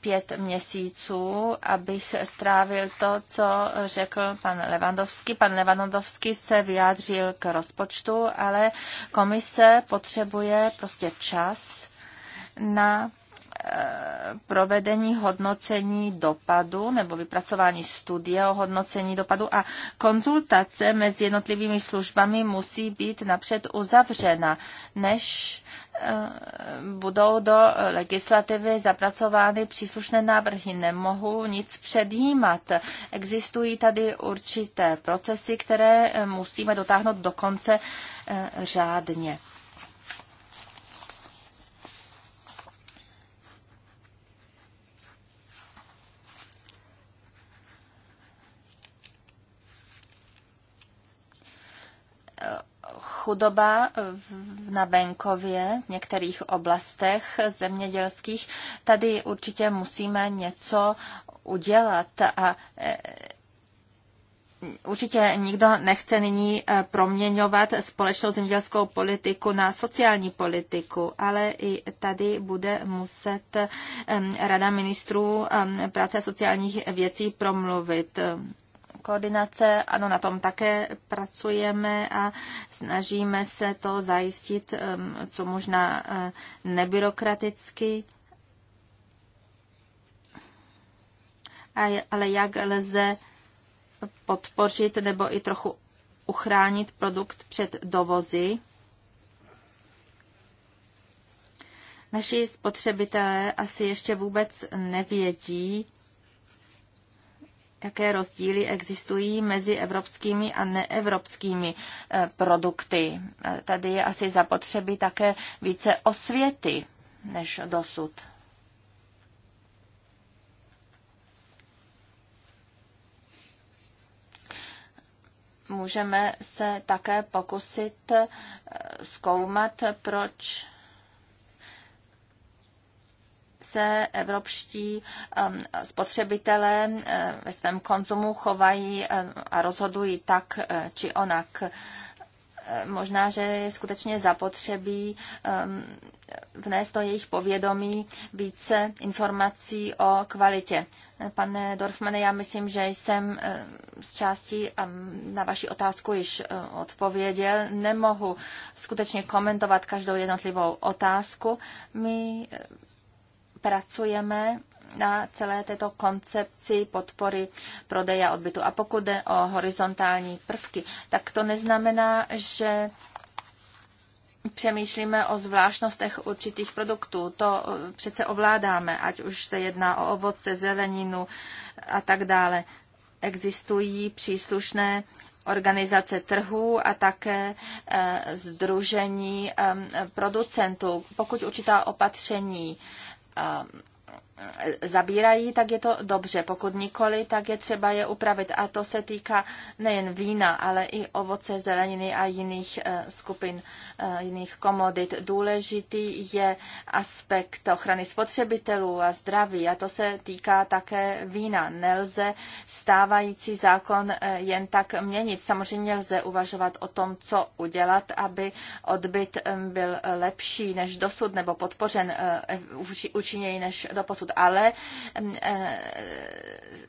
pět měsíců, abych strávil to, co řekl pan Levandovský. Pan Levandovský se vyjádřil k rozpočtu, ale komise potřebuje prostě čas na provedení hodnocení dopadu nebo vypracování studie o hodnocení dopadu a konzultace mezi jednotlivými službami musí být napřed uzavřena, než eh, budou do legislativy zapracovány příslušné návrhy. Nemohu nic předjímat. Existují tady určité procesy, které eh, musíme dotáhnout do konce eh, řádně. chudoba eh, na venkově, v některých oblastech zemědělských. Tady určitě musíme něco udělat a eh, Určitě nikdo nechce nyní eh, proměňovat společnou zemědělskou politiku na sociální politiku, ale i tady bude muset Rada ministrů práce a sociálních věcí promluvit koordinace, ano, na tom také pracujeme a snažíme se to zajistit um, co možná uh, nebyrokraticky, ale jak lze podpořit nebo i trochu uchránit produkt před dovozy. Naši spotřebitelé asi ještě vůbec nevědí, jaké rozdíly existují mezi evropskými a neevropskými eh, produkty. Eh, tady je asi zapotřebí také více osvěty než dosud. Můžeme se také pokusit eh, zkoumat, proč se evropští um, spotřebitelé uh, ve svém konzumu chovají uh, a rozhodují tak uh, či onak. Možná, že je skutečně zapotřebí um, vnést do jejich povědomí více informací o kvalitě. Pane Dorfmane, já myslím, že jsem z části um, na vaši otázku již odpověděl. Nemohu skutečně komentovat každou jednotlivou otázku. My pracujeme na celé této koncepci podpory prodeje a odbytu. A pokud jde o horizontální prvky, tak to neznamená, že přemýšlíme o zvláštnostech určitých produktů. To eh, přece ovládáme, ať už se jedná o ovoce, zeleninu a tak dále. Existují příslušné organizace trhů a také združení eh, eh, producentů. Pokud určitá opatření Um zabírají, tak je to dobře. Pokud nikoli, tak je třeba je upravit. A to se týká nejen vína, ale i ovoce, zeleniny a jiných eh, skupin, eh, jiných komodit. Důležitý je aspekt ochrany spotřebitelů a zdraví. A to se týká také vína. Nelze stávající zákon eh, jen tak měnit. Samozřejmě lze uvažovat o tom, co udělat, aby odbyt byl lepší než dosud nebo podpořen účinněji než doposud ale mm, eh,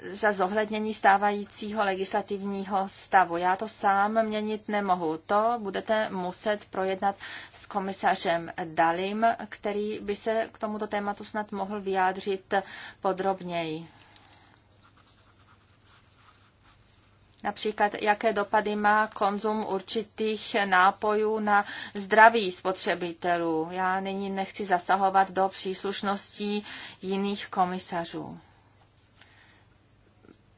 za zohlednění stávajícího legislativního stavu. Já to sám měnit nemohu. To budete muset projednat s komisařem Dalim, který by se k tomuto tématu snad mohl vyjádřit podrobněji. Například, jaké dopady má konzum určitých nápojů na zdraví spotřebitelů. Já nyní nechci zasahovat do příslušností jiných komisařů.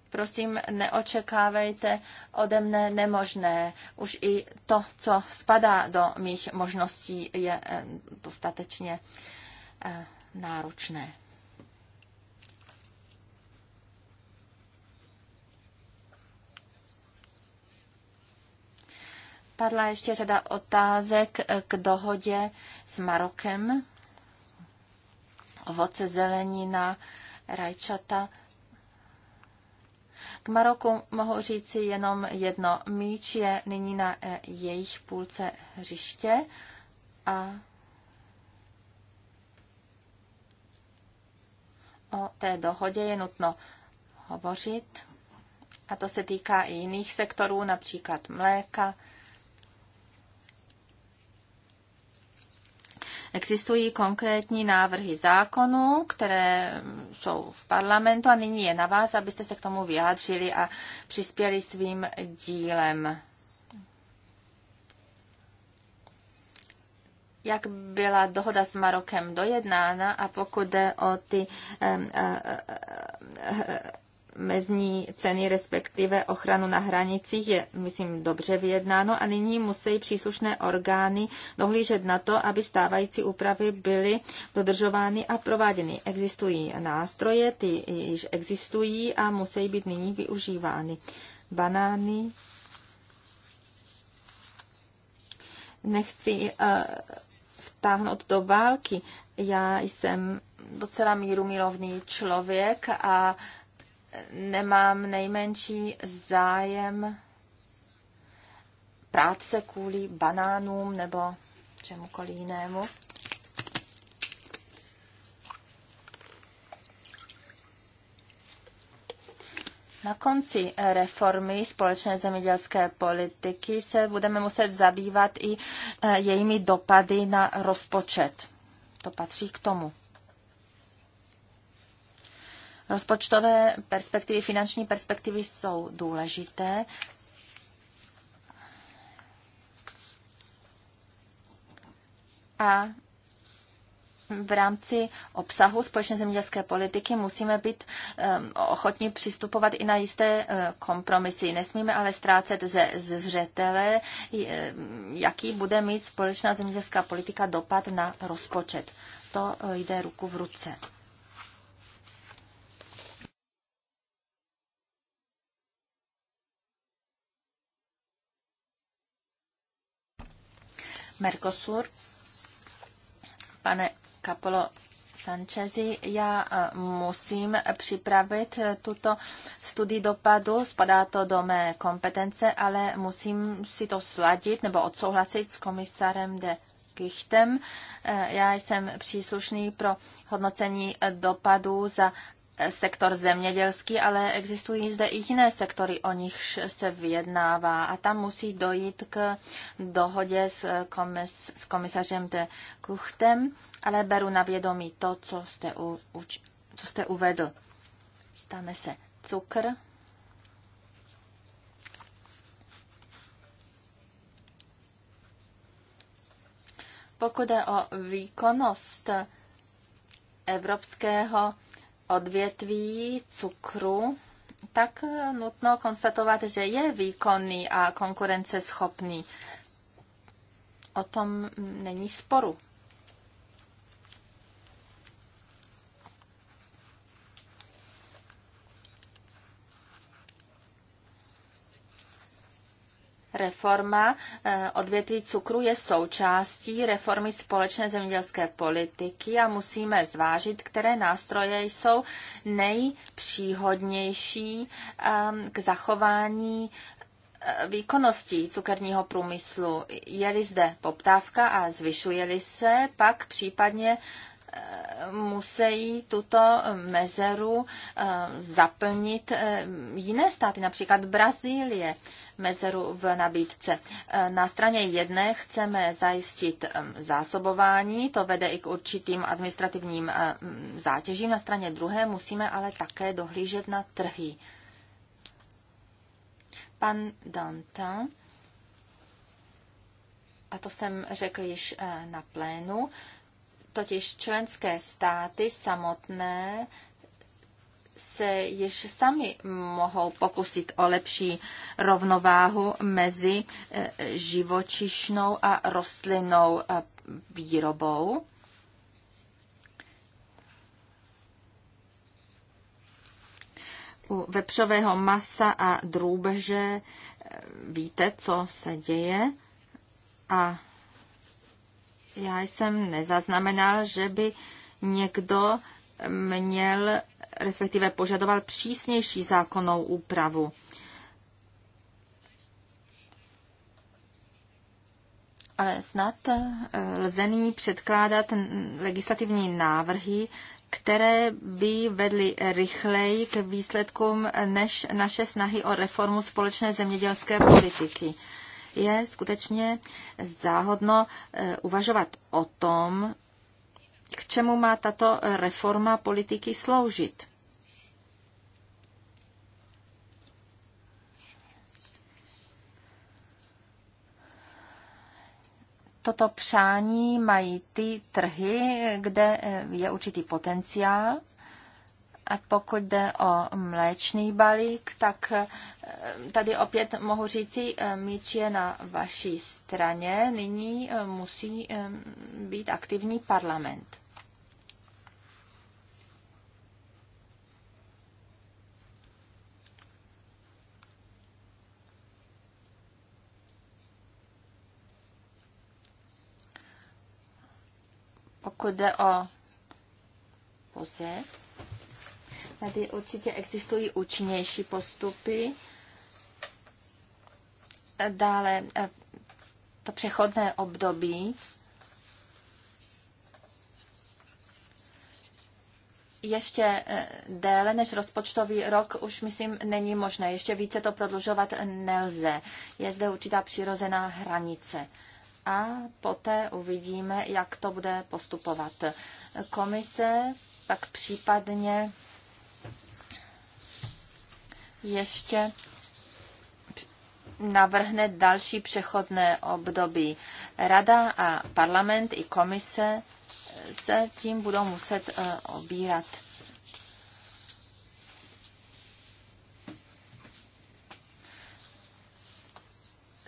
Prosím, neočekávejte ode mne nemožné. Už i to, co spadá do mých možností, je eh, dostatečně eh, náročné. Padla ještě řada otázek eh, k dohodě s Marokem. Ovoce, zelenina, rajčata. K Maroku mohu říci jenom jedno. Míč je nyní na eh, jejich půlce hřiště a o té dohodě je nutno hovořit. A to se týká i jiných sektorů, například mléka, Existují konkrétní návrhy zákonů, které jsou v parlamentu a nyní je na vás, abyste se k tomu vyjádřili a přispěli svým dílem. jak byla dohoda s Marokem dojednána a pokud jde o ty eh, eh, eh, mezní ceny, respektive ochranu na hranicích, je, myslím, dobře vyjednáno a nyní musí příslušné orgány dohlížet na to, aby stávající úpravy byly dodržovány a prováděny. Existují nástroje, ty již existují a musí být nyní využívány. Banány. Nechci uh, vtáhnout do války. Já jsem docela mírumilovný člověk a uh, nemám nejmenší zájem prát se kvůli banánům nebo čemukoliv jinému. Na konci eh, reformy společné zemědělské politiky se budeme muset zabývat i eh, jejími dopady na rozpočet. To patří k tomu. Rozpočtové perspektivy, finanční perspektivy jsou důležité. A v rámci obsahu společné zemědělské politiky musíme být ehm, ochotní přistupovat i na jisté ehm, kompromisy. Nesmíme ale ztrácet ze zřetele, ehm, jaký bude mít společná zemědělská politika dopad na rozpočet. To eh, jde ruku v ruce. Mercosur. Pane Capolo Sanchezi, já eh, musím připravit eh, tuto studii dopadu, spadá to do mé kompetence, ale musím si to sladit nebo odsouhlasit s komisarem de Kichtem. Eh, já jsem příslušný pro hodnocení dopadů za sektor zemědělský, ale existují zde i jiné sektory, o nichž se vyjednává a tam musí dojít k dohodě s, komis, s komisařem de Kuchtem, ale beru na vědomí to, co jste, u, uč, co jste uvedl. Stane se cukr. Pokud je o výkonnost evropského odvětví cukru, tak nutno konstatovat, že je výkonný a konkurenceschopný. O tom není sporu. Reforma eh, odvětví cukru je součástí reformy společné zemědělské politiky a musíme zvážit, které nástroje jsou nejpříhodnější ehm, k zachování eh, výkonností cukerního průmyslu. Je-li zde poptávka a zvyšuje-li se, pak případně musí tuto mezeru eh, zaplnit eh, jiné státy, například Brazílie mezeru v nabídce. Eh, na straně jedné chceme zajistit zásobování, to vede i k určitým administrativním zátěžím. Na straně druhé musíme ale také dohlížet na trhy. Pan Dantin, a to jsem řekl již na plénu, Totiž členské státy samotné se již sami mohou pokusit o lepší rovnováhu mezi e, živočišnou a rostlinnou e, výrobou. U vepřového masa a drůbeže e, víte, co se děje a já jsem nezaznamenal, že by někdo měl, respektive požadoval přísnější zákonnou úpravu. Ale snad eh, lze nyní předkládat legislativní návrhy, které by vedly rychleji k výsledkům než naše snahy o reformu společné zemědělské politiky je skutečně záhodno eh, uvažovat o tom, k čemu má tato reforma politiky sloužit. Toto přání mají ty trhy, kde eh, je určitý potenciál a pokud jde o mléčný balík, tak eh, tady opět mohu říci, eh, míč je na vaší straně. Nyní eh, musí být aktivní parlament. Pokud jde o pozet, Tady určitě existují účinnější postupy. Dále eh, to přechodné období ještě eh, déle než rozpočtový rok už, myslím, není možné. Ještě více to prodlužovat nelze. Je zde určitá přirozená hranice. A poté uvidíme, jak to bude postupovat. Komise pak případně ještě navrhne další přechodné období. Rada a parlament i komise se tím budou muset eh, obírat.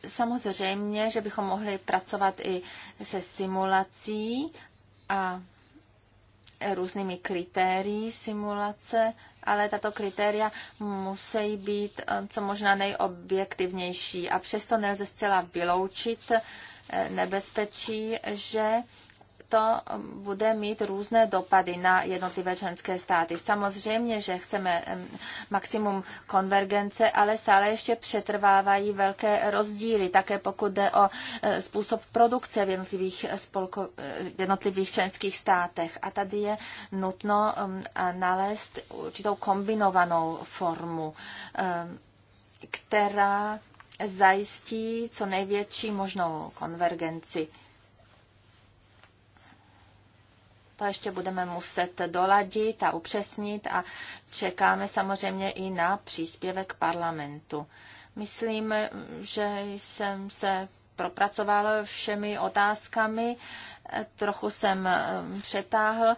Samozřejmě, že bychom mohli pracovat i se simulací a různými kritérii simulace ale tato kritéria musí být eh, co možná nejobjektivnější a přesto nelze zcela vyloučit eh, nebezpečí, že to bude mít různé dopady na jednotlivé členské státy. Samozřejmě, že chceme maximum konvergence, ale stále ještě přetrvávají velké rozdíly, také pokud jde o e, způsob produkce v jednotlivých, spolko, v e, jednotlivých členských státech. A tady je nutno nalézt určitou kombinovanou formu, která zajistí co největší možnou konvergenci. To ještě budeme muset doladit a upřesnit a čekáme samozřejmě i na příspěvek parlamentu. Myslím, že jsem se propracoval všemi otázkami, trochu jsem eh, přetáhl,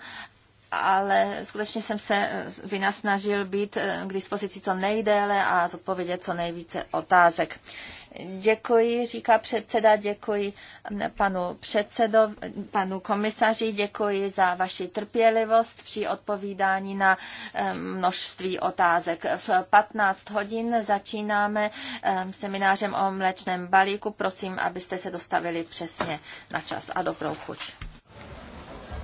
ale skutečně jsem se eh, vynasnažil být eh, k dispozici co nejdéle a zodpovědět co nejvíce otázek. Děkuji, říká předseda, děkuji panu předsedo, panu komisaři, děkuji za vaši trpělivost při odpovídání na množství otázek. V 15 hodin začínáme seminářem o mléčném balíku. Prosím, abyste se dostavili přesně na čas a dobrou chuť.